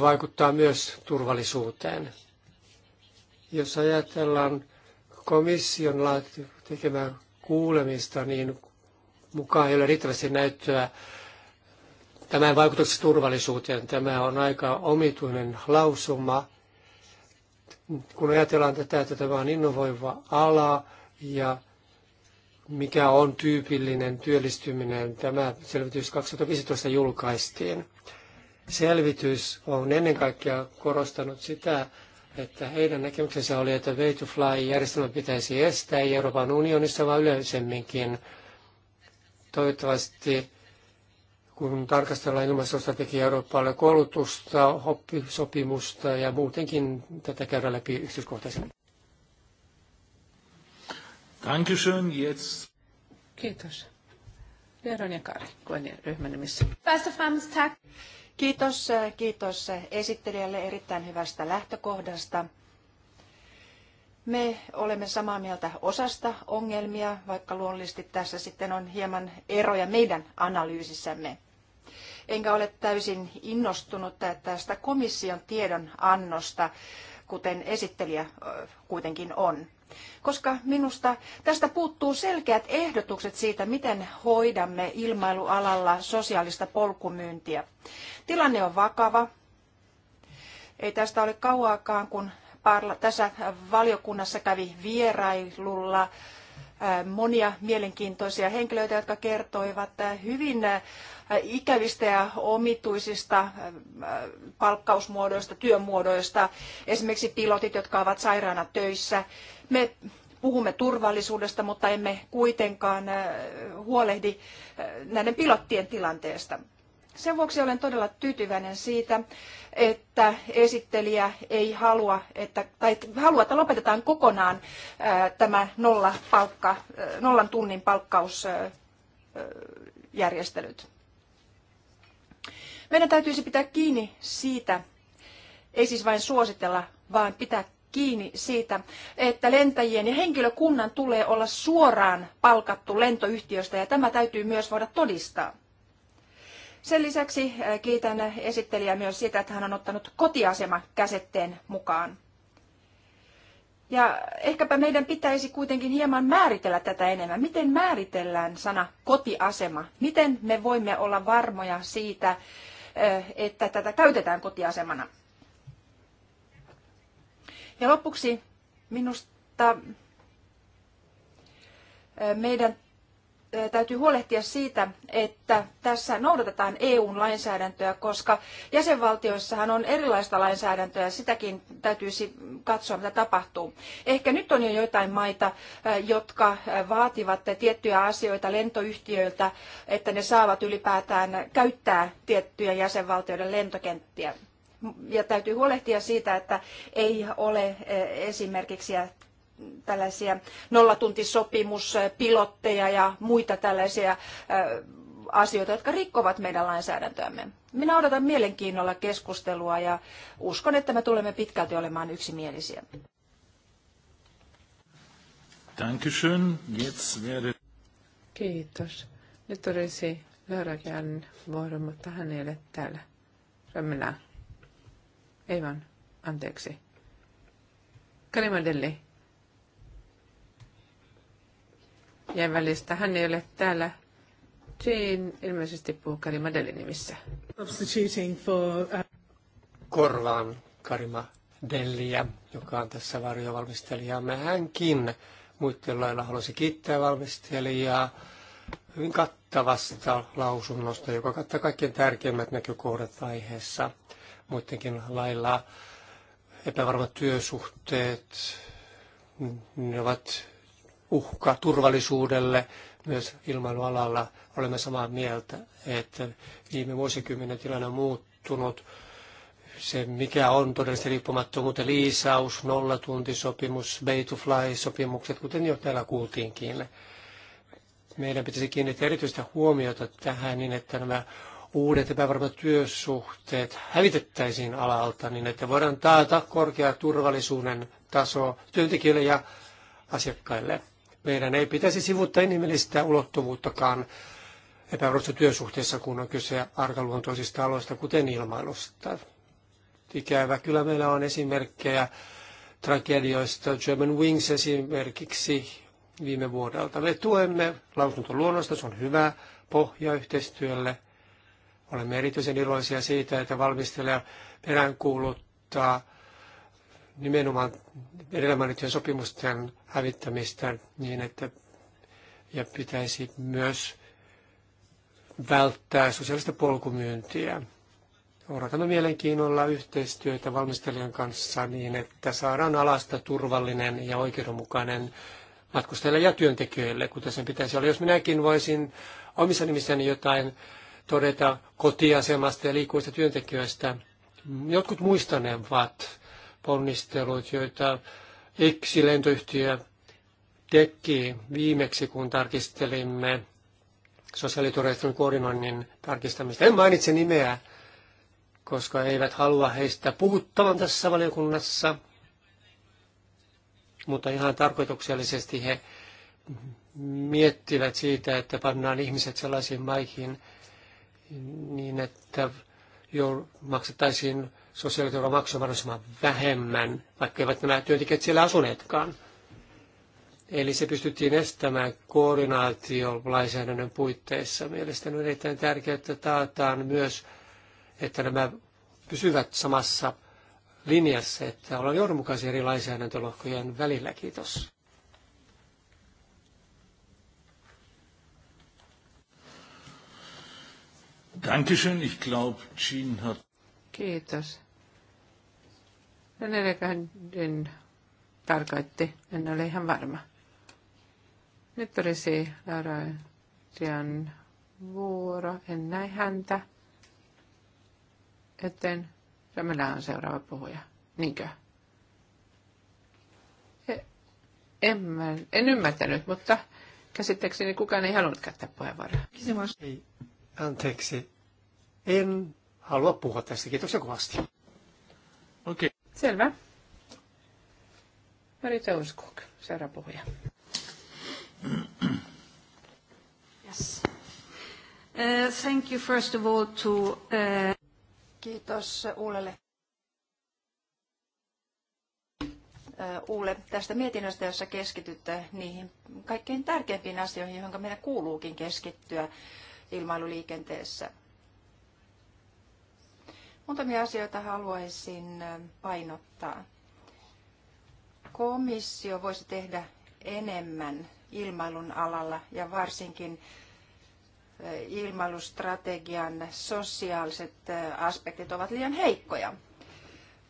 vaikuttaa myös turvallisuuteen. Jos ajatellaan komission tekemää kuulemista, niin mukaan ei ole riittävästi näyttöä tämän vaikutuksesta turvallisuuteen. Tämä on aika omituinen lausuma. Kun ajatellaan tätä, että tämä on innovoiva ala ja mikä on tyypillinen työllistyminen, tämä selvitys 2015 julkaistiin. Selvitys on ennen kaikkea korostanut sitä, että heidän näkemyksensä oli, että Way to Fly-järjestelmä pitäisi estää ei Euroopan unionissa, vaan yleisemminkin – Toivottavasti kun tarkastellaan ilmastostrategia Eurooppaalle koulutusta, oppisopimusta ja muutenkin tätä käydään läpi yksityiskohtaisemmin. Dankeschön, jetzt. Kiitos. Veron ja Kari, koen ryhmän nimissä. Kiitos, kiitos esittelijälle erittäin hyvästä lähtökohdasta. Me olemme samaa mieltä osasta ongelmia, vaikka luonnollisesti tässä sitten on hieman eroja meidän analyysissämme. Enkä ole täysin innostunut tästä komission tiedon annosta, kuten esittelijä kuitenkin on. Koska minusta tästä puuttuu selkeät ehdotukset siitä, miten hoidamme ilmailualalla sosiaalista polkumyyntiä. Tilanne on vakava. Ei tästä ole kauaakaan, kun tässä valiokunnassa kävi vierailulla äh, monia mielenkiintoisia henkilöitä, jotka kertoivat äh, hyvin äh, ikävistä ja omituisista palkkausmuodoista, työmuodoista, esimerkiksi pilotit, jotka ovat sairaana töissä. Me puhumme turvallisuudesta, mutta emme kuitenkaan huolehdi näiden pilottien tilanteesta. Sen vuoksi olen todella tyytyväinen siitä, että esittelijä ei halua, että, tai halua, että lopetetaan kokonaan ää, tämä nolla palkka, ää, nollan tunnin palkkausjärjestelyt. Meidän täytyisi pitää kiinni siitä, ei siis vain suositella, vaan pitää kiinni siitä, että lentäjien ja henkilökunnan tulee olla suoraan palkattu lentoyhtiöstä ja tämä täytyy myös voida todistaa. Sen lisäksi kiitän esittelijää myös siitä, että hän on ottanut kotiasema käsitteen mukaan. Ja ehkäpä meidän pitäisi kuitenkin hieman määritellä tätä enemmän. Miten määritellään sana kotiasema? Miten me voimme olla varmoja siitä, että tätä käytetään kotiasemana? Ja lopuksi minusta meidän täytyy huolehtia siitä, että tässä noudatetaan EUn lainsäädäntöä, koska jäsenvaltioissahan on erilaista lainsäädäntöä ja sitäkin täytyisi katsoa, mitä tapahtuu. Ehkä nyt on jo joitain maita, jotka vaativat tiettyjä asioita lentoyhtiöiltä, että ne saavat ylipäätään käyttää tiettyjä jäsenvaltioiden lentokenttiä. Ja täytyy huolehtia siitä, että ei ole esimerkiksi tällaisia nollatuntisopimuspilotteja ja muita tällaisia asioita, jotka rikkovat meidän lainsäädäntöämme. Minä odotan mielenkiinnolla keskustelua ja uskon, että me tulemme pitkälti olemaan yksimielisiä. Dankeschön. Jetzt werde... Kiitos. Nyt olisi Lörakian vuoro, mutta hän ei ole täällä. Römmelä. Ei vaan, anteeksi. Kalimadelli. välistä. Hän ei ole täällä. Jean ilmeisesti puhuu Delin nimissä. Uh, Korvaan Karima Delliä, joka on tässä varjovalmistelijamme. Hänkin muiden lailla halusi kiittää valmistelijaa hyvin kattavasta lausunnosta, joka kattaa kaikkien tärkeimmät näkökohdat aiheessa. Muidenkin lailla epävarmat työsuhteet, ne ovat uhka turvallisuudelle myös ilmailualalla. Olemme samaa mieltä, että viime vuosikymmenen tilanne on muuttunut. Se, mikä on todellista riippumattomuutta, liisaus, nollatuntisopimus, bay to fly-sopimukset, kuten jo täällä kuultiinkin. Meidän pitäisi kiinnittää erityistä huomiota tähän niin, että nämä uudet epävarmat työsuhteet hävitettäisiin alalta niin, että voidaan taata korkea turvallisuuden taso työntekijöille ja asiakkaille. Meidän ei pitäisi sivuuttaa inhimillistä ulottuvuuttakaan epävarmassa työsuhteessa, kun on kyse arkaluontoisista aloista, kuten ilmailusta. Ikävä kyllä meillä on esimerkkejä tragedioista, German Wings esimerkiksi viime vuodelta. Me tuemme lausuntoluonnosta, se on hyvä pohja yhteistyölle. Olemme erityisen iloisia siitä, että valmistelija peräänkuuluttaa nimenomaan edellä mainittujen sopimusten hävittämistä niin, että ja pitäisi myös välttää sosiaalista polkumyyntiä. Odotamme mielenkiinnolla yhteistyötä valmistelijan kanssa niin, että saadaan alasta turvallinen ja oikeudenmukainen matkustajille ja työntekijöille, kuten sen pitäisi olla. Jos minäkin voisin omissa nimissäni jotain todeta kotiasemasta ja liikkuvista työntekijöistä, jotkut muistanevat ponnistelut, joita yksi lentoyhtiö teki viimeksi, kun tarkistelimme sosiaaliturvallisuuden koordinoinnin tarkistamista. En mainitse nimeä, koska eivät halua heistä puhuttavan tässä valiokunnassa, mutta ihan tarkoituksellisesti he miettivät siitä, että pannaan ihmiset sellaisiin maihin niin, että jo maksettaisiin sosiaaliturva maksoi mahdollisimman vähemmän, vaikka eivät nämä työntekijät siellä asuneetkaan. Eli se pystyttiin estämään koordinaatiolainsäädännön puitteissa. Mielestäni on erittäin tärkeää, että taataan myös, että nämä pysyvät samassa linjassa, että ollaan johdonmukaisia eri lainsäädäntölohkojen välillä. Kiitos. Dankeschön. Ich glaube, Jean hat Kiitos. Renelekahdin tarkoitti, en ole ihan varma. Nyt olisi Laurentian vuoro, en näe häntä. Joten meillä on seuraava puhuja, niinkö? E- en, mä, en ymmärtänyt, mutta käsittääkseni kukaan ei halunnut käyttää puheenvuoroa. anteeksi. En halua puhua tästä. Kiitoksia kovasti. Okei. Okay. Selvä. Marita Uskok, seuraava puhuja. Yes. Uh, thank you first of all to... Uh... Kiitos Uulelle. Uh, Uule tästä mietinnöstä, jossa keskitytte uh, niihin kaikkein tärkeimpiin asioihin, joihin meidän kuuluukin keskittyä ilmailuliikenteessä. Muutamia asioita haluaisin painottaa. Komissio voisi tehdä enemmän ilmailun alalla ja varsinkin ilmailustrategian sosiaaliset aspektit ovat liian heikkoja.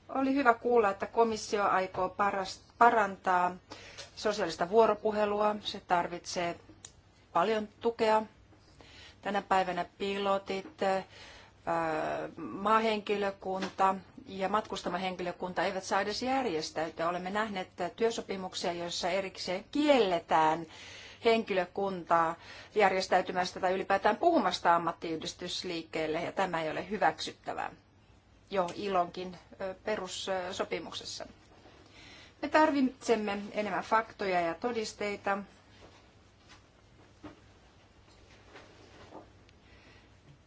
Oli hyvä kuulla, että komissio aikoo parantaa sosiaalista vuoropuhelua. Se tarvitsee paljon tukea. Tänä päivänä pilotit, maahenkilökunta ja matkustama henkilökunta eivät saa edes järjestäytyä. Olemme nähneet työsopimuksia, joissa erikseen kielletään henkilökuntaa järjestäytymästä tai ylipäätään puhumasta ammattiyhdistysliikkeelle, ja tämä ei ole hyväksyttävää jo ilonkin perussopimuksessa. Me tarvitsemme enemmän faktoja ja todisteita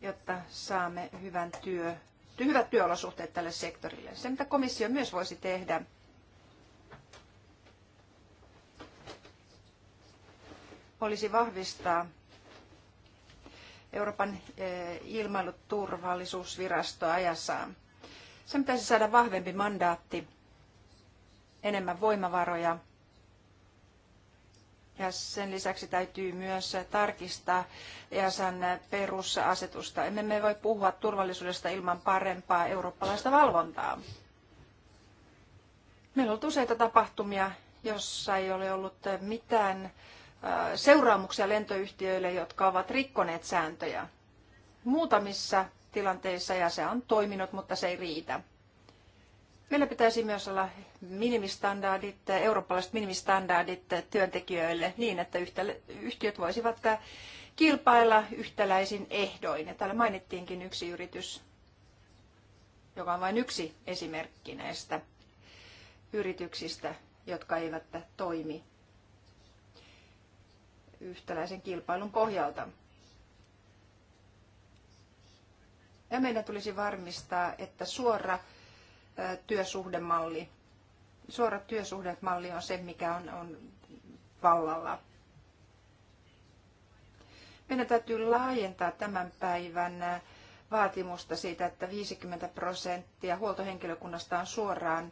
jotta saamme hyvän työ, hyvät työolosuhteet tälle sektorille. Se, mitä komissio myös voisi tehdä, olisi vahvistaa Euroopan e, ilmailuturvallisuusvirasto ajassaan. Sen pitäisi saada vahvempi mandaatti, enemmän voimavaroja ja sen lisäksi täytyy myös tarkistaa EASan perusasetusta. Emme me voi puhua turvallisuudesta ilman parempaa eurooppalaista valvontaa. Meillä on ollut useita tapahtumia, jossa ei ole ollut mitään seuraamuksia lentoyhtiöille, jotka ovat rikkoneet sääntöjä. Muutamissa tilanteissa ja se on toiminut, mutta se ei riitä. Meillä pitäisi myös olla minimistandardit, eurooppalaiset minimistandardit työntekijöille niin, että yhtiöt voisivat kilpailla yhtäläisin ehdoin. Ja täällä mainittiinkin yksi yritys, joka on vain yksi esimerkki näistä yrityksistä, jotka eivät toimi yhtäläisen kilpailun pohjalta. Ja meidän tulisi varmistaa, että suora työsuhdemalli, suora työsuhdemalli on se, mikä on, on vallalla. Meidän täytyy laajentaa tämän päivän vaatimusta siitä, että 50 prosenttia huoltohenkilökunnasta on suoraan,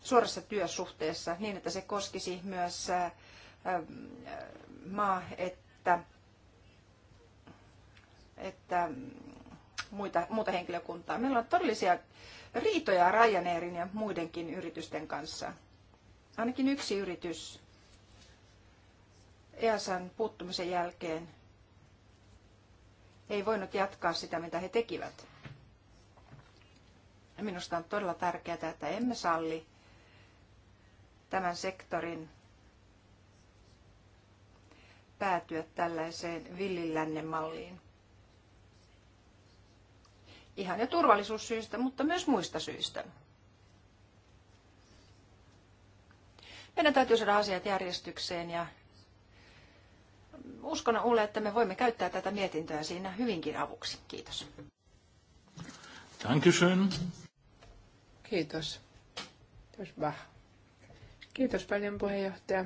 suorassa työsuhteessa niin, että se koskisi myös maa, että, että muita, muuta henkilökuntaa. Meillä on todellisia riitoja Ryanairin ja muidenkin yritysten kanssa. Ainakin yksi yritys EASan puuttumisen jälkeen ei voinut jatkaa sitä, mitä he tekivät. Minusta on todella tärkeää, että emme salli tämän sektorin päätyä tällaiseen villilännen malliin ihan jo turvallisuussyistä, mutta myös muista syistä. Meidän täytyy saada asiat järjestykseen ja uskon Ulle, että me voimme käyttää tätä mietintöä siinä hyvinkin avuksi. Kiitos. Thank Kiitos. Kiitos, Kiitos paljon puheenjohtaja.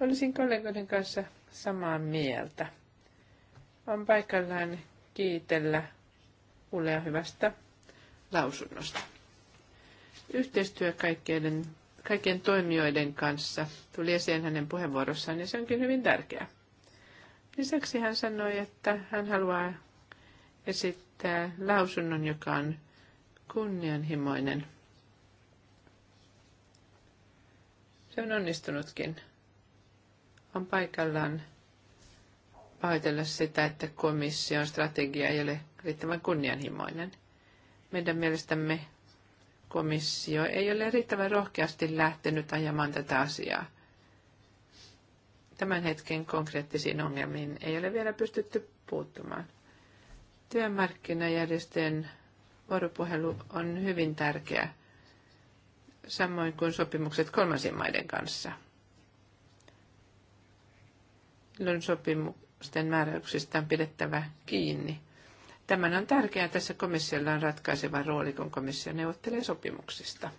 Olisin kollegoiden kanssa samaa mieltä. On paikallaan kiitellä Ulea hyvästä lausunnosta. Yhteistyö kaikkeiden, kaikkien toimijoiden kanssa tuli esiin hänen puheenvuorossaan ja se onkin hyvin tärkeää. Lisäksi hän sanoi, että hän haluaa esittää lausunnon, joka on kunnianhimoinen. Se on onnistunutkin. On paikallaan pahoitella sitä, että komission strategia ei ole riittävän kunnianhimoinen. Meidän mielestämme komissio ei ole riittävän rohkeasti lähtenyt ajamaan tätä asiaa. Tämän hetken konkreettisiin ongelmiin ei ole vielä pystytty puuttumaan. Työmarkkinajärjestöjen vuoropuhelu on hyvin tärkeä, samoin kuin sopimukset kolmansien maiden kanssa. sopimu- sitten määräyksistä on pidettävä kiinni. Tämän on tärkeää tässä komissiolla on ratkaiseva rooli, kun komissio neuvottelee sopimuksista.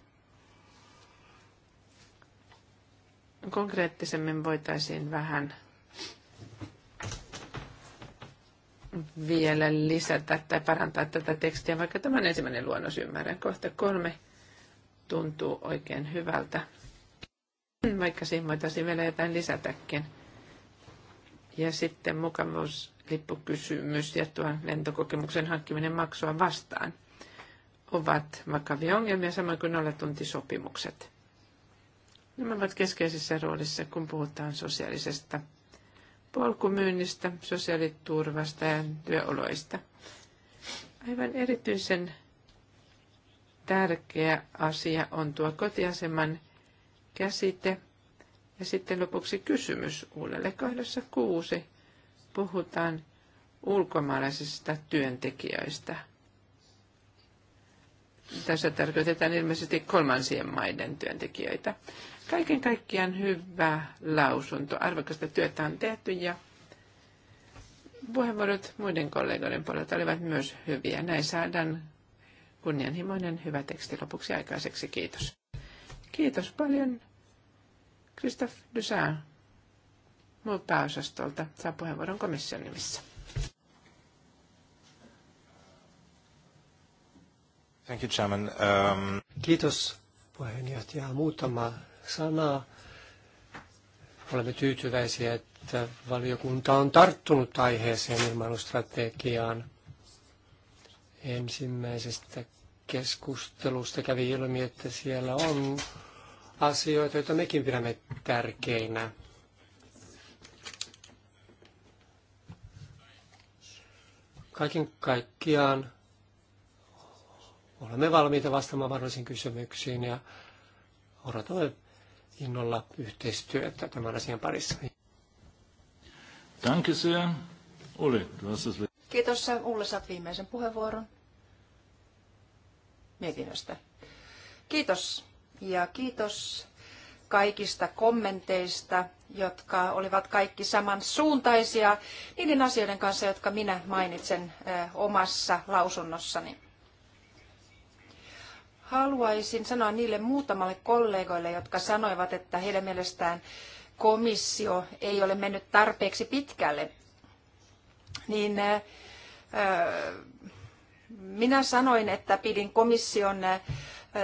Konkreettisemmin voitaisiin vähän vielä lisätä tai parantaa tätä tekstiä, vaikka tämän ensimmäinen luonnos ymmärrän. Kohta kolme tuntuu oikein hyvältä, vaikka siihen voitaisiin vielä jotain lisätäkin. Ja sitten mukavuuslippukysymys ja tuon lentokokemuksen hankkiminen maksua vastaan ovat vakavia ongelmia, samoin kuin nollatuntisopimukset. Nämä ovat keskeisessä roolissa, kun puhutaan sosiaalisesta polkumyynnistä, sosiaaliturvasta ja työoloista. Aivan erityisen tärkeä asia on tuo kotiaseman käsite – ja sitten lopuksi kysymys uudelle kohdassa kuusi. Puhutaan ulkomaalaisista työntekijöistä. Tässä tarkoitetaan ilmeisesti kolmansien maiden työntekijöitä. Kaiken kaikkiaan hyvä lausunto. Arvokasta työtä on tehty ja puheenvuorot muiden kollegoiden puolelta olivat myös hyviä. Näin saadaan kunnianhimoinen hyvä teksti lopuksi aikaiseksi. Kiitos. Kiitos paljon. Christophe Dusan muut pääosastolta saa puheenvuoron komission nimissä. Thank you, Chairman. Um... Kiitos puheenjohtaja. Muutama sana. Olemme tyytyväisiä, että valiokunta on tarttunut aiheeseen ilmailustrategiaan. Ensimmäisestä keskustelusta kävi ilmi, että siellä on asioita, joita mekin pidämme tärkeinä. Kaiken kaikkiaan olemme valmiita vastaamaan mahdollisiin kysymyksiin ja odotamme innolla yhteistyötä tämän asian parissa. Danke sehr. du hast Kiitos. Ulle, saat viimeisen puheenvuoron mietinnöstä. Kiitos. Ja kiitos kaikista kommenteista, jotka olivat kaikki samansuuntaisia niiden asioiden kanssa, jotka minä mainitsen omassa lausunnossani. Haluaisin sanoa niille muutamalle kollegoille, jotka sanoivat, että heidän mielestään komissio ei ole mennyt tarpeeksi pitkälle, niin minä sanoin, että pidin komission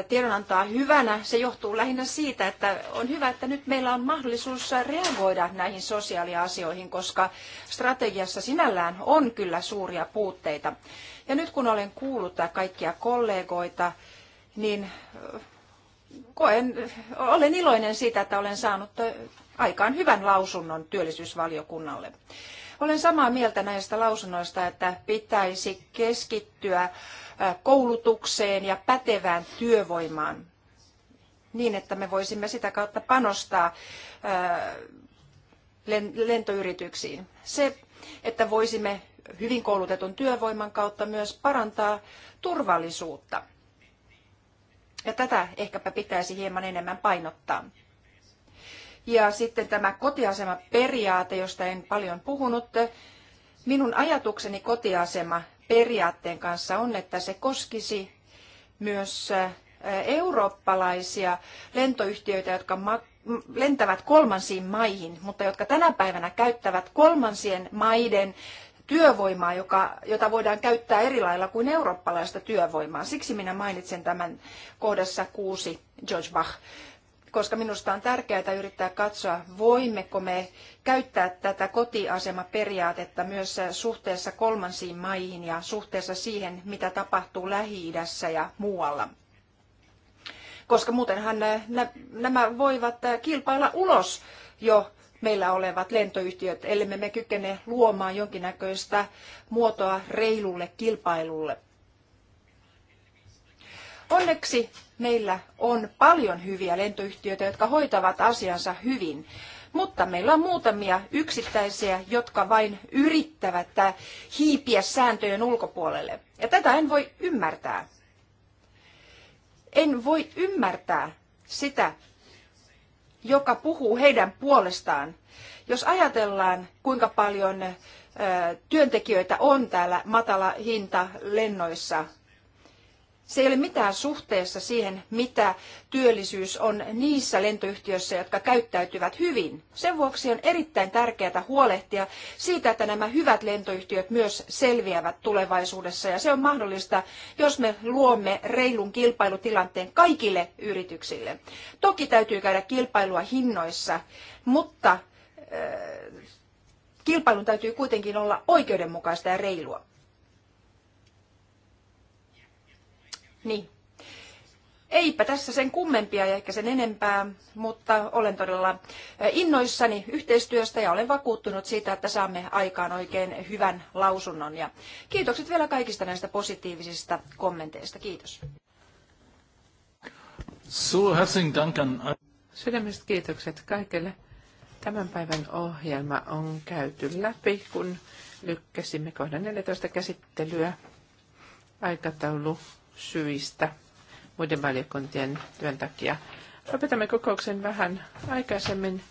tiedonantoa hyvänä. Se johtuu lähinnä siitä, että on hyvä, että nyt meillä on mahdollisuus reagoida näihin sosiaaliasioihin, koska strategiassa sinällään on kyllä suuria puutteita. Ja nyt kun olen kuullut kaikkia kollegoita, niin äh, koen, olen iloinen siitä, että olen saanut äh, aikaan hyvän lausunnon työllisyysvaliokunnalle. Olen samaa mieltä näistä lausunnoista, että pitäisi keskittyä koulutukseen ja pätevään työvoimaan niin, että me voisimme sitä kautta panostaa lentoyrityksiin. Se, että voisimme hyvin koulutetun työvoiman kautta myös parantaa turvallisuutta. Ja tätä ehkäpä pitäisi hieman enemmän painottaa. Ja sitten tämä kotiasemaperiaate, josta en paljon puhunut. Minun ajatukseni kotiasema periaatteen kanssa on, että se koskisi myös eh, eurooppalaisia lentoyhtiöitä, jotka lentävät kolmansiin maihin, mutta jotka tänä päivänä käyttävät kolmansien maiden työvoimaa, joka, jota voidaan käyttää eri lailla kuin eurooppalaista työvoimaa. Siksi minä mainitsen tämän kohdassa kuusi George Bach koska minusta on tärkeää yrittää katsoa, voimmeko me käyttää tätä kotiasemaperiaatetta myös suhteessa kolmansiin maihin ja suhteessa siihen, mitä tapahtuu Lähi-idässä ja muualla. Koska muutenhan äh, nämä voivat äh, kilpailla ulos jo meillä olevat lentoyhtiöt, ellei me kykene luomaan jonkinnäköistä muotoa reilulle kilpailulle. Onneksi meillä on paljon hyviä lentoyhtiöitä, jotka hoitavat asiansa hyvin. Mutta meillä on muutamia yksittäisiä, jotka vain yrittävät äh, hiipiä sääntöjen ulkopuolelle. Ja tätä en voi ymmärtää. En voi ymmärtää sitä, joka puhuu heidän puolestaan. Jos ajatellaan, kuinka paljon äh, työntekijöitä on täällä matala hinta lennoissa, se ei ole mitään suhteessa siihen, mitä työllisyys on niissä lentoyhtiöissä, jotka käyttäytyvät hyvin. Sen vuoksi on erittäin tärkeää huolehtia siitä, että nämä hyvät lentoyhtiöt myös selviävät tulevaisuudessa. Ja se on mahdollista, jos me luomme reilun kilpailutilanteen kaikille yrityksille. Toki täytyy käydä kilpailua hinnoissa, mutta äh, kilpailun täytyy kuitenkin olla oikeudenmukaista ja reilua. Niin. Eipä tässä sen kummempia ja ehkä sen enempää, mutta olen todella eh, innoissani yhteistyöstä ja olen vakuuttunut siitä, että saamme aikaan oikein hyvän lausunnon. Ja kiitokset vielä kaikista näistä positiivisista kommenteista. Kiitos. So, an... Sydämestä kiitokset kaikille. Tämän päivän ohjelma on käyty läpi, kun lykkäsimme kohdan 14 käsittelyä. Aikataulu syistä muiden valiokuntien työn takia. Lopetamme kokouksen vähän aikaisemmin.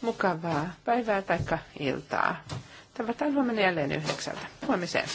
Mukavaa päivää taikka iltaa. Tavataan huomenna jälleen yhdeksältä. Huomiseen.